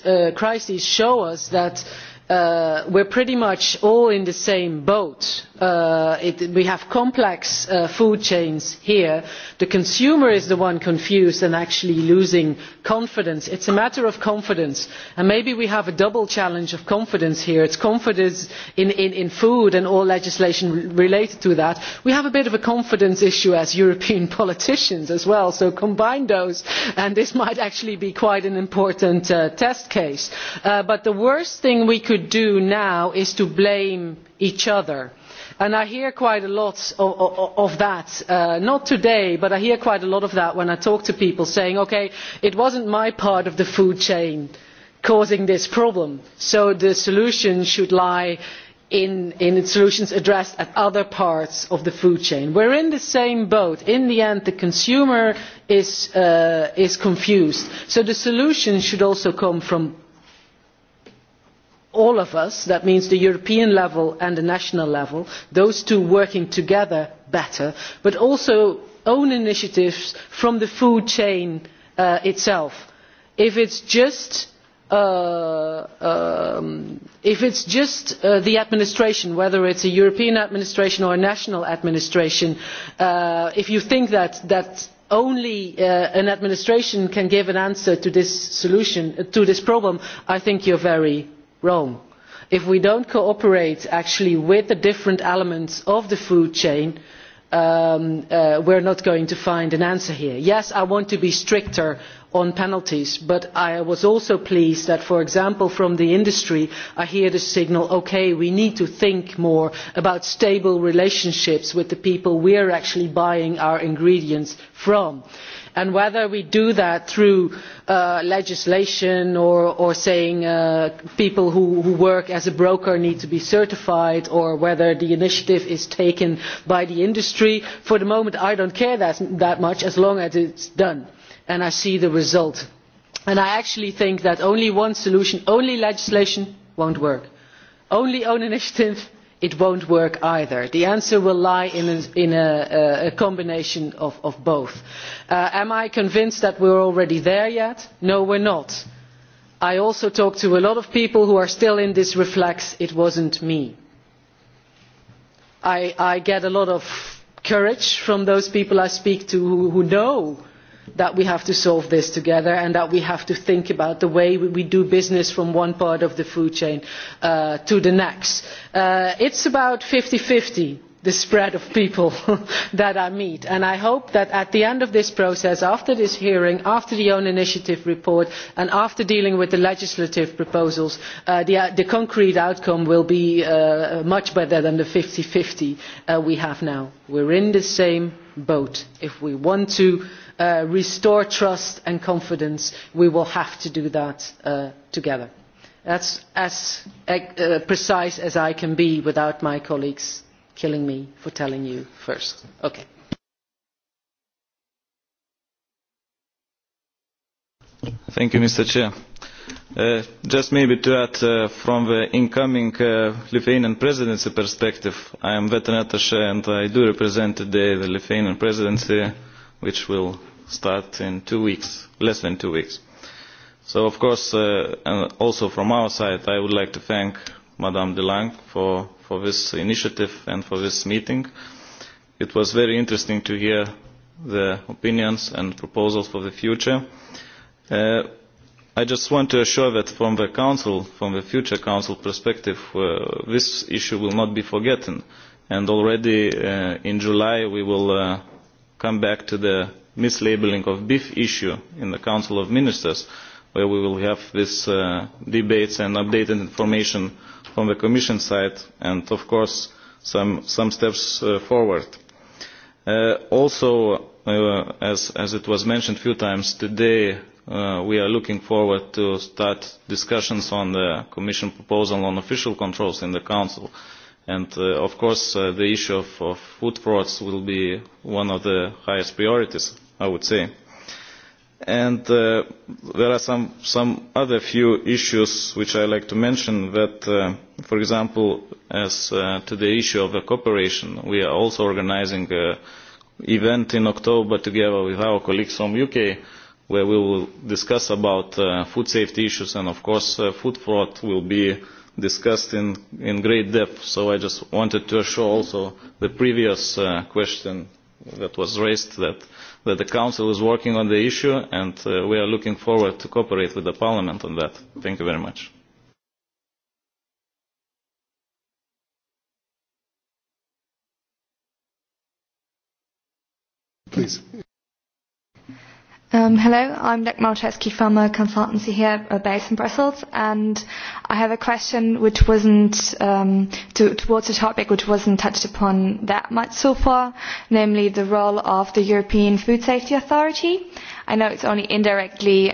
show us that we are pretty much all in the same boat we have complex food chains here the consumer is the one confused and actually losing confidence. it is a matter of confidence and maybe we have a double challenge of confidence here it is confidence in food and all legislation related to that. we have a bit of a confidence issue as european politicians as well so combine those and this might actually be quite an important test case. but the worst thing we could do now is to blame each other and i hear quite a lot of that not today but i hear quite a lot of that when i talk to people saying ok it was not my part of the food chain causing this problem so the solution should lie in solutions addressed at other parts of the food chain. we are in the same boat in the end the consumer is confused so the solution should also come from all of us that means the european level and the national level those two working together better but also own initiatives from the food chain itself. if it is just the administration whether it is a european administration or a national administration if you think that only an administration can give an answer to this problem i think you are very wrong. if we do not cooperate actually with the different elements of the food chain we are not going to find an answer here. yes i want to be stricter on penalties but i was also pleased that for example from the industry i hear the signal ok we need to think more about stable relationships with the people we are actually buying our ingredients from' and whether we do that through legislation or saying people who work as a broker need to be certified or whether the initiative is taken by the industry for the moment i do not care that much as long as it is done and i see the result. i actually think that only one solution only legislation will not work only own initiative it won't not work either. the answer will lie in a combination of both. am i convinced that we are already there yet? no we are not. i also talk to a lot of people who are still in this reflex it was not me'. i get a lot of courage from those people i speak to who know that we have to solve this together and that we have to think about the way we do business from one part of the food chain to the next. It is about 50-50 the spread of people that I meet and I hope that at the end of this process, after this hearing, after the own initiative report and after dealing with the legislative proposals, the concrete outcome will be much better than the 50-50 we have now. We're in the same boat. If we want to restore trust and confidence we will have to do that together. That's as precise as i can be without my colleagues killing me for telling you first. Thank you, Mr. Chair. Just maybe to add from the incoming Lithuanian presidency perspective, I am veteran attaché and I do represent today the Lithuanian presidency, which will start in two weeks, less than two weeks. So, of course, and also from our side, I would like to thank Madame Delang for for this initiative and for this meeting. It was very interesting to hear the opinions and proposals for the future. I just want to assure that from the Council, from the future Council perspective, this issue will not be forgotten. And already in July we will come back to the mislabelling of beef issue in the Council of Ministers, where we will have these debates and updated information from the Commission side and, of course, some steps forward. Also, as it was mentioned a few times today, we are looking forward to start discussions on the Commission proposal on official controls in the Council And of course, the issue of food frauds will be one of the highest priorities, I would say. And there are some some other few issues which I like to mention. That, for example, as to the issue of cooperation, we are also organising an event in October together with our colleagues from UK, where we will discuss about food safety issues and, of course, food fraud will be discussed in in great depth so i just wanted to assure also the previous question that was raised that that the council is working on the issue and we are looking forward to cooperate with the parliament on that thank you very much please Hello, I'm Nick Malczewski from a consultancy here based in Brussels, and I have a question which wasn't towards a topic which wasn't touched upon that much so far, namely the role of the European Food Safety Authority. I know it's only indirectly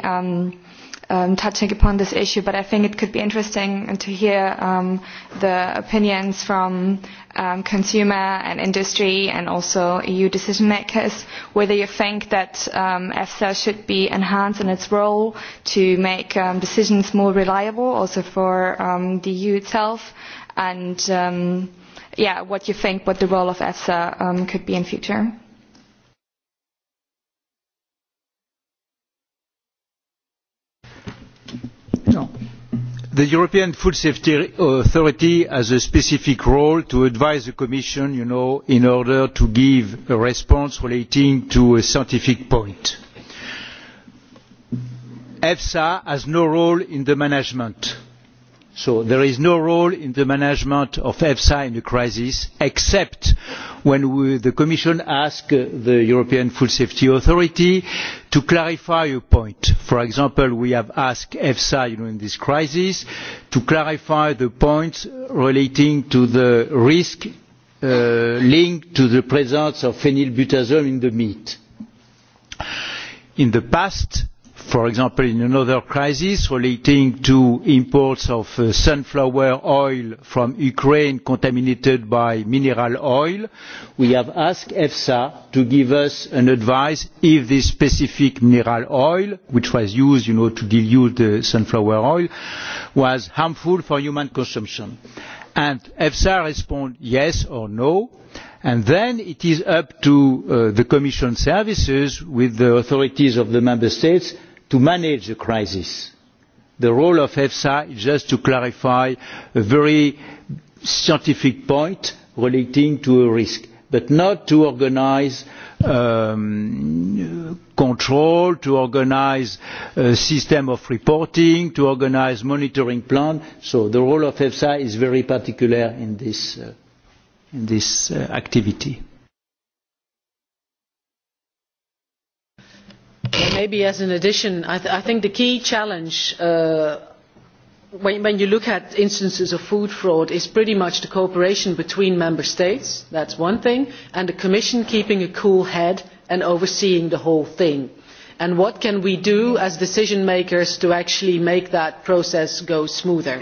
touching upon this issue, but I think it could be interesting to hear the opinions from consumer and industry and also EU decision makers, whether you think that EFSA should be enhanced in its role to make decisions more reliable also for the EU itself, and yeah, what you think what the role of EFSA could be in future. the european food safety authority has a specific role to advise the commission in order to give a response relating to a scientific point. efsa has no role in the management. So there is no role in the management of EFSA in the crisis, except when the Commission asks the European Food Safety Authority to clarify a point. For example, we have asked EFSA in this crisis to clarify the points relating to the risk linked to the presence of phenylbutazone in the meat. In the past for example in another crisis relating to imports of sunflower oil from ukraine contaminated by mineral oil we have asked efsa to give us an advice if this specific mineral oil which was used to dilute the sunflower oil was harmful for human consumption and efsa responds yes or no and then it is up to the commission services with the authorities of the member states to manage the crisis. The role of EFSA is just to clarify a very scientific point relating to a risk, but not to organise control, to organise a system of reporting, to organise monitoring plan. So the role of EFSA is very particular in this activity. Maybe as an addition, I think the key challenge when you look at instances of food fraud is pretty much the cooperation between member states, that's one thing, and the Commission keeping a cool head and overseeing the whole thing. And what can we do as decision makers to actually make that process go smoother?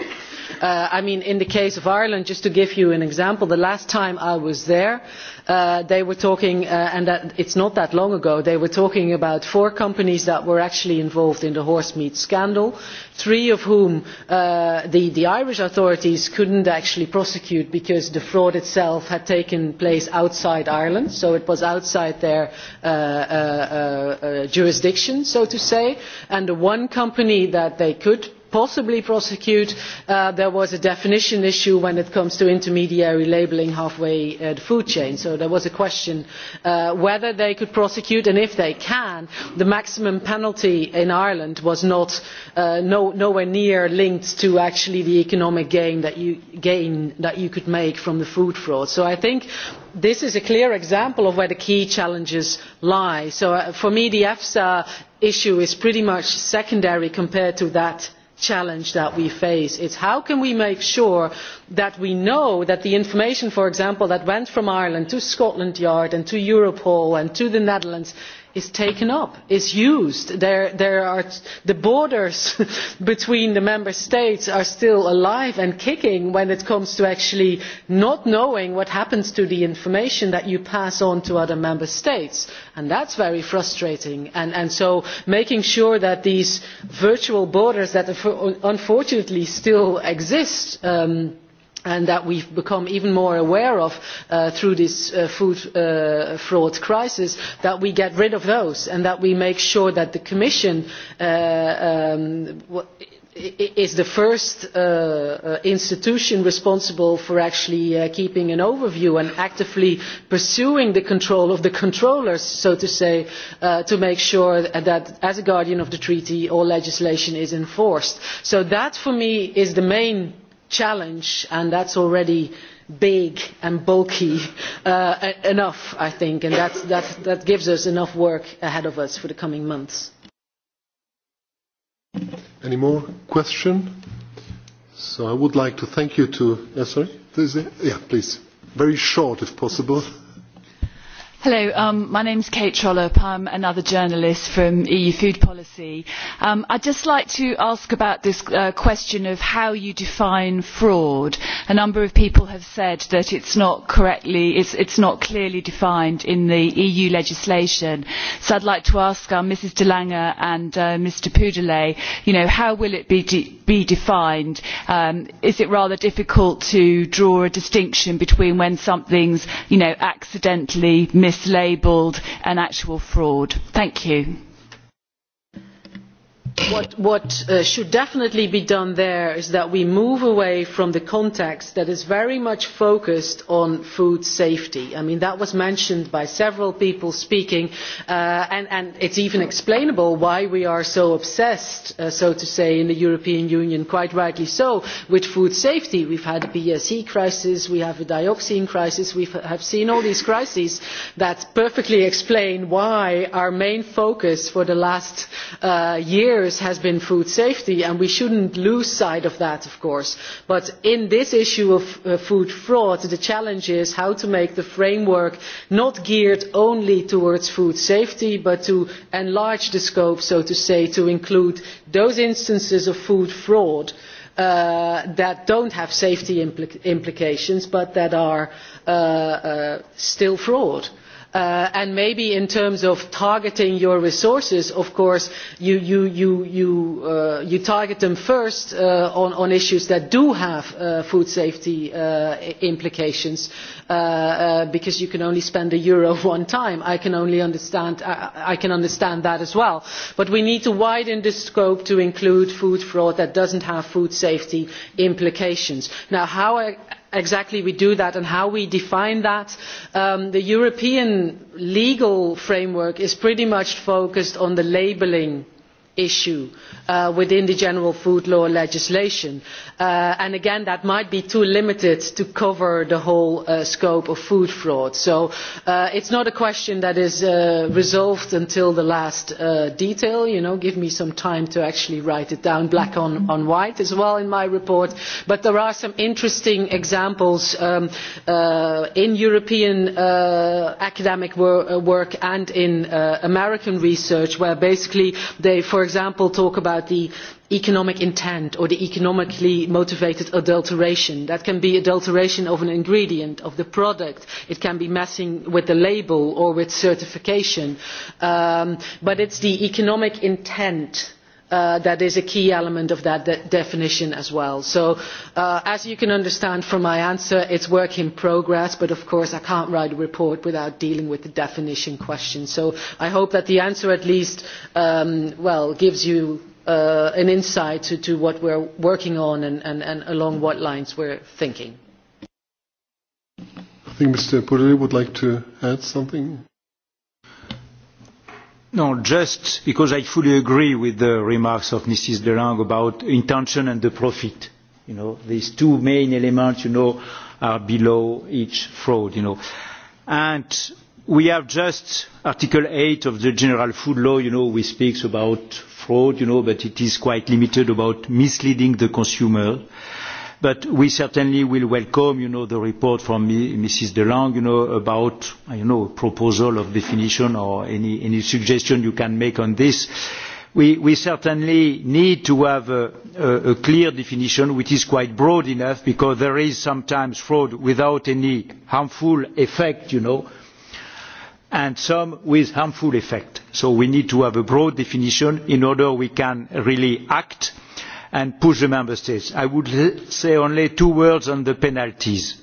I mean, in the case of Ireland, just to give you an example, the last time I was there, they were talking and is not that long ago they were talking about four companies that were actually involved in the horsemeat scandal three of whom the irish authorities could not actually prosecute because the fraud itself had taken place outside ireland so it was outside their jurisdiction so to say and the one company that they could possibly prosecute. There was a definition issue when it comes to intermediary labelling halfway the food chain. So there was a question whether they could prosecute and if they can, the maximum penalty in Ireland was not nowhere near linked to actually the economic gain that you could make from the food fraud. So I think this is a clear example of where the key challenges lie. So for me the EFSA issue is pretty much secondary compared to that challenge that we face. is how can we make sure that we know that the information, for example, that went from Ireland to Scotland Yard and to Europol and to the Netherlands is taken up is used the borders between the member states are still alive and kicking when it comes to actually not knowing what happens to the information that you pass on to other member states and that is very frustrating and so making sure that these virtual borders that unfortunately still exist and that we have become even more aware of through this food fraud crisis that we get rid of those and that we make sure that the commission is the first institution responsible for actually keeping an overview and actively pursuing the control of the controllers so to say to make sure that as a guardian of the treaty all legislation is enforced. so that for me is the main challenge and that's already big and bulky enough i think and that gives us enough work ahead of us for the coming months. any more questions? so i would like to thank you to sorry yeah please very short if possible Hello, my name is Kate Trollope. I'm another journalist from EU Food Policy. I'd just like to ask about this question of how you define fraud. A number of people have said that it's not correctly, it's not clearly defined in the EU legislation. So I'd like to ask Mrs. De Lange and Mr. Poudelet, you know, how will it be defined? Is it rather difficult to draw a distinction between when something's, you know, accidentally missed labelled an actual fraud. Thank you what should definitely be done there is that we move away from the context that is very much focused on food safety. i mean that was mentioned by several people speaking and it is even explainable why we are so obsessed so to say in the european union quite rightly so with food safety. we've had a bse crisis we have a dioxin crisis we have seen all these crises that perfectly explain why our main focus for the last years has been food safety and we should not lose sight of that of course but in this issue of food fraud the challenge is how to make the framework not geared only towards food safety but to enlarge the scope so to say to include those instances of food fraud that do not have safety implications but that are still fraud and maybe in terms of targeting your resources of course you target them first on issues that do have food safety implications because you can only spend a euro one time i can understand that as well but we need to widen the scope to include food fraud that does not have food safety implications. now how exactly we do that and how we define that. The European legal framework is pretty much focused on the labelling issue within the general food law legislation and again that might be too limited to cover the whole scope of food fraud so it's not a question that is resolved until the last detail you know give me some time to actually write it down black on white as well in my report but there are some interesting examples in european academic work and in american research where basically they for For example talk about the economic intent or the economically motivated adulteration. that can be adulteration of an ingredient of the product it can be messing with the label or with certification but it is the economic intent that is a key element of that definition as well. So as you can understand from my answer, it's work in progress, but of course I can't write a report without dealing with the definition question. So I hope that the answer at least, well, gives you an insight to what we're working on and along what lines we're thinking. I think Mr. Purley would like to add something. No, just because I fully agree with the remarks of Mrs. Delang about intention and the profit. You know, these two main elements, you know, are below each fraud, you know. And we have just Article 8 of the General Food Law, you know, which speaks about fraud, you know, but it is quite limited about misleading the consumer But we certainly will welcome, you the report from Mrs. De Lange, about, a proposal of definition or any any suggestion you can make on this. We certainly need to have a clear definition which is quite broad enough because there is sometimes fraud without any harmful effect, and some with harmful effect. So we need to have a broad definition in order we can really act and push the member states. i would say only two words on the penalties.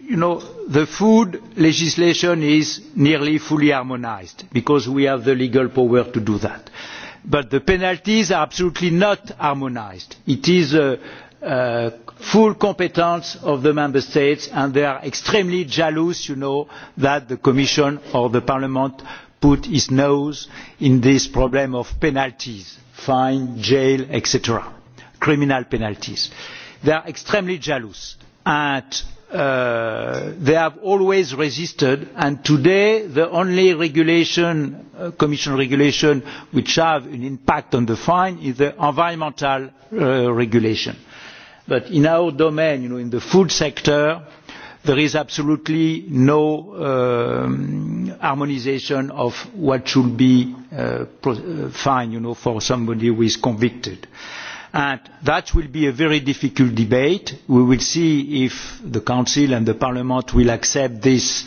you know the food legislation is nearly fully harmonised because we have the legal power to do that but the penalties are absolutely not harmonised. it is full competence of the member states and they are extremely jealous you know that the commission or the parliament put its nose in this problem of penalties fine, jail, etc. Criminal penalties. They are extremely jealous and they have always resisted and today the only regulation, Commission regulation, which have an impact on the fine is the environmental regulation. But in our domain, in the food sector, There is absolutely no harmonisation of what should be fine for somebody who is convicted. And that will be a very difficult debate. We will see if the Council and the Parliament will accept this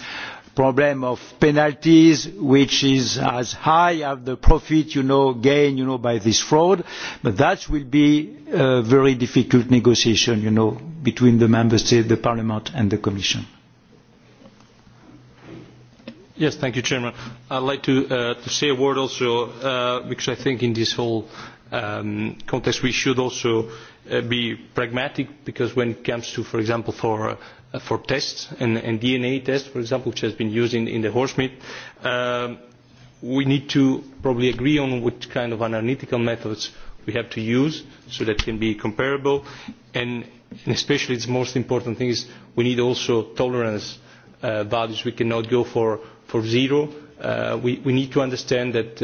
problem of penalties which is as high as the profit you know gained you know by this fraud but that will be a very difficult negotiation you know between the member states the parliament and the commission yes thank you chairman i'd like to say a word also because i think in this whole context we should also be pragmatic because when it comes to for example for for tests and DNA tests, for example, which has been used in the horse meat. We need to probably agree on which kind of analytical methods we have to use so that can be comparable. And especially the most important thing is we need also tolerance values. We cannot go for zero. We need to understand that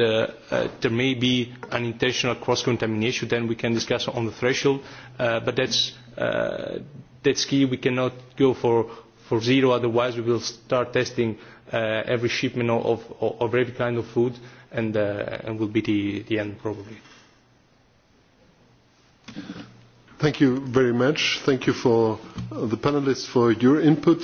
there may be unintentional cross-contamination. Then we can discuss on the threshold. But that's that's key. We cannot go for for zero, otherwise we will start testing every shipment of every kind of food and will be the end probably. Thank you very much. Thank you for the panelists for your input.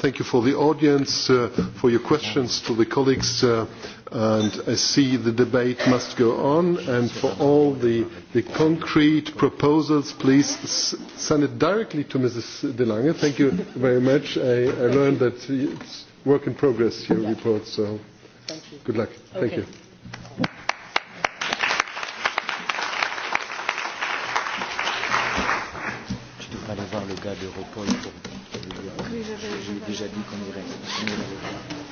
Thank you for the audience, for your questions to the colleagues. And I see the debate must go on. And for all the concrete proposals, please send it directly to Mrs. De Lange. Thank you very much. I learned that it's work in progress, your report. So good luck. Thank you. le gars de pour lui dire. Je lui déjà dit qu'on irait.